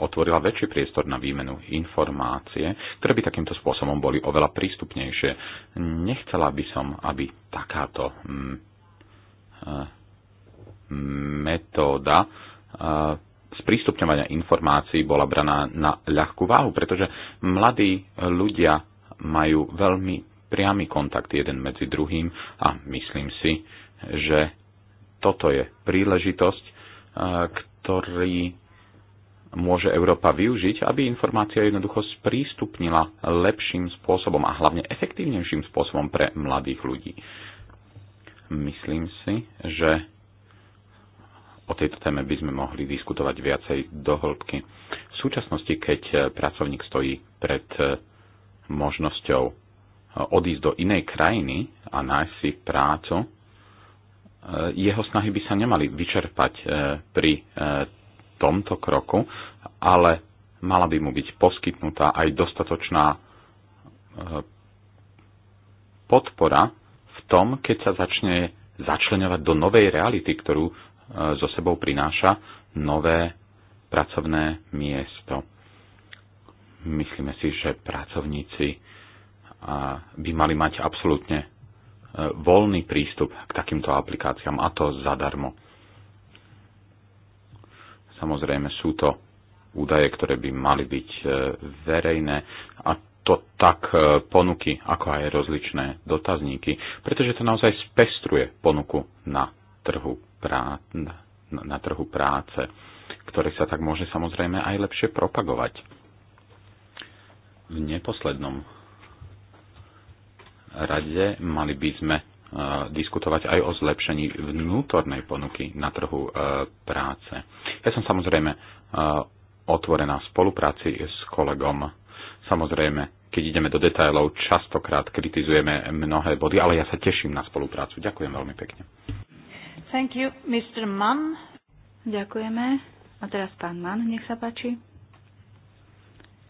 otvorila väčší priestor na výmenu informácie, ktoré by takýmto spôsobom boli oveľa prístupnejšie. Nechcela by som, aby takáto mm, metóda sprístupňovania informácií bola braná na ľahkú váhu, pretože mladí ľudia majú veľmi priamy kontakt jeden medzi druhým a myslím si, že toto je príležitosť, eh, ktorý môže Európa využiť, aby informácia jednoducho sprístupnila lepším spôsobom a hlavne efektívnejším spôsobom pre mladých ľudí. Myslím si, že o tejto téme by sme mohli diskutovať viacej do hĺbky. V súčasnosti, keď pracovník stojí pred eh, možnosťou eh, odísť do inej krajiny a nájsť si prácu, eh, jeho snahy by sa nemali vyčerpať pri tomto kroku, ale mala by mu byť poskytnutá aj dostatočná podpora v tom, keď sa začne začlenovať do novej reality, ktorú so sebou prináša nové pracovné miesto. Myslíme si, že pracovníci by mali mať absolútne e, voľný prístup k takýmto aplikáciám a to zadarmo. Samozrejme sú to údaje, ktoré by mali byť e, verejné a to tak e, ponuky, ako aj rozličné dotazníky, pretože to naozaj spestruje ponuku na trhu prá- na trhu práce, ktoré sa tak môže samozrejme aj lepšie propagovať. V neposlednom rade mali by sme e, diskutovať aj o zlepšení vnútornej ponuky na trhu e, práce. Ja som samozrejme e, otvorená v spolupráci s kolegom. Samozrejme, keď ideme do detajlov, častokrát kritizujeme mnohé body, ale ja sa teším na spoluprácu. Ďakujem veľmi pekne. Thank you, Mr. Mann. Ďakujeme. A teraz pán Mann, nech sa páči.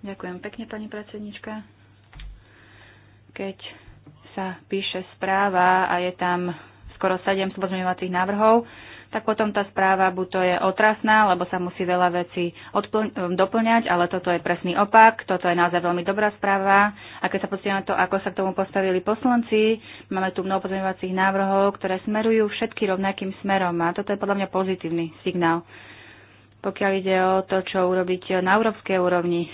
Ďakujem pekne, pani predsednička. Keď sa píše správa a je tam skoro 7 pozmeňovacích návrhov, tak potom tá správa buď to je otrasná, lebo sa musí veľa vecí doplňať, ale toto je presný opak, toto je naozaj veľmi dobrá správa. A keď sa pozrieme na to, ako sa k tomu postavili poslanci, máme tu mnoho pozmeňovacích návrhov, ktoré smerujú všetky rovnakým smerom a toto je podľa mňa pozitívny signál. Pokiaľ ide o to, čo urobiť na európskej úrovni,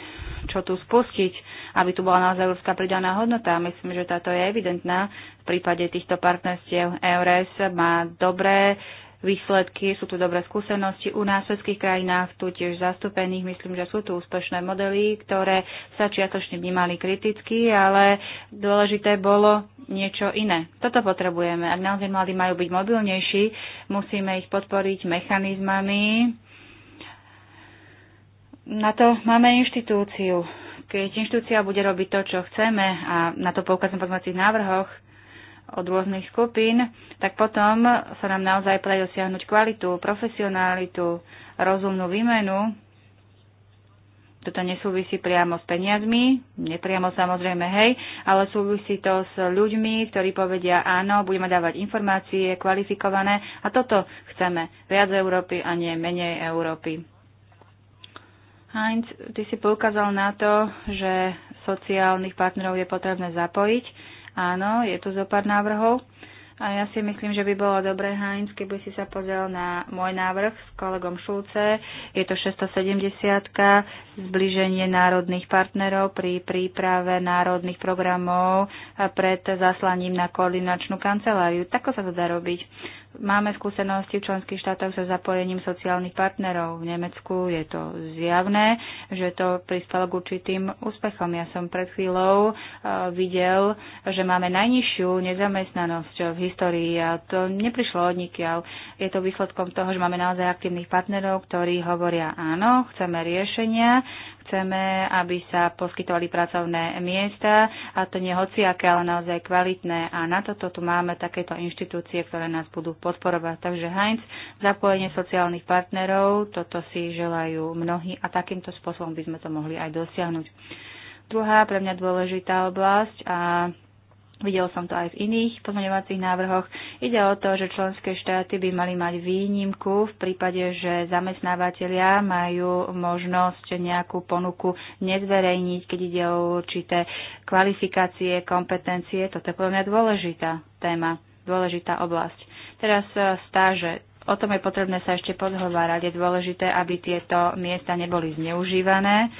čo tu spustiť, aby tu bola naozaj európska pridaná hodnota. Myslím, že táto je evidentná. V prípade týchto partnerstiev EURES má dobré výsledky, sú tu dobré skúsenosti u nás v svetských krajinách, tu tiež zastúpených. Myslím, že sú tu úspešné modely, ktoré sa čiastočne vnímali kriticky, ale dôležité bolo niečo iné. Toto potrebujeme. Ak naozaj mladí majú byť mobilnejší, musíme ich podporiť mechanizmami. Na to máme inštitúciu. Keď inštitúcia bude robiť to, čo chceme, a na to poukazujem v pozmacích návrhoch, od rôznych skupín, tak potom sa nám naozaj podarí dosiahnuť kvalitu, profesionálitu, rozumnú výmenu. Toto nesúvisí priamo s peniazmi, nepriamo samozrejme, hej, ale súvisí to s ľuďmi, ktorí povedia áno, budeme dávať informácie kvalifikované a toto chceme. Viac Európy a nie menej Európy. Heinz, ty si poukázal na to, že sociálnych partnerov je potrebné zapojiť Áno, je tu zo pár návrhov. A ja si myslím, že by bolo dobré, Heinz, keby si sa pozrel na môj návrh s kolegom Šulce. Je to 670 zbliženie národných partnerov pri príprave národných programov pred zaslaním na koordinačnú kanceláriu. Tako sa to dá robiť. Máme skúsenosti v členských štátoch so zapojením sociálnych partnerov. V Nemecku je to zjavné, že to pristalo k určitým úspechom. Ja som pred chvíľou e, videl, že máme najnižšiu nezamestnanosť v histórii a to neprišlo od nikiaľ. Je to výsledkom toho, že máme naozaj aktívnych partnerov, ktorí hovoria áno, chceme riešenia, Chceme, aby sa poskytovali pracovné miesta a to nie hociaké, ale naozaj kvalitné a na toto tu máme takéto inštitúcie, ktoré nás budú podporovať. Takže Heinz, zapojenie sociálnych partnerov, toto si želajú mnohí a takýmto spôsobom by sme to mohli aj dosiahnuť. Druhá pre mňa dôležitá oblasť a Videl som to aj v iných pozmeňovacích návrhoch. Ide o to, že členské štáty by mali mať výnimku v prípade, že zamestnávateľia majú možnosť nejakú ponuku nezverejniť, keď ide o určité kvalifikácie, kompetencie. Toto je podľa mňa dôležitá téma, dôležitá oblasť. Teraz e, stáže. O tom je potrebné sa ešte podhovárať. Je dôležité, aby tieto miesta neboli zneužívané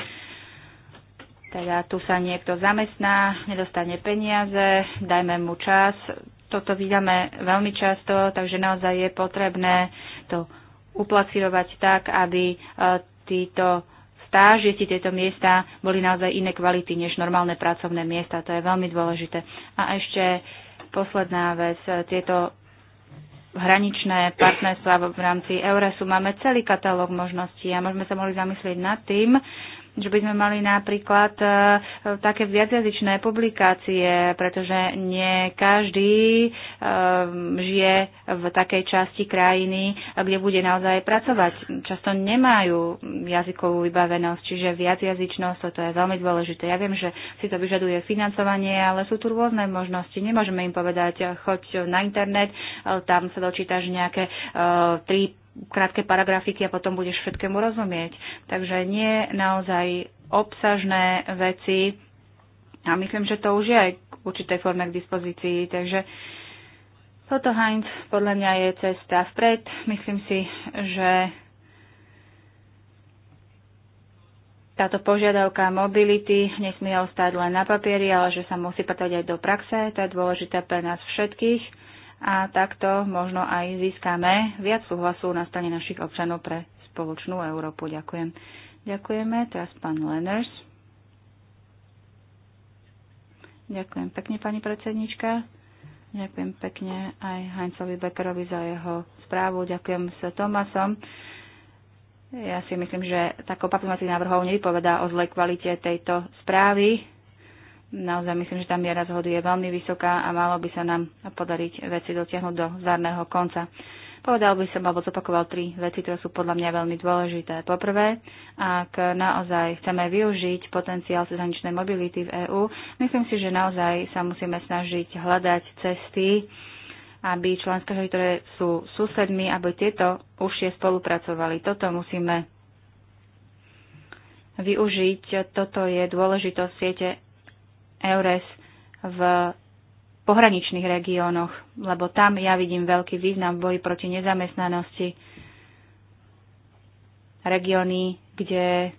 teda tu sa niekto zamestná, nedostane peniaze, dajme mu čas. Toto vidíme veľmi často, takže naozaj je potrebné to uplacirovať tak, aby e, títo stážisti tieto miesta boli naozaj iné kvality než normálne pracovné miesta. To je veľmi dôležité. A ešte posledná vec. Tieto hraničné partnerstva v rámci Euresu máme celý katalóg možností a môžeme sa mohli zamyslieť nad tým, že by sme mali napríklad e, také viacjazyčné publikácie, pretože nie každý e, žije v takej časti krajiny, kde bude naozaj pracovať. Často nemajú jazykovú vybavenosť, čiže viacjazyčnosť, toto je veľmi dôležité. Ja viem, že si to vyžaduje financovanie, ale sú tu rôzne možnosti. Nemôžeme im povedať, choď na internet, e, tam sa dočítaš nejaké 3 krátke paragrafiky a potom budeš všetkému rozumieť. Takže nie naozaj obsažné veci a myslím, že to už je aj k určitej forme k dispozícii. Takže toto Heinz podľa mňa je cesta vpred. Myslím si, že táto požiadavka mobility nesmie ostať len na papieri, ale že sa musí patrať aj do praxe. To je dôležité pre nás všetkých a takto možno aj získame viac súhlasu na strane našich občanov pre spoločnú Európu. Ďakujem. Ďakujeme. Teraz pán Lenners. Ďakujem pekne, pani predsednička. Ďakujem pekne aj Heinzovi Beckerovi za jeho správu. Ďakujem s Tomasom. Ja si myslím, že takou papimacích návrhov nevypovedá o zlej kvalite tejto správy. Naozaj myslím, že tá miera zhody je veľmi vysoká a malo by sa nám podariť veci dotiahnuť do zárneho konca. Povedal by som, alebo zopakoval tri veci, ktoré sú podľa mňa veľmi dôležité. Poprvé, ak naozaj chceme využiť potenciál cezhraničnej mobility v EÚ, myslím si, že naozaj sa musíme snažiť hľadať cesty, aby členské hry, ktoré sú susedmi, aby tieto užšie spolupracovali. Toto musíme využiť. Toto je dôležitosť siete EURES v pohraničných regiónoch, lebo tam ja vidím veľký význam v boji proti nezamestnanosti. Regióny, kde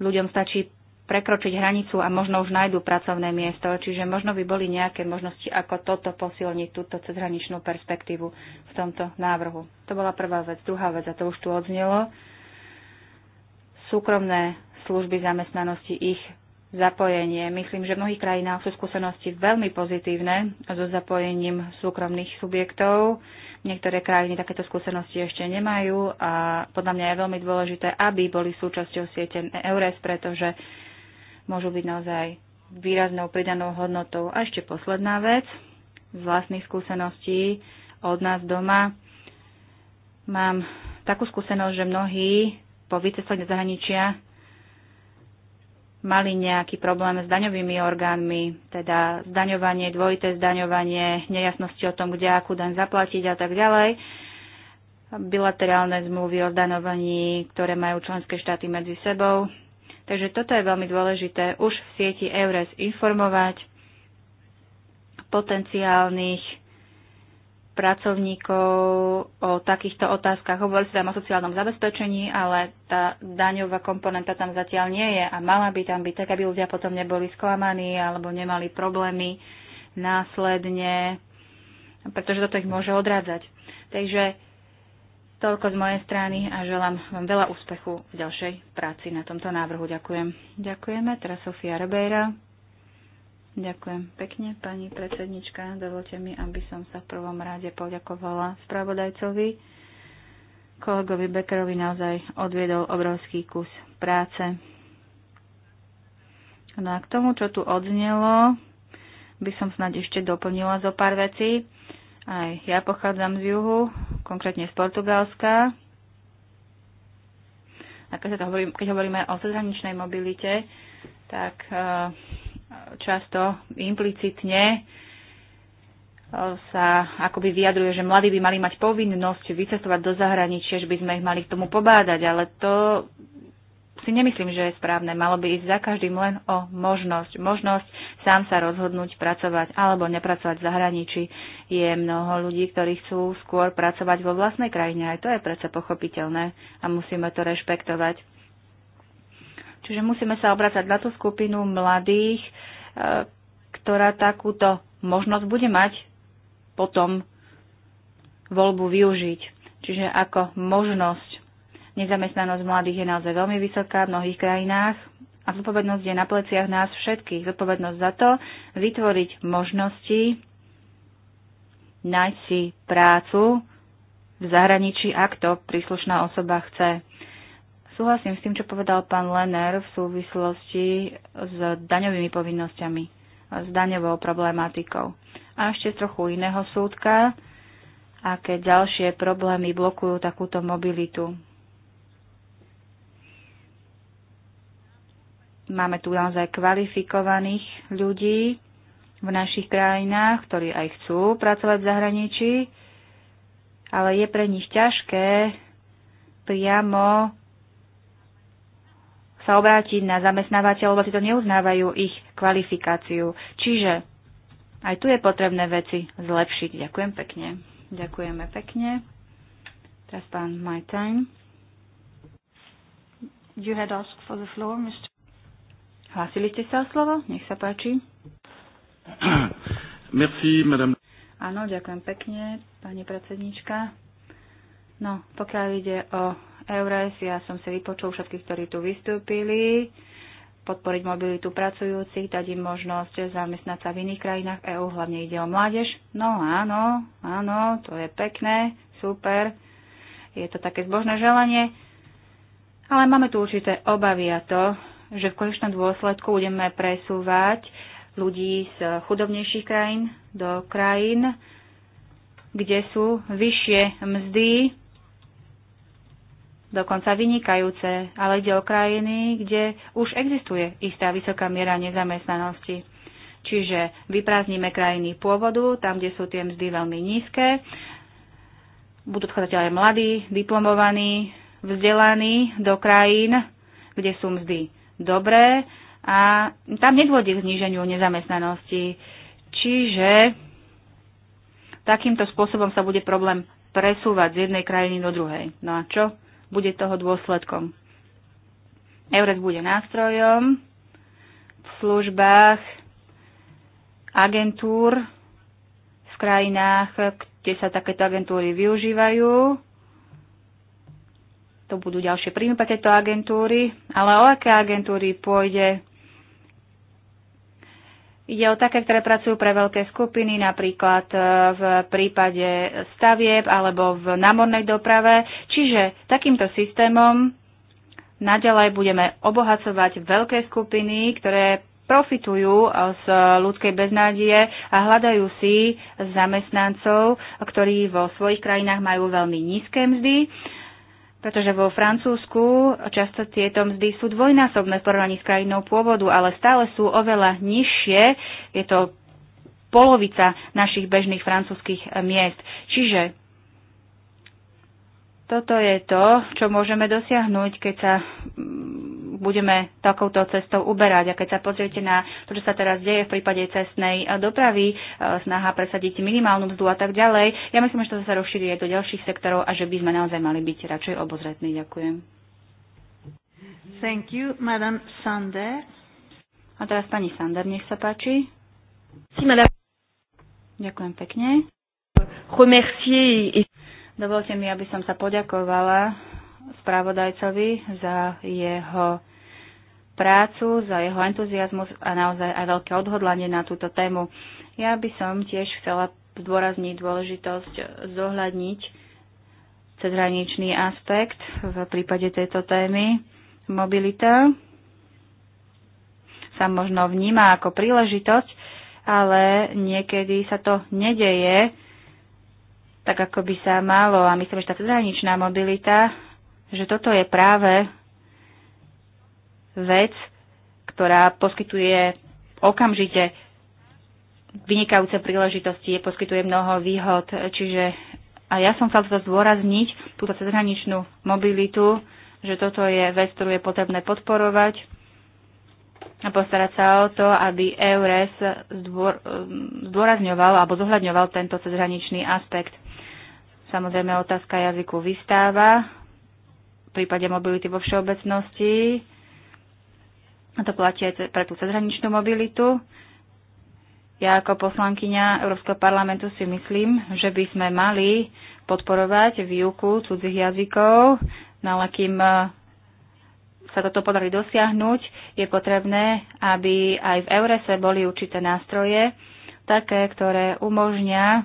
ľuďom stačí prekročiť hranicu a možno už nájdú pracovné miesto. Čiže možno by boli nejaké možnosti, ako toto posilniť, túto cezhraničnú perspektívu v tomto návrhu. To bola prvá vec. Druhá vec, a to už tu odznelo, súkromné služby zamestnanosti, ich zapojenie. Myslím, že v mnohých krajinách sú skúsenosti veľmi pozitívne so zapojením súkromných subjektov. Niektoré krajiny takéto skúsenosti ešte nemajú a podľa mňa je veľmi dôležité, aby boli súčasťou siete EURES, pretože môžu byť naozaj výraznou pridanou hodnotou. A ešte posledná vec z vlastných skúseností od nás doma. Mám takú skúsenosť, že mnohí po vycestovaní zahraničia mali nejaký problém s daňovými orgánmi, teda zdaňovanie, dvojité zdaňovanie, nejasnosti o tom, kde akú daň zaplatiť a tak ďalej. Bilaterálne zmluvy o zdaňovaní, ktoré majú členské štáty medzi sebou. Takže toto je veľmi dôležité už v sieti EURES informovať potenciálnych pracovníkov o takýchto otázkach. Hovorili sa o sociálnom zabezpečení, ale tá daňová komponenta tam zatiaľ nie je a mala by tam byť tak, aby ľudia potom neboli sklamaní alebo nemali problémy následne, pretože toto ich môže odrádzať. Takže toľko z mojej strany a želám vám veľa úspechu v ďalšej práci na tomto návrhu. Ďakujem. Ďakujeme. Teraz Sofia Rebeira. Ďakujem pekne, pani predsednička. Dovolte mi, aby som sa v prvom rade poďakovala spravodajcovi. Kolegovi Beckerovi naozaj odviedol obrovský kus práce. No a k tomu, čo tu odznelo, by som snad ešte doplnila zo pár vecí. Aj ja pochádzam z juhu, konkrétne z Portugalska. A keď, sa to hovorím, keď hovoríme o cezhraničnej mobilite, tak uh, často implicitne e, sa akoby vyjadruje, že mladí by mali mať povinnosť vycestovať do zahraničia, že by sme ich mali k tomu pobádať, ale to si nemyslím, že je správne. Malo by ísť za každým len o možnosť. Možnosť sám sa rozhodnúť pracovať alebo nepracovať v zahraničí. Je mnoho ľudí, ktorí chcú skôr pracovať vo vlastnej krajine. Aj to je predsa pochopiteľné a musíme to rešpektovať. Čiže musíme sa obracať na tú skupinu mladých, e, ktorá takúto možnosť bude mať potom voľbu využiť. Čiže ako možnosť. Nezamestnanosť mladých je naozaj veľmi vysoká v mnohých krajinách a zodpovednosť je na pleciach nás všetkých. Zodpovednosť za to vytvoriť možnosti, nájsť si prácu v zahraničí, ak to príslušná osoba chce. Súhlasím s tým, čo povedal pán Lenner v súvislosti s daňovými povinnosťami, s daňovou problematikou. A ešte z trochu iného súdka, aké ďalšie problémy blokujú takúto mobilitu. Máme tu naozaj kvalifikovaných ľudí v našich krajinách, ktorí aj chcú pracovať v zahraničí, ale je pre nich ťažké priamo sa obrátiť na zamestnávateľov, lebo si to neuznávajú ich kvalifikáciu. Čiže aj tu je potrebné veci zlepšiť. Ďakujem pekne. Ďakujeme pekne. Teraz pán My Time. You had asked for the floor, Mr. Hlasili ste sa o slovo? Nech sa páči. Merci, madame. Áno, ďakujem pekne, pani predsednička. No, pokiaľ ide o EURES. Ja som si vypočul všetkých, ktorí tu vystúpili podporiť mobilitu pracujúcich, dať im možnosť zamestnať sa v iných krajinách EÚ, hlavne ide o mládež. No áno, áno, to je pekné, super, je to také zbožné želanie, ale máme tu určité obavy a to, že v konečnom dôsledku budeme presúvať ľudí z chudobnejších krajín do krajín, kde sú vyššie mzdy, dokonca vynikajúce, ale ide o krajiny, kde už existuje istá vysoká miera nezamestnanosti. Čiže vyprázdnime krajiny pôvodu, tam, kde sú tie mzdy veľmi nízke, budú odchádzať aj mladí, diplomovaní, vzdelaní do krajín, kde sú mzdy dobré a tam nedôjde k zníženiu nezamestnanosti. Čiže takýmto spôsobom sa bude problém presúvať z jednej krajiny do druhej. No a čo bude toho dôsledkom. EURES bude nástrojom v službách agentúr v krajinách, kde sa takéto agentúry využívajú. To budú ďalšie príjmy pre tieto agentúry, ale o aké agentúry pôjde, Ide o také, ktoré pracujú pre veľké skupiny, napríklad e, v prípade stavieb alebo v námornej doprave. Čiže takýmto systémom naďalej budeme obohacovať veľké skupiny, ktoré profitujú e, z ľudskej beznádie a hľadajú si zamestnancov, ktorí vo svojich krajinách majú veľmi nízke mzdy pretože vo Francúzsku často tieto mzdy sú dvojnásobné v porovnaní s krajinou pôvodu, ale stále sú oveľa nižšie. Je to polovica našich bežných francúzskych eh, miest. Čiže toto je to, čo môžeme dosiahnuť, keď sa mm, budeme takouto cestou uberať. A keď sa pozriete na to, čo sa teraz deje v prípade cestnej eh, dopravy, eh, snaha presadiť minimálnu mzdu a tak ďalej, ja myslím, že to sa rozšíri aj do ďalších sektorov a že by sme naozaj mali byť radšej obozretní. Ďakujem. Thank you, Madam Sander. A teraz pani Sander, nech sa páči. Si, madame. Ďakujem pekne. Remercier. Dovolte mi, aby som sa poďakovala spravodajcovi za jeho prácu, za jeho entuziasmus a naozaj aj veľké odhodlanie na túto tému. Ja by som tiež chcela zdôrazniť dôležitosť zohľadniť cezhraničný aspekt v prípade tejto témy. Mobilita sa možno vníma ako príležitosť, ale niekedy sa to nedeje tak, ako by sa malo. A myslím, že tá cezhraničná mobilita, že toto je práve vec, ktorá poskytuje okamžite vynikajúce príležitosti, poskytuje mnoho výhod. Čiže a ja som chcel to teda zdôrazniť, túto cezhraničnú mobilitu, že toto je vec, ktorú je potrebné podporovať a postarať sa o to, aby EURES zdôr, zdôrazňoval alebo zohľadňoval tento cezhraničný aspekt. Samozrejme, otázka jazyku vystáva v prípade mobility vo všeobecnosti a to platí aj pre tú cezhraničnú mobilitu. Ja ako poslankyňa Európskeho parlamentu si myslím, že by sme mali podporovať výuku cudzích jazykov, no ale kým e, sa toto podarí dosiahnuť, je potrebné, aby aj v Eurese boli určité nástroje, také, ktoré umožňa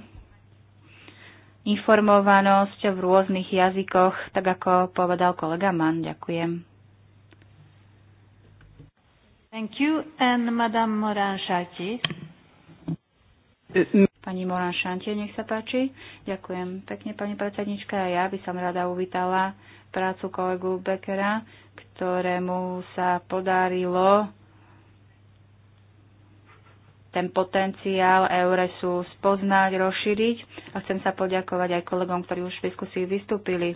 informovanosť v rôznych jazykoch, tak ako povedal kolega Mann. Ďakujem. Thank you. And Madame Moran Chartier. Pani Moran Šantie, nech sa páči. Ďakujem pekne, pani predsednička. Ja by som rada uvítala prácu kolegu Beckera, ktorému sa podarilo ten potenciál Euresu spoznať, rozšíriť. A chcem sa poďakovať aj kolegom, ktorí už v diskusii vystúpili.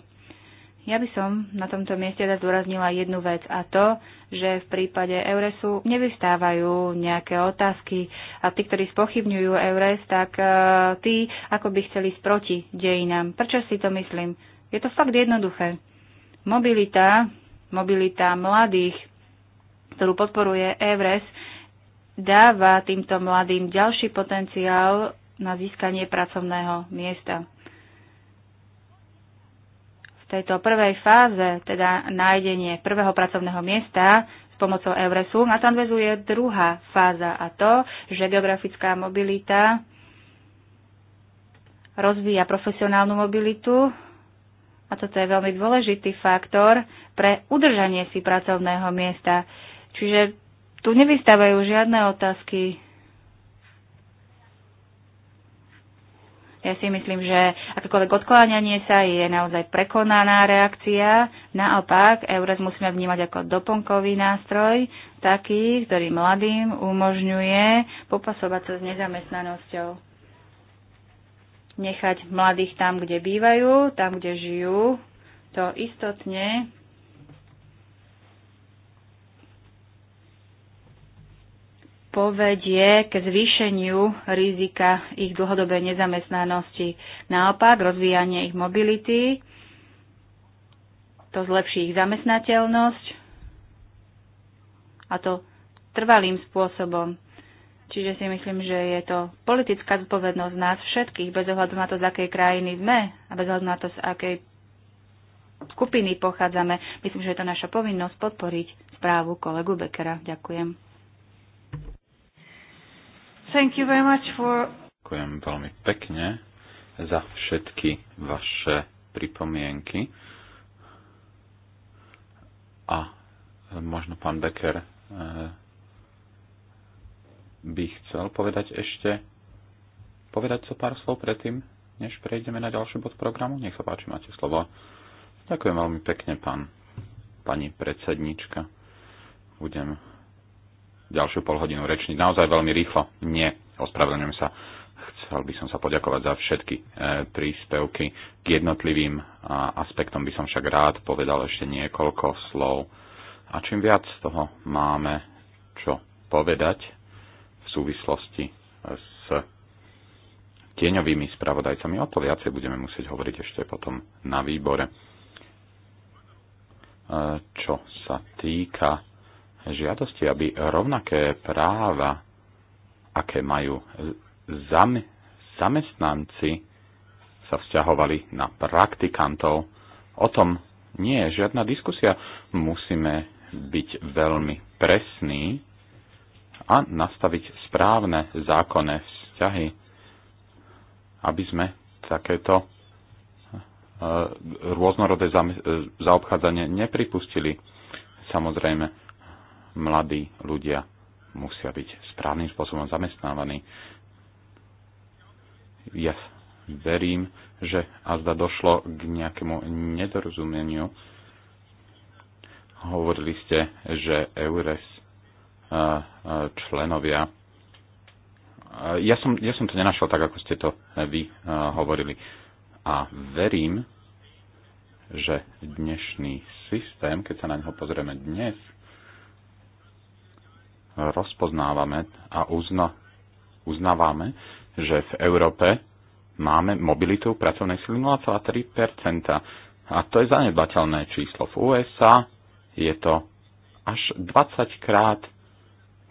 Ja by som na tomto mieste teda zdôraznila jednu vec a to, že v prípade Euresu nevystávajú nejaké otázky a tí, ktorí spochybňujú Eures, tak uh, tí ako by chceli sproti dejinám. Prečo si to myslím? Je to fakt jednoduché. Mobilita, mobilita mladých, ktorú podporuje Eures, dáva týmto mladým ďalší potenciál na získanie pracovného miesta tejto prvej fáze, teda nájdenie prvého pracovného miesta s pomocou Euresu, na to nadvezuje druhá fáza a to, že geografická mobilita rozvíja profesionálnu mobilitu a toto je veľmi dôležitý faktor pre udržanie si pracovného miesta. Čiže tu nevystávajú žiadne otázky Ja si myslím, že akékoľvek odkláňanie sa je naozaj prekonaná reakcia. Naopak, EURES musíme vnímať ako doplnkový nástroj, taký, ktorý mladým umožňuje popasovať sa s nezamestnanosťou. Nechať mladých tam, kde bývajú, tam, kde žijú, to istotne povedie ke zvýšeniu rizika ich dlhodobej nezamestnanosti. Naopak, rozvíjanie ich mobility, to zlepší ich zamestnateľnosť a to trvalým spôsobom. Čiže si myslím, že je to politická zodpovednosť nás všetkých, bez ohľadu na to, z akej krajiny sme a bez ohľadu na to, z akej skupiny pochádzame. Myslím, že je to naša povinnosť podporiť správu kolegu Bekera. Ďakujem. Thank you very much for... Ďakujem veľmi pekne za všetky vaše pripomienky. A možno pán Becker eh, by chcel povedať ešte povedať sa pár slov predtým, než prejdeme na ďalší bod programu. Nech sa páči, máte slovo. Ďakujem veľmi pekne, pán, pani predsednička. Budem ďalšiu polhodinu rečniť. Naozaj veľmi rýchlo. Nie, ospravedlňujem sa. Chcel by som sa poďakovať za všetky e, príspevky. K jednotlivým e, aspektom by som však rád povedal ešte niekoľko slov. A čím viac z toho máme čo povedať v súvislosti s tieňovými spravodajcami, o to viacej budeme musieť hovoriť ešte potom na výbore. E, čo sa týka žiadosti, aby rovnaké práva, aké majú zam, zamestnanci, sa vzťahovali na praktikantov. O tom nie je žiadna diskusia. Musíme byť veľmi presní a nastaviť správne zákonné vzťahy, aby sme takéto e, rôznorodé e, zaobchádzanie nepripustili. Samozrejme, mladí ľudia musia byť správnym spôsobom zamestnávaní. Ja verím, že azda došlo k nejakému nedorozumeniu. Hovorili ste, že EURES členovia ja som, ja som to nenašiel tak, ako ste to vy hovorili. A verím, že dnešný systém, keď sa na neho pozrieme dnes, rozpoznávame a uzna, uznávame, že v Európe máme mobilitu pracovnej sily 0,3 A to je zanedbateľné číslo. V USA je to až 20 krát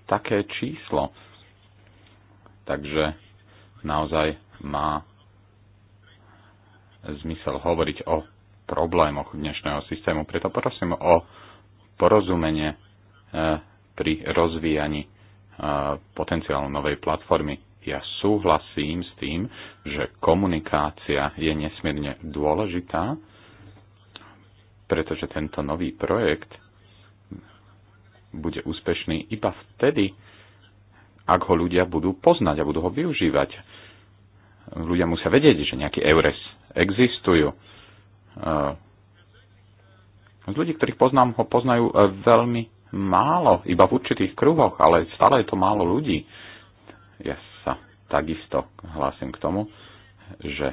také číslo. Takže naozaj má zmysel hovoriť o problémoch dnešného systému. Preto prosím o porozumenie eh, pri rozvíjaní potenciálu novej platformy. Ja súhlasím s tým, že komunikácia je nesmierne dôležitá, pretože tento nový projekt bude úspešný iba vtedy, ak ho ľudia budú poznať a budú ho využívať. Ľudia musia vedieť, že nejaký EURES existujú. Z ľudí, ktorých poznám, ho poznajú e, veľmi málo, iba v určitých kruhoch, ale stále je to málo ľudí. Ja sa takisto hlásim k tomu, že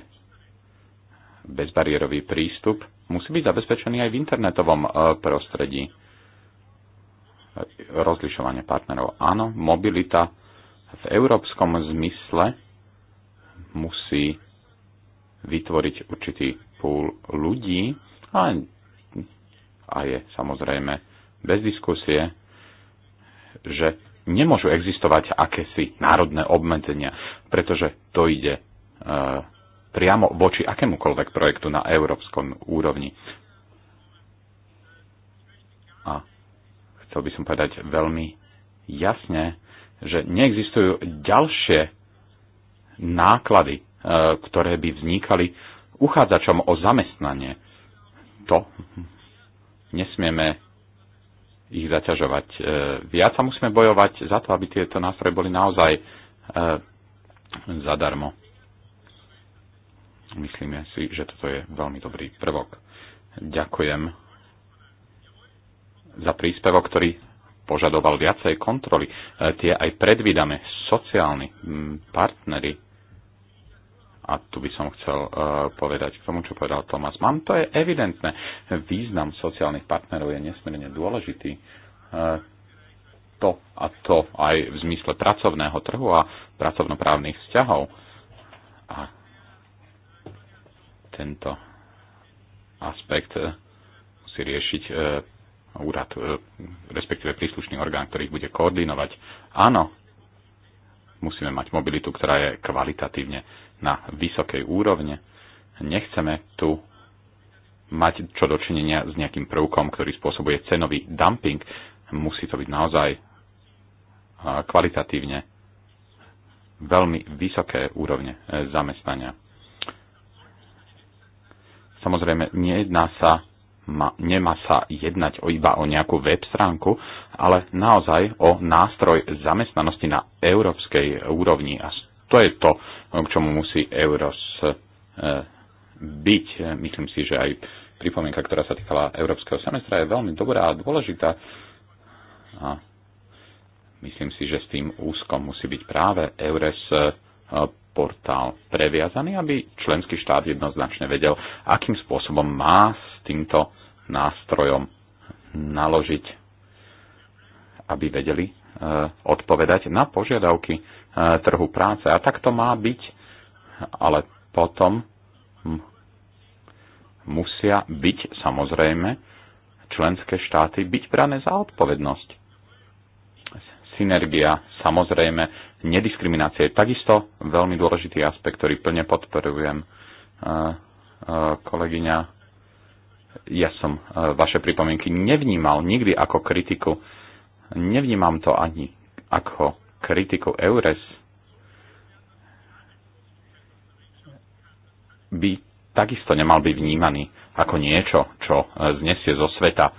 bezbariérový prístup musí byť zabezpečený aj v internetovom e, prostredí. Rozlišovanie partnerov. Áno, mobilita v európskom zmysle musí vytvoriť určitý púl ľudí a, a je samozrejme bez diskusie, že nemôžu existovať akési národné obmedzenia, pretože to ide e, priamo voči akémukoľvek projektu na európskom úrovni. A chcel by som povedať veľmi jasne, že neexistujú ďalšie náklady, e, ktoré by vznikali uchádzačom o zamestnanie. To nesmieme ich zaťažovať e, viac a musíme bojovať za to, aby tieto nástroje boli naozaj e, zadarmo. Myslíme si, že toto je veľmi dobrý prvok. Ďakujem za príspevok, ktorý požadoval viacej kontroly. E, tie aj predvídame sociálni partnery a tu by som chcel uh, povedať k tomu, čo povedal Tomás Mám, to je evidentné. Význam sociálnych partnerov je nesmierne dôležitý. Uh, to a to aj v zmysle pracovného trhu a pracovnoprávnych vzťahov. A tento aspekt uh, musí riešiť uh, úrad, uh, respektíve príslušný orgán, ktorý ich bude koordinovať. Áno, musíme mať mobilitu, ktorá je kvalitatívne na vysokej úrovne. Nechceme tu mať čo dočinenia s nejakým prvkom, ktorý spôsobuje cenový dumping. Musí to byť naozaj kvalitatívne veľmi vysoké úrovne e, zamestnania. Samozrejme, nejedná sa, ma, nemá sa jednať o iba o nejakú web stránku, ale naozaj o nástroj zamestnanosti na európskej úrovni a z to je to, k čomu musí Euros e, byť. Myslím si, že aj pripomienka, ktorá sa týkala Európskeho semestra, je veľmi dobrá a dôležitá. A myslím si, že s tým úzkom musí byť práve Eures e, portál previazaný, aby členský štát jednoznačne vedel, akým spôsobom má s týmto nástrojom naložiť, aby vedeli e, odpovedať na požiadavky trhu práce. A tak to má byť, ale potom musia byť samozrejme členské štáty byť brané za odpovednosť. Synergia, samozrejme, nediskriminácia je takisto veľmi dôležitý aspekt, ktorý plne podporujem. E, e, kolegyňa, ja som e, vaše pripomienky nevnímal nikdy ako kritiku. Nevnímam to ani ako kritiku EURES by takisto nemal byť vnímaný ako niečo, čo e, znesie zo sveta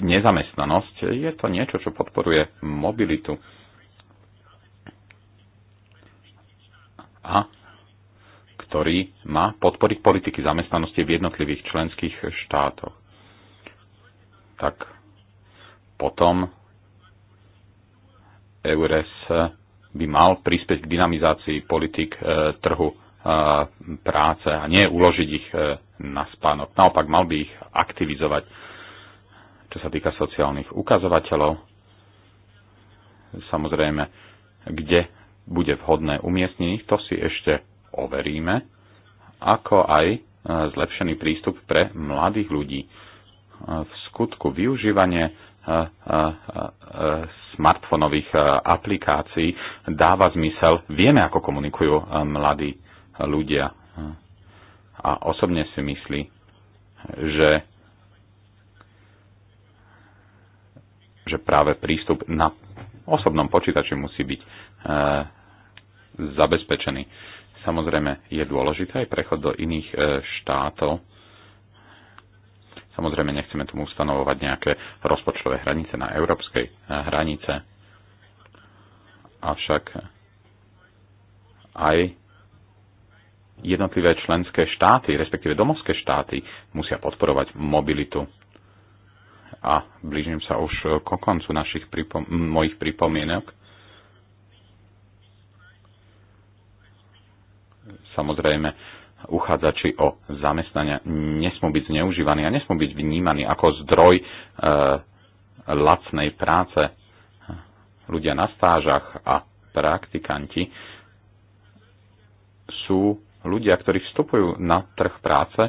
nezamestnanosť. Je to niečo, čo podporuje mobilitu. A ktorý má podporiť politiky zamestnanosti v jednotlivých členských štátoch. Tak potom EURES eh, by mal prispieť k dynamizácii politik eh, trhu eh, práce a nie uložiť ich na spánok. Naopak, mal by ich aktivizovať, čo sa týka sociálnych ukazovateľov. Samozrejme, kde bude vhodné umiestniť, to si ešte overíme, ako aj zlepšený prístup pre mladých ľudí. V skutku využívanie E, smartfónových e, aplikácií dáva zmysel. Vieme, ako komunikujú e, mladí ľudia. A osobne si myslí, že, že práve prístup na osobnom počítači musí byť zabezpečený. Samozrejme je dôležité aj prechod do iných štátov, Samozrejme, nechceme tomu ustanovovať nejaké rozpočtové hranice na európskej eh, hranice. Avšak aj jednotlivé členské štáty, respektíve domovské štáty, musia podporovať mobilitu. A blížim sa už ko koncu našich pripom- mojich pripomienok. Samozrejme, uchádzači o zamestnania nesmú byť zneužívaní a nesmú byť vnímaní ako zdroj e, lacnej práce. Ľudia na stážach a praktikanti sú ľudia, ktorí vstupujú na trh práce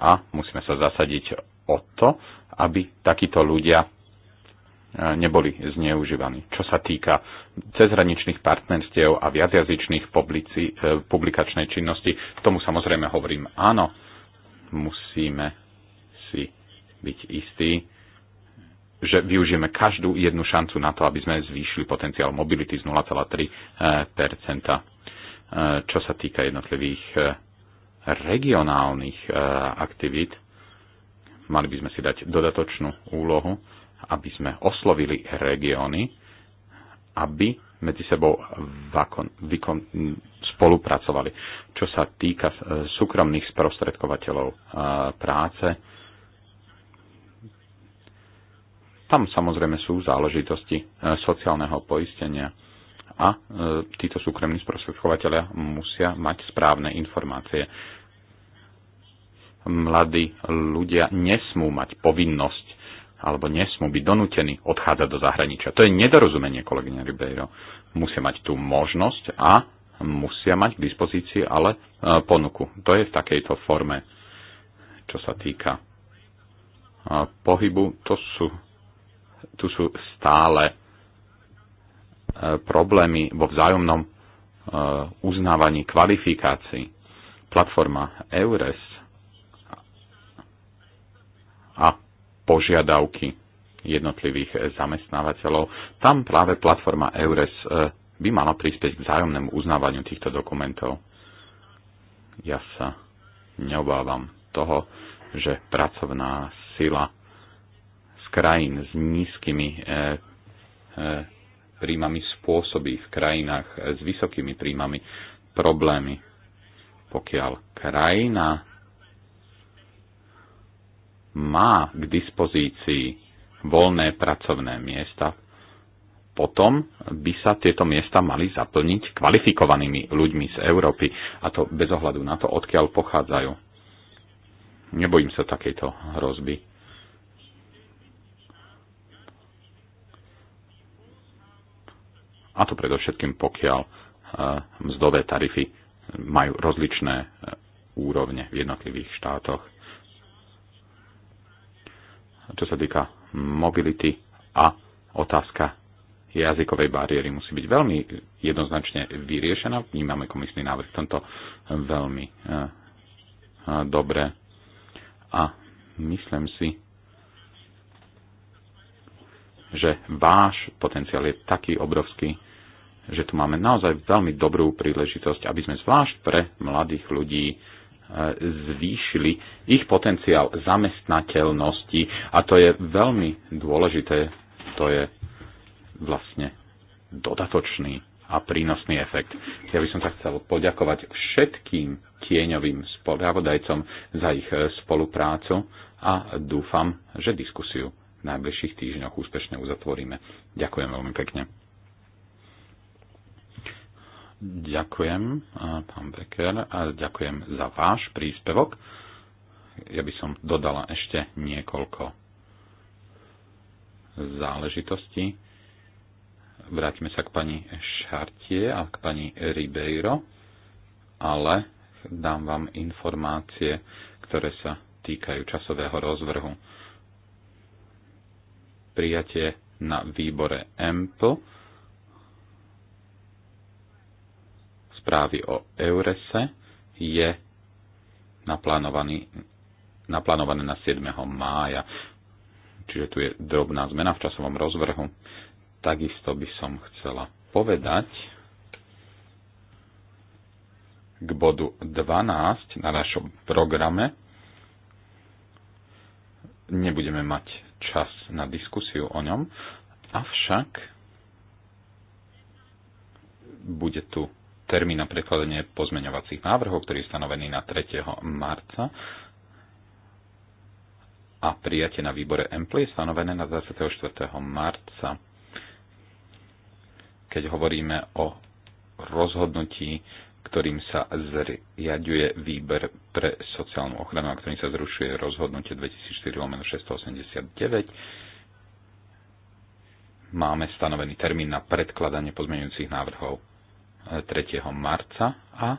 a musíme sa zasadiť o to, aby takíto ľudia neboli zneužívaní. Čo sa týka cezhraničných partnerstiev a viacjazyčných publici, e, publikačnej činnosti, tomu samozrejme hovorím áno, musíme si byť istí, že využijeme každú jednu šancu na to, aby sme zvýšili potenciál mobility z 0,3 e, e, Čo sa týka jednotlivých regionálnych aktivít, mali by sme si dať dodatočnú úlohu aby sme oslovili regióny, aby medzi sebou vakon, vykon, spolupracovali. Čo sa týka e, súkromných sprostredkovateľov e, práce, tam samozrejme sú záležitosti e, sociálneho poistenia a títo súkromní sprostredkovateľia musia mať správne informácie mladí ľudia nesmú mať povinnosť alebo nesmú byť donútení odchádzať do zahraničia. To je nedorozumenie, kolegyňa Ribeiro. Musia mať tú možnosť a musia mať k dispozícii ale e, ponuku. To je v takejto forme, čo sa týka e, pohybu. To sú, tu sú stále e, problémy vo vzájomnom uznávaní kvalifikácií. Platforma EURES požiadavky jednotlivých eh, zamestnávateľov. Tam práve platforma EURES eh, by mala prispieť k vzájomnému uznávaniu týchto dokumentov. Ja sa neobávam toho, že pracovná sila z krajín s nízkymi e, e, príjmami spôsobí v krajinách s vysokými príjmami problémy. Pokiaľ krajina má k dispozícii voľné pracovné miesta, potom by sa tieto miesta mali zaplniť kvalifikovanými ľuďmi z Európy, a to bez ohľadu na to, odkiaľ pochádzajú. Nebojím sa takejto hrozby. A to predovšetkým, pokiaľ e, mzdové tarify majú rozličné e, úrovne v jednotlivých štátoch čo sa týka mobility a otázka jazykovej bariéry musí byť veľmi jednoznačne vyriešená. Vnímame komisný návrh veľmi uh, eh, veľmi eh, dobre a myslím si, že váš potenciál je taký obrovský, že tu máme naozaj veľmi dobrú príležitosť, aby sme zvlášť pre mladých ľudí zvýšili ich potenciál zamestnateľnosti a to je veľmi dôležité, to je vlastne dodatočný a prínosný efekt. Ja by som sa chcel poďakovať všetkým tieňovým spravodajcom za ich e, spoluprácu a dúfam, že diskusiu v najbližších týždňoch úspešne uzatvoríme. Ďakujem veľmi pekne. Ďakujem, pán Becker, a ďakujem za váš príspevok. Ja by som dodala ešte niekoľko záležitostí. Vrátime sa k pani Šartie a k pani Ribeiro, ale dám vám informácie, ktoré sa týkajú časového rozvrhu. Prijatie na výbore EMPL správy o Eurese je naplánovaný, naplánované na 7. mája. Čiže tu je drobná zmena v časovom rozvrhu. Takisto by som chcela povedať k bodu 12 na našom programe. Nebudeme mať čas na diskusiu o ňom, avšak bude tu termín na prekladanie pozmeňovacích návrhov, ktorý je stanovený na 3. marca a prijatie na výbore EMPLY je stanovené na 24. marca. Keď hovoríme o rozhodnutí, ktorým sa zriaďuje výber pre sociálnu ochranu a ktorým sa zrušuje rozhodnutie 2004-689, máme stanovený termín na predkladanie pozmeňujúcich návrhov 3. marca a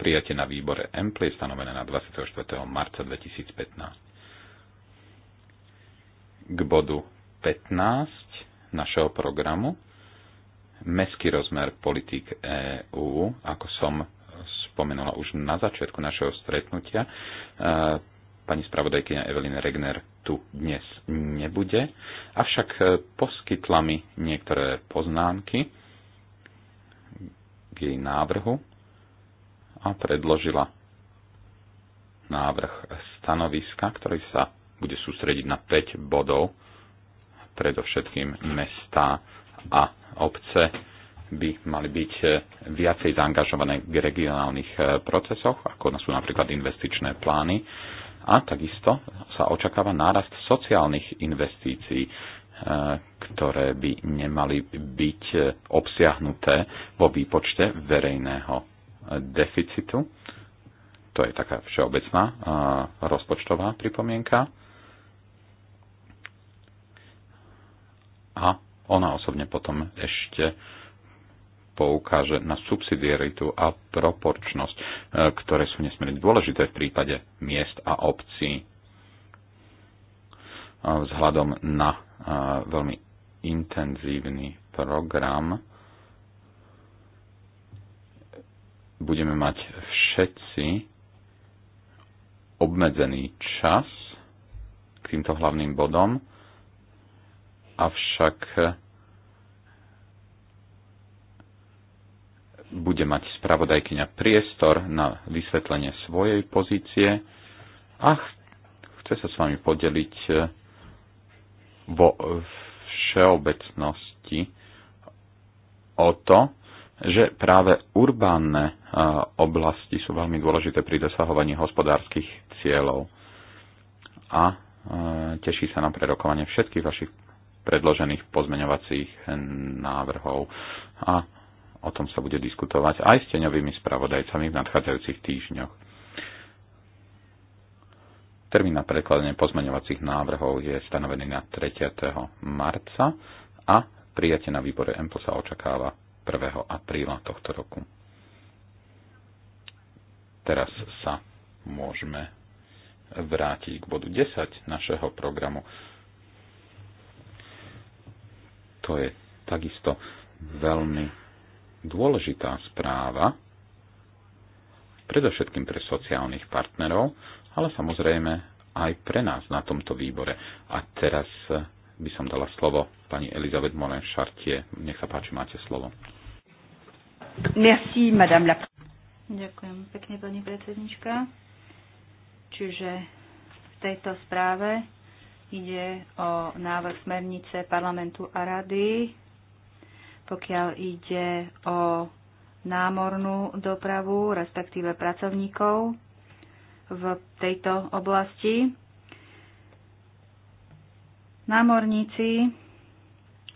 prijatie na výbore EMPLE je stanovené na 24. marca 2015. K bodu 15 našeho programu Mestský rozmer politik EÚ, ako som spomenula už na začiatku našeho stretnutia, e, pani spravodajkyňa Evelyn Regner tu dnes nebude, avšak e, poskytla mi niektoré poznámky, k jej návrhu a predložila návrh stanoviska, ktorý sa bude sústrediť na 5 bodov. Predovšetkým mesta a obce by mali byť viacej zaangažované v regionálnych e, procesoch, ako sú napríklad investičné plány. A takisto sa očakáva nárast sociálnych investícií ktoré by nemali byť obsiahnuté vo výpočte verejného deficitu. To je taká všeobecná rozpočtová pripomienka. A ona osobne potom ešte poukáže na subsidiaritu a proporčnosť, e, ktoré sú nesmierne dôležité v prípade miest a obcí vzhľadom na veľmi intenzívny program. Budeme mať všetci obmedzený čas k týmto hlavným bodom, avšak bude mať spravodajkyňa priestor na vysvetlenie svojej pozície a chce sa s vami podeliť vo všeobecnosti o to, že práve urbánne e, oblasti sú veľmi dôležité pri dosahovaní hospodárskych cieľov. A e, teší sa na prerokovanie všetkých vašich predložených pozmeňovacích návrhov. A o tom sa bude diskutovať aj s teňovými spravodajcami v nadchádzajúcich týždňoch. Termín na prekladanie pozmeňovacích návrhov je stanovený na 3. marca a prijatie na výbore EMPO sa očakáva 1. apríla tohto roku. Teraz sa môžeme vrátiť k bodu 10 našeho programu. To je takisto veľmi dôležitá správa, predovšetkým pre sociálnych partnerov, ale samozrejme aj pre nás na tomto výbore. A teraz eh, by som dala slovo pani Elizabeth Moren Chartier. Nech sa páči, máte slovo. Merci, madame la... Ďakujem pekne, pani predsednička. Čiže v tejto správe ide o návrh smernice parlamentu a rady, pokiaľ ide o námornú dopravu, respektíve pracovníkov v tejto oblasti. Námorníci,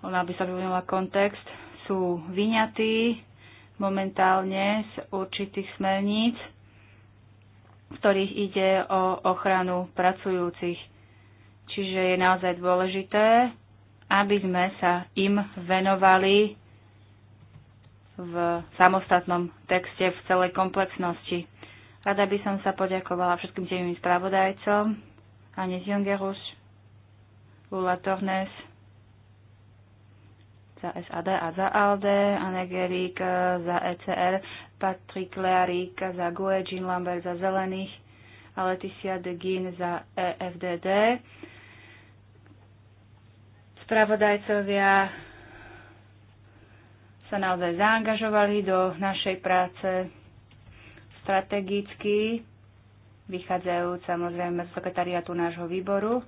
ona by sa vyvinula kontext, sú vyňatí momentálne z určitých smerníc, v ktorých ide o ochranu pracujúcich. Čiže je naozaj dôležité, aby sme sa im venovali v samostatnom texte v celej komplexnosti. Rada by som sa poďakovala všetkým tým spravodajcom, Anis Jungerus, Lula Tornes, za SAD a za ALDE, Anegerik eh, za ECR, Patrick Learik za GUE, Jean Lambert za Zelených, a Leticia de Gin za EFDD. Spravodajcovia sa naozaj zaangažovali do našej práce strategicky, vychádzajúc samozrejme z sekretariatu nášho výboru.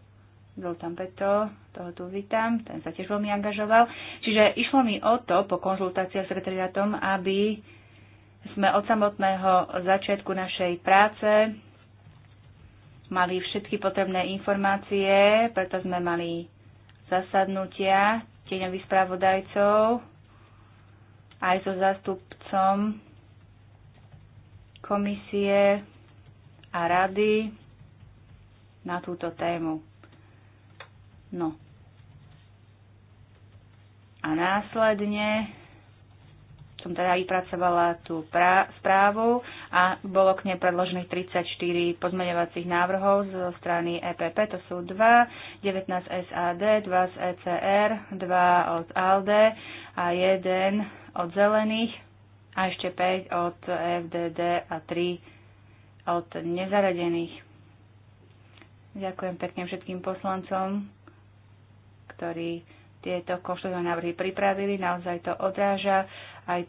tam Peto, toho tu vítam, ten sa tiež veľmi angažoval. Čiže išlo mi o to, po konzultáciách s sekretariatom, aby sme od samotného začiatku našej práce mali všetky potrebné informácie, preto sme mali zasadnutia tieňových spravodajcov aj so zastupcom komisie a rady na túto tému. No. A následne som teda vypracovala tú správu a bolo k nej predložených 34 pozmeňovacích návrhov zo strany EPP, to sú 2, 19 SAD, 2 z ECR, 2 od ALDE a 1 od zelených a ešte 5 od FDD a 3 od nezaradených. Ďakujem pekne všetkým poslancom, ktorí tieto konštruktívne návrhy pripravili. Naozaj to odráža aj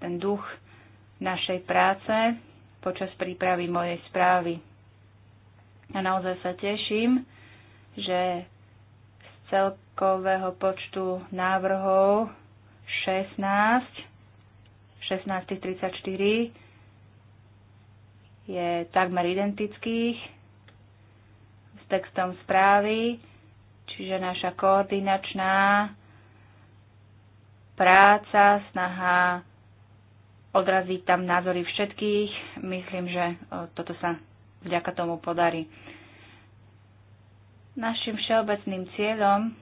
ten duch našej práce počas prípravy mojej správy. A naozaj sa teším, že z celkového počtu návrhov 16, 16 tých 34 je takmer identických s textom správy, čiže naša koordinačná práca, snaha odraziť tam názory všetkých. Myslím, že toto sa vďaka tomu podarí. Našim všeobecným cieľom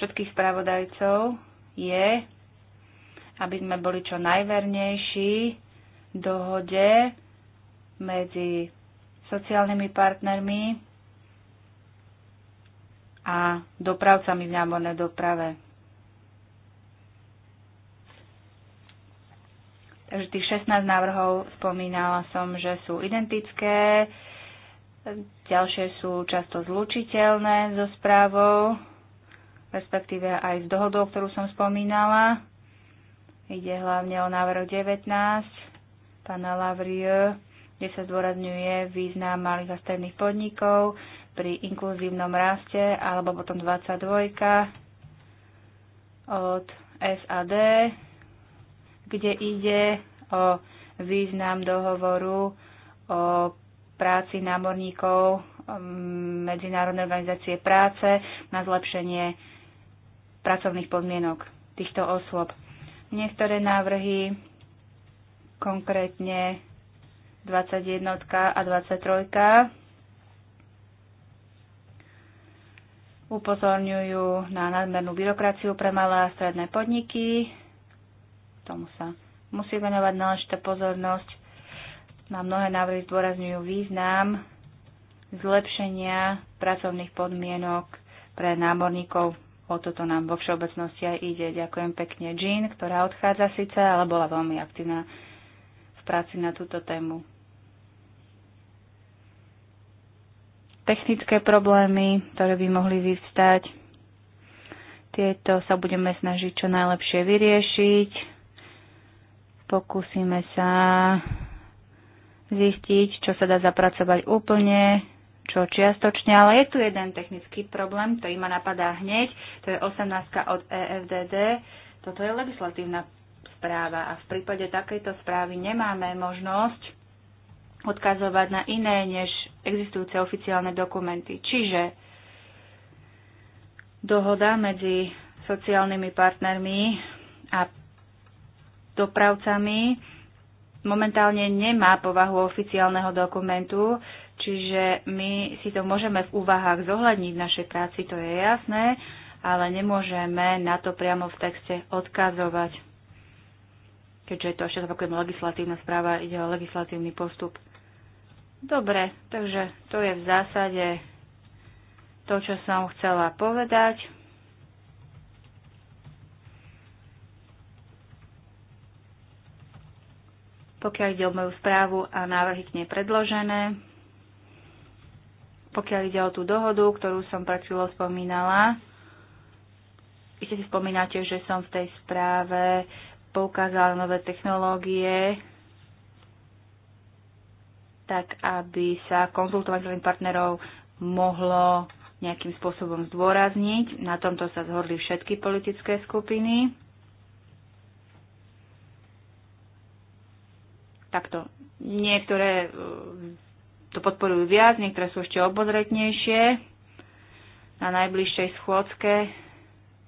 všetkých spravodajcov je, aby sme boli čo najvernejší dohode medzi sociálnymi partnermi a dopravcami v námornej doprave. Takže tých 16 návrhov spomínala som, že sú identické, ďalšie sú často zlučiteľné so správou respektíve aj s dohodou, ktorú som spomínala. Ide hlavne o návrh 19 pána Lavrie, kde sa zdôrazňuje význam malých a stredných podnikov pri inkluzívnom raste, alebo potom 22 od SAD, kde ide o význam dohovoru o práci námorníkov mm, Medzinárodnej organizácie práce na zlepšenie pracovných podmienok týchto osôb. Niektoré návrhy, konkrétne 21 a 23, upozorňujú na nadmernú byrokraciu pre malé a stredné podniky. Tomu sa musí venovať náležitá pozornosť. Na mnohé návrhy zdôrazňujú význam zlepšenia pracovných podmienok pre námorníkov O toto nám vo všeobecnosti aj ide. Ďakujem pekne Jean, ktorá odchádza síce, ale bola veľmi aktívna v práci na túto tému. Technické problémy, ktoré by mohli vyvstať, tieto sa budeme snažiť čo najlepšie vyriešiť. Pokúsime sa zistiť, čo sa dá zapracovať úplne čo čiastočne, ale je tu jeden technický problém, ktorý ma napadá hneď, to je 18 od EFDD. Toto je legislatívna správa a v prípade takejto správy nemáme možnosť odkazovať na iné než existujúce oficiálne dokumenty. Čiže dohoda medzi sociálnymi partnermi a dopravcami momentálne nemá povahu oficiálneho dokumentu, Čiže my si to môžeme v úvahách zohľadniť v našej práci, to je jasné, ale nemôžeme na to priamo v texte odkazovať. Keďže je to ešte zopakujem legislatívna správa, ide o legislatívny postup. Dobre, takže to je v zásade to, čo som chcela povedať. Pokiaľ ide o moju správu a návrhy k nej predložené, pokiaľ ide o tú dohodu, ktorú som pred chvíľou spomínala, ešte si spomínate, že som v tej správe poukázala nové technológie, tak aby sa konzultovanie partnerov mohlo nejakým spôsobom zdôrazniť. Na tomto sa zhodli všetky politické skupiny. Takto. Niektoré to podporujú viac, niektoré sú ešte obozretnejšie. Na najbližšej schôdzke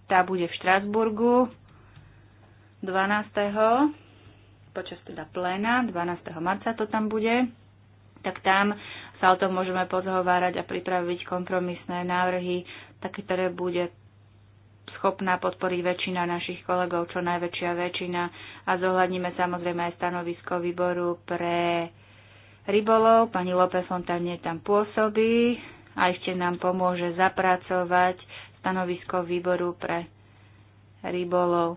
tá bude v Štrasburgu 12. počas teda pléna, 12. marca to tam bude. Tak tam sa o tom môžeme pozhovárať a pripraviť kompromisné návrhy, také, ktoré bude schopná podporiť väčšina našich kolegov, čo najväčšia väčšina. A zohľadníme samozrejme aj stanovisko výboru pre rybolov. Pani Lope Fontanie tam pôsobí a ešte nám pomôže zapracovať stanovisko výboru pre rybolov.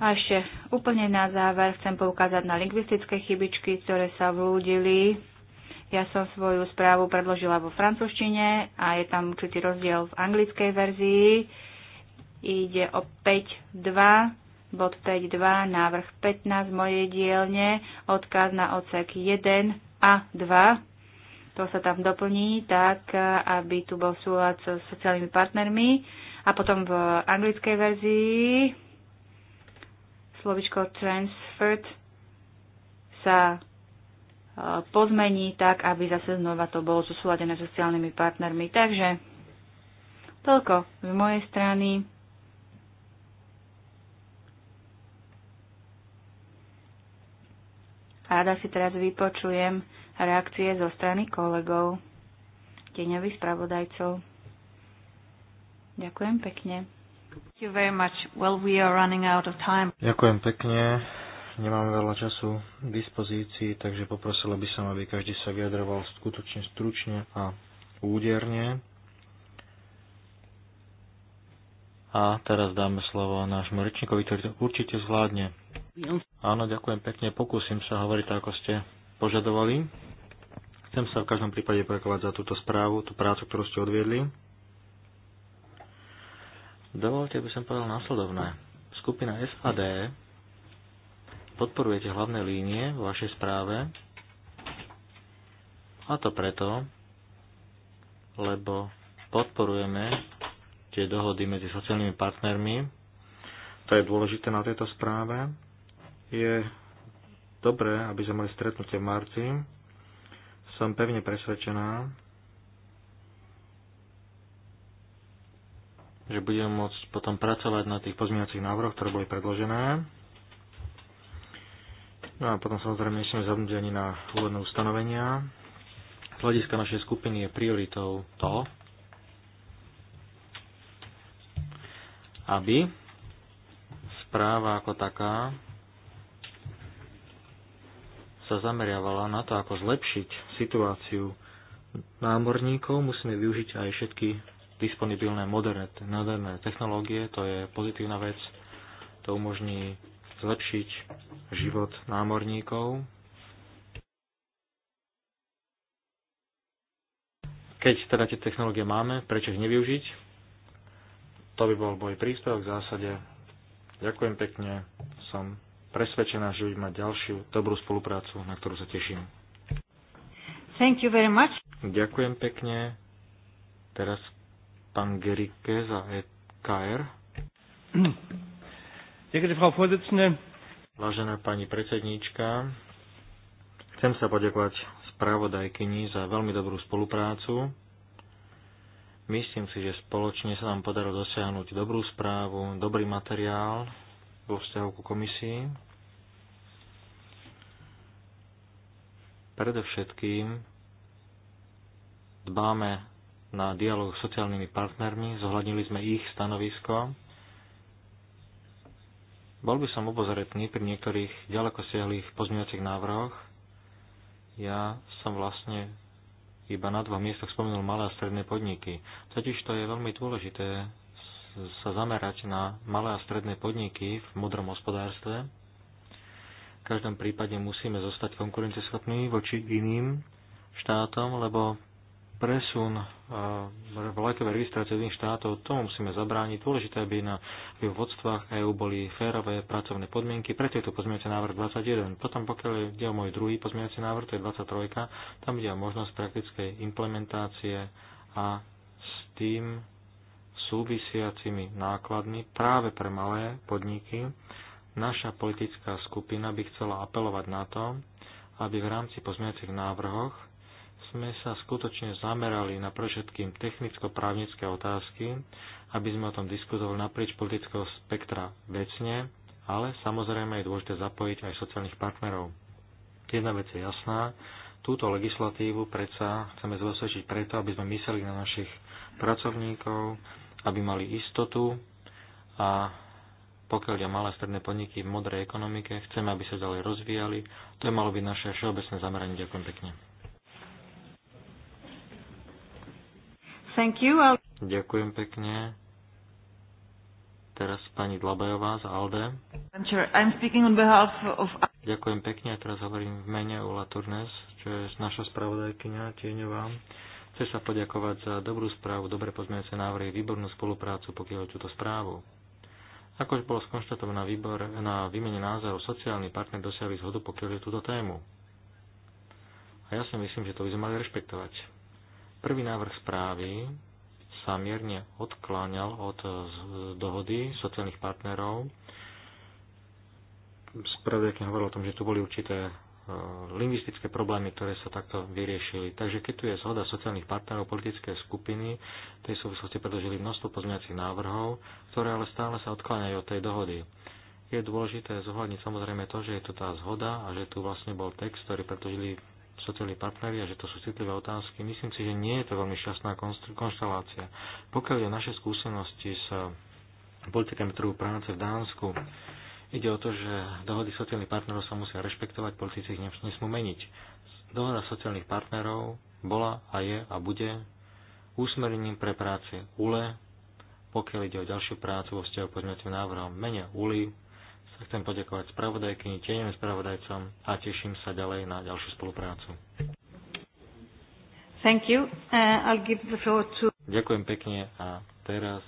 A ešte úplne na záver chcem poukázať na lingvistické chybičky, ktoré sa vlúdili. Ja som svoju správu predložila vo francúzštine a je tam určitý rozdiel v anglickej verzii. Ide o 5.2 bod 5.2, návrh 15 mojej dielne, odkaz na odsek 1 a 2. To sa tam doplní tak, aby tu bol súlad so sociálnymi partnermi. A potom v anglickej verzii slovičko transferred sa e, pozmení tak, aby zase znova to bolo zosúladené so sociálnymi partnermi. Takže toľko z mojej strany. Ráda si teraz vypočujem reakcie zo strany kolegov, deňových spravodajcov. Ďakujem pekne. Well, we Ďakujem pekne. Nemám veľa času k dispozícii, takže poprosila by som, aby každý sa vyjadroval skutočne stručne a úderne. A teraz dáme slovo nášmu rečníkovi, ktorý to určite zvládne. Áno, ďakujem pekne. Pokúsim sa hovoriť tak, ako ste požadovali. Chcem sa v každom prípade poďakovať za túto správu, tú prácu, ktorú ste odviedli. Dovolte, aby som povedal následovné. Skupina SAD podporujete hlavné línie vo vašej správe a to preto, lebo podporujeme tie dohody medzi sociálnymi partnermi. To je dôležité na tejto správe je dobré, aby sme mali stretnutie v marci. Som pevne presvedčená, že budem môcť potom pracovať na tých pozmeňovacích návrhoch, ktoré boli predložené. No a potom samozrejme nesmieme zabudnúť ani na úvodné ustanovenia. Z hľadiska našej skupiny je prioritou to, aby správa ako taká sa zameriavala na to, ako zlepšiť situáciu námorníkov, musíme využiť aj všetky disponibilné moderné, moderné technológie, to je pozitívna vec, to umožní zlepšiť život námorníkov. Keď teda tie technológie máme, prečo ich nevyužiť? To by bol môj príspevok v zásade. Ďakujem pekne, som presvedčená, že budeme mať ďalšiu dobrú spoluprácu, na ktorú sa teším. Thank you very much. Ďakujem pekne. Teraz pán Gerike za EKR. Ďakujem, Frau Vorsitzende. Vážená pani predsedníčka, chcem sa poďakovať spravodajkyni za veľmi dobrú spoluprácu. Myslím si, že spoločne sa nám podarilo dosiahnuť dobrú správu, dobrý materiál, vo vzťahu ku komisii. Predovšetkým dbáme na dialog s sociálnymi partnermi, zohľadnili sme ich stanovisko. Bol by som obozretný pri niektorých ďaleko siahlých pozmeňovacích návrhoch. Ja som vlastne iba na dvoch miestach spomenul malé a stredné podniky. Totiž to je veľmi dôležité sa zamerať na malé a stredné podniky v modrom hospodárstve. V každom prípade musíme zostať konkurenceschopní voči iným štátom, lebo presun eh, lajkové registrácie iných štátov, tomu musíme zabrániť. Dôležité, aby na aby v vodstvách EÚ boli férové pracovné podmienky. Preto je tu pozmeňujúci návrh 21. Potom, pokiaľ ide o môj druhý pozmeňujúci návrh, to je 23. Tam ide o možnosť praktickej implementácie a s tým súvisiacimi nákladmi práve pre malé podniky, naša politická skupina by chcela apelovať na to, aby v rámci pozmeňacích návrhoch sme sa skutočne zamerali na prešetkým technicko-právnické otázky, aby sme o tom diskutovali naprieč politického spektra vecne, ale samozrejme je dôležité zapojiť aj sociálnych partnerov. Jedna vec je jasná, túto legislatívu predsa chceme zosvedčiť preto, aby sme mysleli na našich pracovníkov, aby mali istotu a pokiaľ ide malé stredné podniky v modrej ekonomike, chceme, aby sa ďalej rozvíjali. To je malo byť naše všeobecné zameranie. Ďakujem pekne. Thank you. I'll... Ďakujem pekne. Teraz pani Dlabajová z ALDE. I'm speaking on behalf of... Ďakujem pekne. Teraz hovorím v mene Ula Turnes, čo je naša spravodajkynia Tieňová Chce sa poďakovať za dobrú správu, dobre pozmeňujúce návrhy, výbornú spoluprácu, pokiaľ túto správu. Ako už bolo skonštatované na, výbor, na výmene názorov, sociálny partner dosiahli zhodu, pokiaľ je túto tému. A ja si myslím, že to by sme mali rešpektovať. Prvý návrh správy sa mierne odkláňal od dohody sociálnych partnerov. Spravodajkne hovoril o tom, že tu boli určité Eh, lingvistické problémy, ktoré sa takto vyriešili. Takže keď tu je zhoda sociálnych partnerov, politické skupiny, v tej súvislosti predložili množstvo pozmeňacích návrhov, ktoré ale stále sa odkláňajú od tej dohody. Je dôležité zohľadniť samozrejme to, že je tu tá zhoda a že tu vlastne bol text, ktorý predložili sociálni partneri a že to sú citlivé otázky. Myslím si, že nie je to veľmi šťastná konštelácia. Pokiaľ je naše skúsenosti s politikami trhu práce v Dánsku, Ide o to, že dohody sociálnych partnerov sa musia rešpektovať, politici ich nesmú meniť. Dohoda sociálnych partnerov bola a je a bude úsmerením pre práce ULE, pokiaľ ide o ďalšiu prácu vo vzťahu podňacím návrhom mene ULI, sa chcem poďakovať spravodajkyni, tieňovým spravodajcom a teším sa ďalej na ďalšiu spoluprácu. Thank you. Uh, I'll give the floor to... Ďakujem pekne a teraz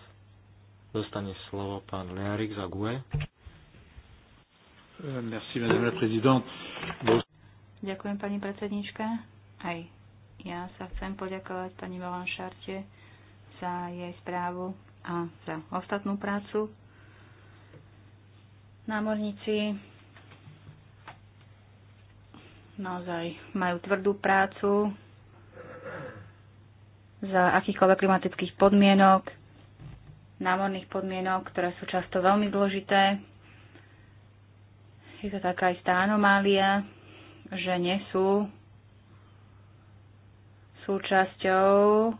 dostane slovo pán Learik za GUE. Merci, madame la présidente. Ďakujem, pani predsednička. Aj ja sa chcem poďakovať pani Moran Šarte za jej správu a za ostatnú prácu. Námorníci naozaj majú tvrdú prácu za akýchkoľvek klimatických podmienok, námorných podmienok, ktoré sú často veľmi dôležité je to taká istá anomália, že nie sú súčasťou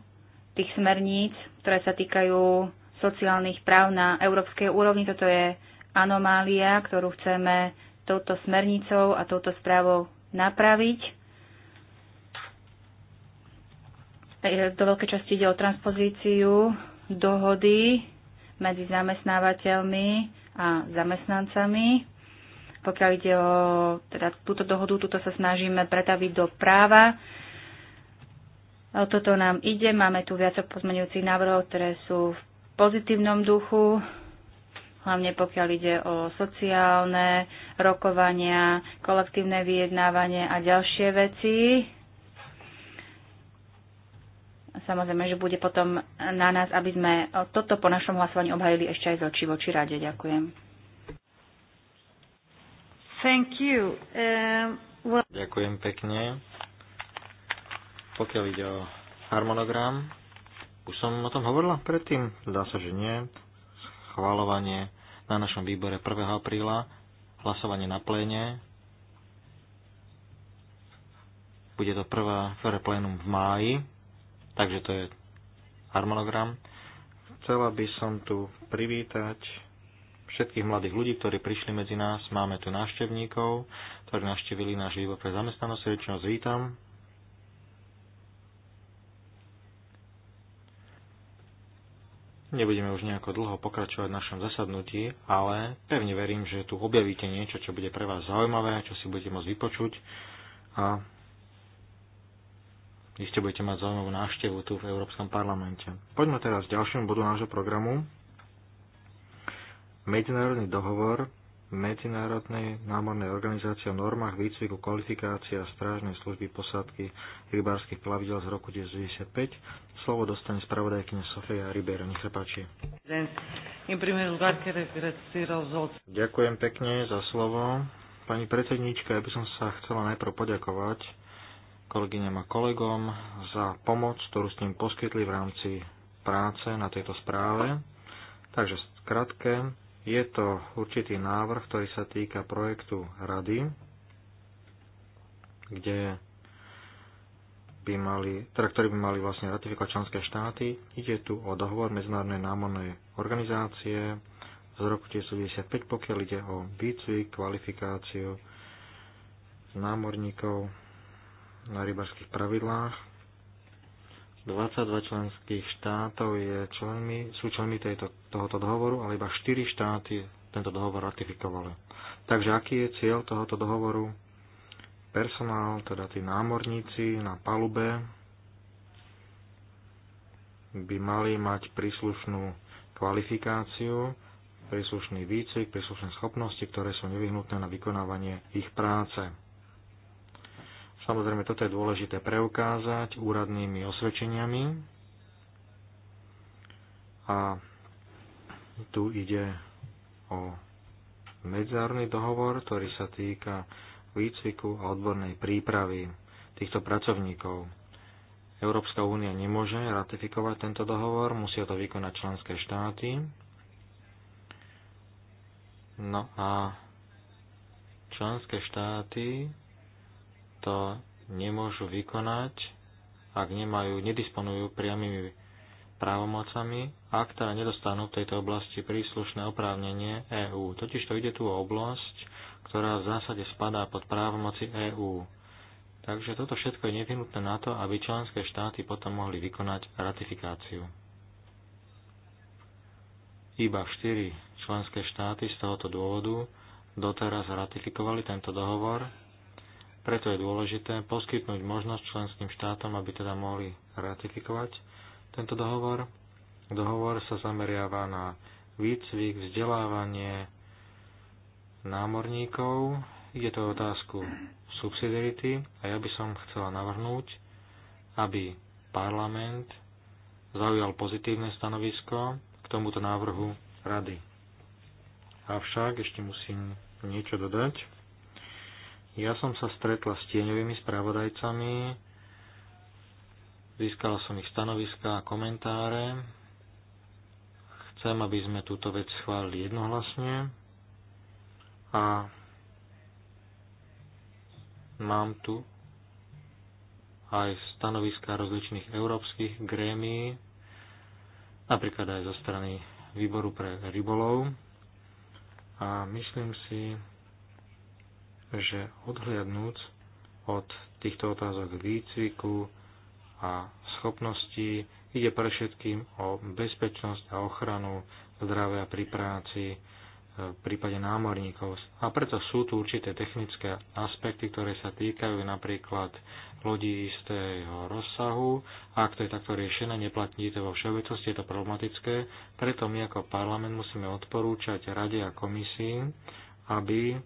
tých smerníc, ktoré sa týkajú sociálnych práv na európskej úrovni. Toto je anomália, ktorú chceme touto smernicou a touto správou napraviť. E, do veľkej časti ide o transpozíciu dohody medzi zamestnávateľmi a zamestnancami. Pokiaľ ide o teda túto dohodu, túto sa snažíme pretaviť do práva. O toto nám ide. Máme tu viac pozmeňujúcich návrhov, ktoré sú v pozitívnom duchu, hlavne pokiaľ ide o sociálne rokovania, kolektívne vyjednávanie a ďalšie veci. Samozrejme, že bude potom na nás, aby sme toto po našom hlasovaní obhajili ešte aj z očí voči rade. Ďakujem. Thank you. Uh, well... Ďakujem pekne. Pokiaľ ide o harmonogram, už som o tom hovorila predtým, zdá sa, že nie. schválovanie na našom výbore 1. apríla, hlasovanie na pléne. Bude to prvá, prvé plénum v máji, takže to je harmonogram. Chcela by som tu privítať všetkých mladých ľudí, ktorí prišli medzi nás. Máme tu návštevníkov, ktorí navštevili náš výbor pre zamestnanosť. Srdečne vás vítam. Nebudeme už nejako dlho pokračovať v našom zasadnutí, ale pevne verím, že tu objavíte niečo, čo bude pre vás zaujímavé, čo si budete môcť vypočuť a ešte budete mať zaujímavú návštevu tu v Európskom parlamente. Poďme teraz k ďalšiemu bodu nášho programu medzinárodný dohovor Medzinárodnej námornej organizácie o normách výcviku, kvalifikácie a strážnej služby posádky rybárskych plavidel z roku 1995. Slovo dostane spravodajkyne Sofia Ribera. Nech sa páči. Ďakujem pekne za slovo. Pani predsedníčka, ja by som sa chcela najprv poďakovať kolegyňam a kolegom za pomoc, ktorú ste ním poskytli v rámci práce na tejto správe. Takže krátke, je to určitý návrh, ktorý sa týka projektu rady, kde by mali, teda ktorý by mali vlastne ratifikovať členské štáty. Ide tu o dohovor Medzinárodnej námornej organizácie z roku 1995, pokiaľ ide o výcvik, kvalifikáciu námorníkov na rybarských pravidlách 22 členských štátov je členmi, sú členmi tejto, tohoto dohovoru, ale iba 4 štáty tento dohovor ratifikovali. Takže aký je cieľ tohoto dohovoru? Personál, teda tí námorníci na palube, by mali mať príslušnú kvalifikáciu, príslušný výcvik, príslušné schopnosti, ktoré sú nevyhnutné na vykonávanie ich práce. Samozrejme, toto je dôležité preukázať úradnými osvedčeniami. A tu ide o medzárny dohovor, ktorý sa týka výcviku a odbornej prípravy týchto pracovníkov. Európska únia nemôže ratifikovať tento dohovor, musia to vykonať členské štáty. No a členské štáty to nemôžu vykonať, ak nemajú, nedisponujú priamými právomocami, ak teda nedostanú v tejto oblasti príslušné oprávnenie EÚ. Totiž to ide tu o oblasť, ktorá v zásade spadá pod právomoci EÚ. Takže toto všetko je nevyhnutné na to, aby členské štáty potom mohli vykonať ratifikáciu. Iba štyri členské štáty z tohoto dôvodu doteraz ratifikovali tento dohovor preto je dôležité poskytnúť možnosť členským štátom, aby teda mohli ratifikovať tento dohovor. Dohovor sa zameriava na výcvik, vzdelávanie námorníkov. Ide to o otázku subsidiarity a ja by som chcela navrhnúť, aby parlament zaujal pozitívne stanovisko k tomuto návrhu rady. Avšak ešte musím niečo dodať. Ja som sa stretla s tieňovými spravodajcami, získala som ich stanoviská a komentáre. Chcem, aby sme túto vec schválili jednohlasne a mám tu aj stanoviská rozličných európskych grémií, napríklad aj zo strany výboru pre rybolov. A myslím si, že odhliadnúc od týchto otázok výcviku a schopností ide pre všetkým o bezpečnosť a ochranu zdravia pri práci e, v prípade námorníkov. A preto sú tu určité technické aspekty, ktoré sa týkajú napríklad lodí istého rozsahu. Ak to je takto riešené, neplatní to vo všeobecnosti, je to problematické. Preto my ako parlament musíme odporúčať rade a komisii, aby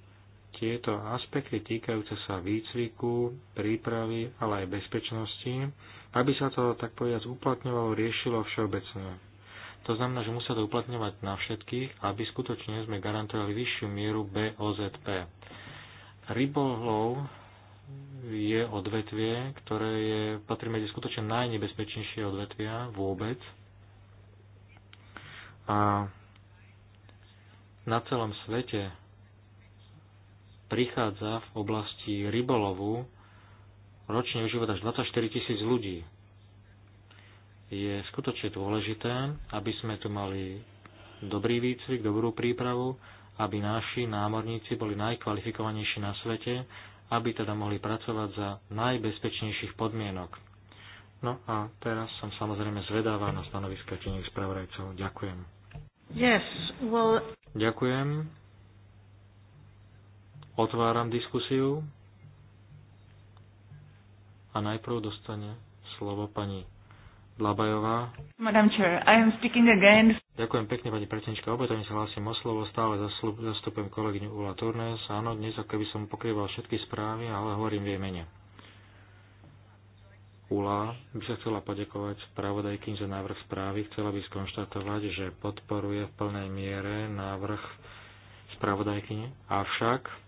tieto aspekty týkajúce sa výcviku, prípravy, ale aj bezpečnosti, aby sa to tak povedať uplatňovalo, riešilo všeobecne. To znamená, že musia to uplatňovať na všetkých, aby skutočne sme garantovali vyššiu mieru BOZP. Rybolov je odvetvie, ktoré je, patrí medzi skutočne najnebezpečnejšie odvetvia vôbec. A na celom svete prichádza v oblasti rybolovu ročne o až 24 tisíc ľudí. Je skutočne dôležité, aby sme tu mali dobrý výcvik, dobrú prípravu, aby naši námorníci boli najkvalifikovanejší na svete, aby teda mohli pracovať za najbezpečnejších podmienok. No a teraz som samozrejme zvedáva na stanoviska tieňových spravodajcov. Ďakujem. Yes, well... Ďakujem. Otváram diskusiu a najprv dostane slovo pani Labajová. Madam Chair, I am speaking again. Ďakujem pekne, pani predsednička. Opätovne sa hlásim o slovo. Stále zastupujem kolegyňu Ula Turnes. Áno, dnes ako keby som pokrýval všetky správy, ale hovorím v jej mene. Ula by sa chcela poďakovať spravodajkým za návrh správy. Chcela by skonštatovať, že podporuje v plnej miere návrh spravodajkyne, avšak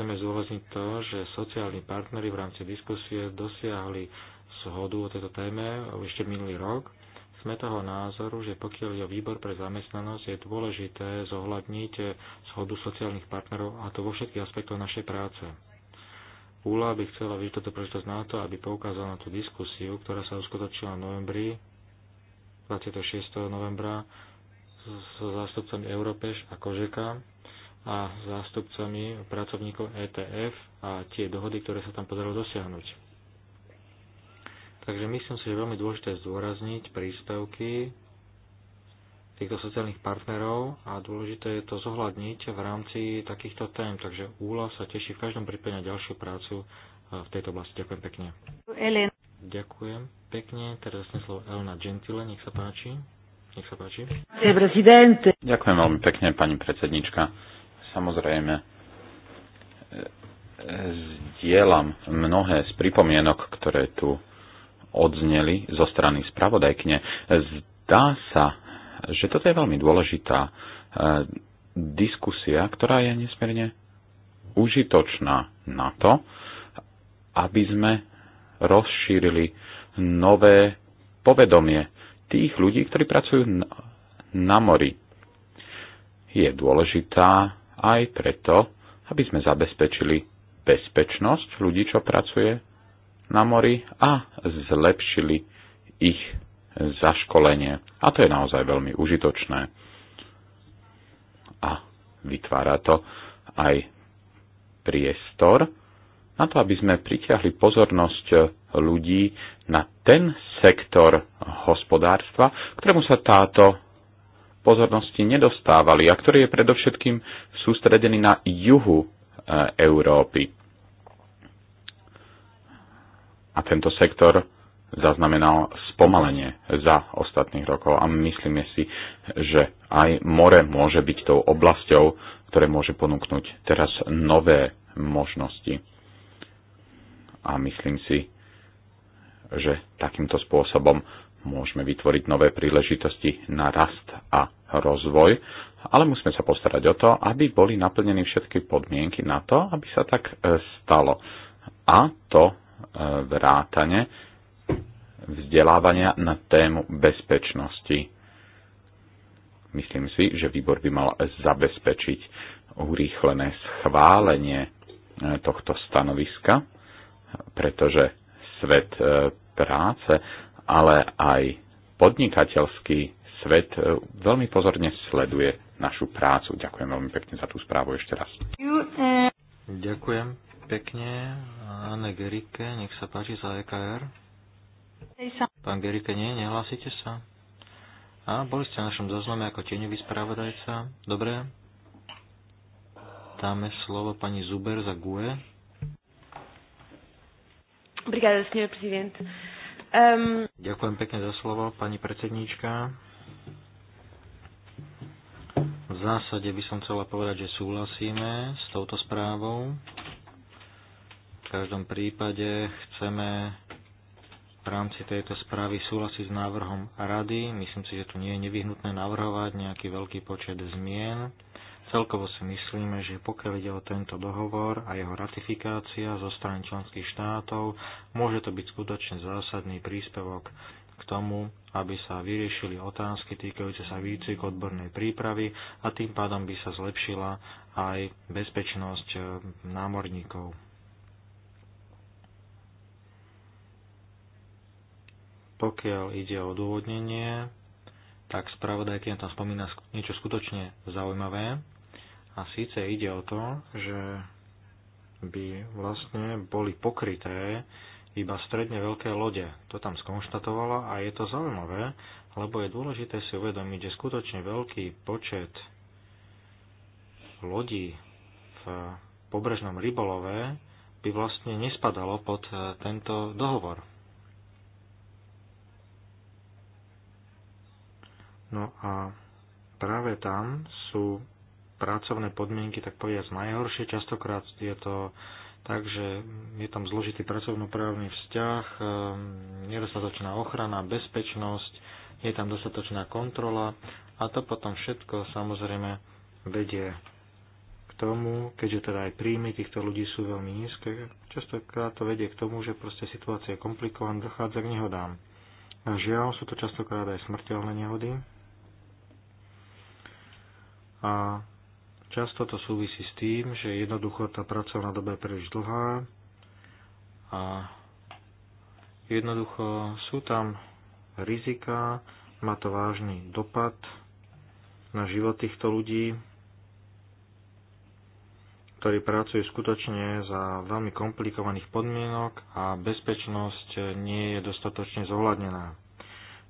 chceme zúrazniť to, že sociálni partnery v rámci diskusie dosiahli zhodu o tejto téme ešte minulý rok. Sme toho názoru, že pokiaľ je výbor pre zamestnanosť, je dôležité zohľadniť zhodu sociálnych partnerov a to vo všetkých aspektoch našej práce. Úla by chcela využiť toto príležitosť na to, aby poukázala na tú diskusiu, ktorá sa uskutočnila v novembri, 26. novembra, so zástupcami Európeš a Kožeka a zástupcami pracovníkov ETF a tie dohody, ktoré sa tam podarilo dosiahnuť. Takže myslím si, že je veľmi dôležité zdôrazniť prístavky týchto sociálnych partnerov a dôležité je to zohľadniť v rámci takýchto tém. Takže úla sa teší v každom prípade na ďalšiu prácu e, v tejto oblasti. Ďakujem pekne. Elena. Ďakujem pekne. Teraz sme slovo Elena Gentile. Nech sa páči. Nech sa páči. Ďakujem veľmi pekne, pani predsednička. Samozrejme, e, zdieľam mnohé z pripomienok, ktoré tu odzneli zo strany spravodajkne. Zdá sa, že toto je veľmi dôležitá e, diskusia, ktorá je nesmierne užitočná na to, aby sme rozšírili nové povedomie tých ľudí, ktorí pracujú na mori. Je dôležitá aj preto, aby sme zabezpečili bezpečnosť ľudí, čo pracuje na mori a zlepšili ich zaškolenie. A to je naozaj veľmi užitočné. A vytvára to aj priestor na to, aby sme pritiahli pozornosť ľudí na ten sektor hospodárstva, ktorému sa táto pozornosti nedostávali a ktorý je predovšetkým sústredený na juhu e, Európy. A tento sektor zaznamenal spomalenie za ostatných rokov a myslíme si, že aj more môže byť tou oblasťou, ktoré môže ponúknuť teraz nové možnosti. A myslím si, že takýmto spôsobom Môžeme vytvoriť nové príležitosti na rast a rozvoj, ale musíme sa postarať o to, aby boli naplnené všetky podmienky na to, aby sa tak e, stalo. A to e, vrátane vzdelávania na tému bezpečnosti. Myslím si, že výbor by mal zabezpečiť urýchlené schválenie e, tohto stanoviska, pretože svet práce ale aj podnikateľský svet e, veľmi pozorne sleduje našu prácu. Ďakujem veľmi pekne za tú správu ešte raz. Ďakujem pekne Anne Gerike, nech sa páči za EKR. Pán Gerike, nie, nehlásite sa? A boli ste na našom zozname ako tieňový spravodajca. Dobre. Dáme slovo pani Zuber za GUE. Obrigada, senhor presidente. Um... Ďakujem pekne za slovo, pani predsedníčka. V zásade by som chcela povedať, že súhlasíme s touto správou. V každom prípade chceme v rámci tejto správy súhlasiť s návrhom rady. Myslím si, že tu nie je nevyhnutné navrhovať nejaký veľký počet zmien Celkovo si myslíme, že pokiaľ ide o tento dohovor a jeho ratifikácia zo strany členských štátov, môže to byť skutočne zásadný príspevok k tomu, aby sa vyriešili otázky týkajúce sa výcviku odbornej prípravy a tým pádom by sa zlepšila aj bezpečnosť eh, námorníkov. Pokiaľ ide o odôvodnenie, tak spravodajkyňa tam spomína niečo skutočne zaujímavé. A síce ide o to, že by vlastne boli pokryté iba stredne veľké lode. To tam skonštatovala a je to zaujímavé, lebo je dôležité si uvedomiť, že skutočne veľký počet lodí v pobrežnom rybolove by vlastne nespadalo pod e, tento dohovor. No a práve tam sú pracovné podmienky, tak povedať, najhoršie. Častokrát je to tak, že je tam zložitý pracovnoprávny vzťah, ehm, nedostatočná ochrana, bezpečnosť, je tam dostatočná kontrola a to potom všetko samozrejme vedie k tomu, keďže teda aj príjmy týchto ľudí sú veľmi nízke, častokrát to vedie k tomu, že proste situácia je komplikovaná, dochádza k nehodám. A žiaľ, sú to častokrát aj smrteľné nehody. A Často to súvisí s tým, že jednoducho tá pracovná doba je príliš dlhá a jednoducho sú tam rizika, má to vážny dopad na život týchto ľudí, ktorí pracujú skutočne za veľmi komplikovaných podmienok a bezpečnosť nie je dostatočne zohľadnená.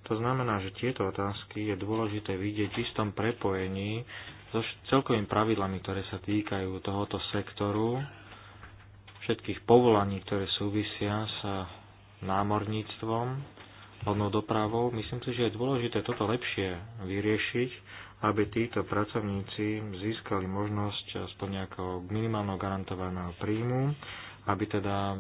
To znamená, že tieto otázky je dôležité vidieť v istom prepojení so celkovými pravidlami, ktoré sa týkajú tohoto sektoru, všetkých povolaní, ktoré súvisia s námorníctvom, hodnou dopravou, myslím si, že je dôležité toto lepšie vyriešiť, aby títo pracovníci získali možnosť aspoň nejakého minimálno garantovaného príjmu, aby teda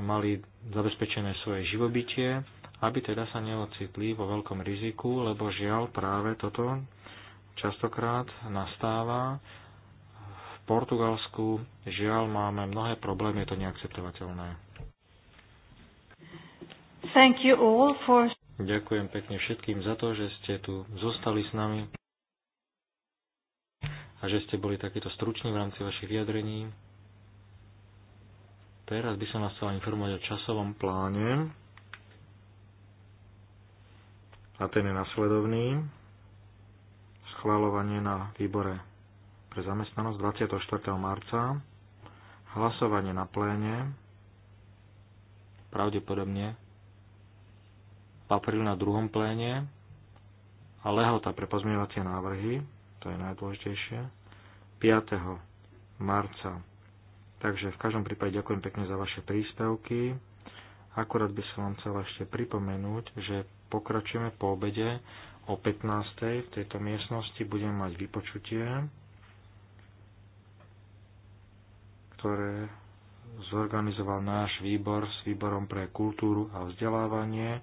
mali zabezpečené svoje živobytie, aby teda sa neocitli vo veľkom riziku, lebo žiaľ práve toto častokrát nastáva. V Portugalsku žiaľ máme mnohé problémy, je to neakceptovateľné. Thank you all for... Ďakujem pekne všetkým za to, že ste tu zostali s nami a že ste boli takýto struční v rámci vašich vyjadrení. Teraz by som vás chcel informovať o časovom pláne. A ten je nasledovný schváľovanie na výbore pre zamestnanosť 24. marca, hlasovanie na pléne pravdepodobne v na druhom pléne a lehota pre pozmievacie návrhy, to je najdôležitejšie, 5. marca. Takže v každom prípade ďakujem pekne za vaše príspevky. Akurát by som vám chcel ešte pripomenúť, že pokračujeme po obede o 15. v tejto miestnosti budem mať vypočutie, ktoré zorganizoval náš výbor s výborom pre kultúru a vzdelávanie.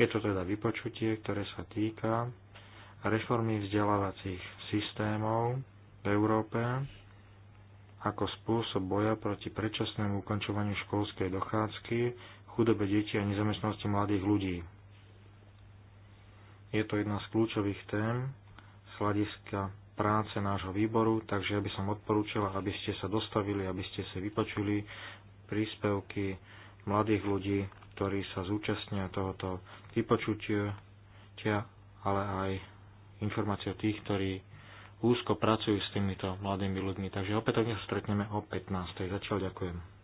Je to teda vypočutie, ktoré sa týka reformy vzdelávacích systémov v Európe ako spôsob boja proti predčasnému ukončovaniu školskej dochádzky, chudobe detí a nezamestnosti mladých ľudí. Je to jedna z kľúčových tém z hľadiska práce nášho výboru, takže ja by som odporúčala, aby ste sa dostavili, aby ste si vypočuli príspevky mladých ľudí, ktorí sa zúčastnia tohoto vypočutia, ale aj informácie o tých, ktorí úzko pracujú s týmito mladými ľuďmi. Takže opätovne sa stretneme o 15. Zatiaľ ďakujem.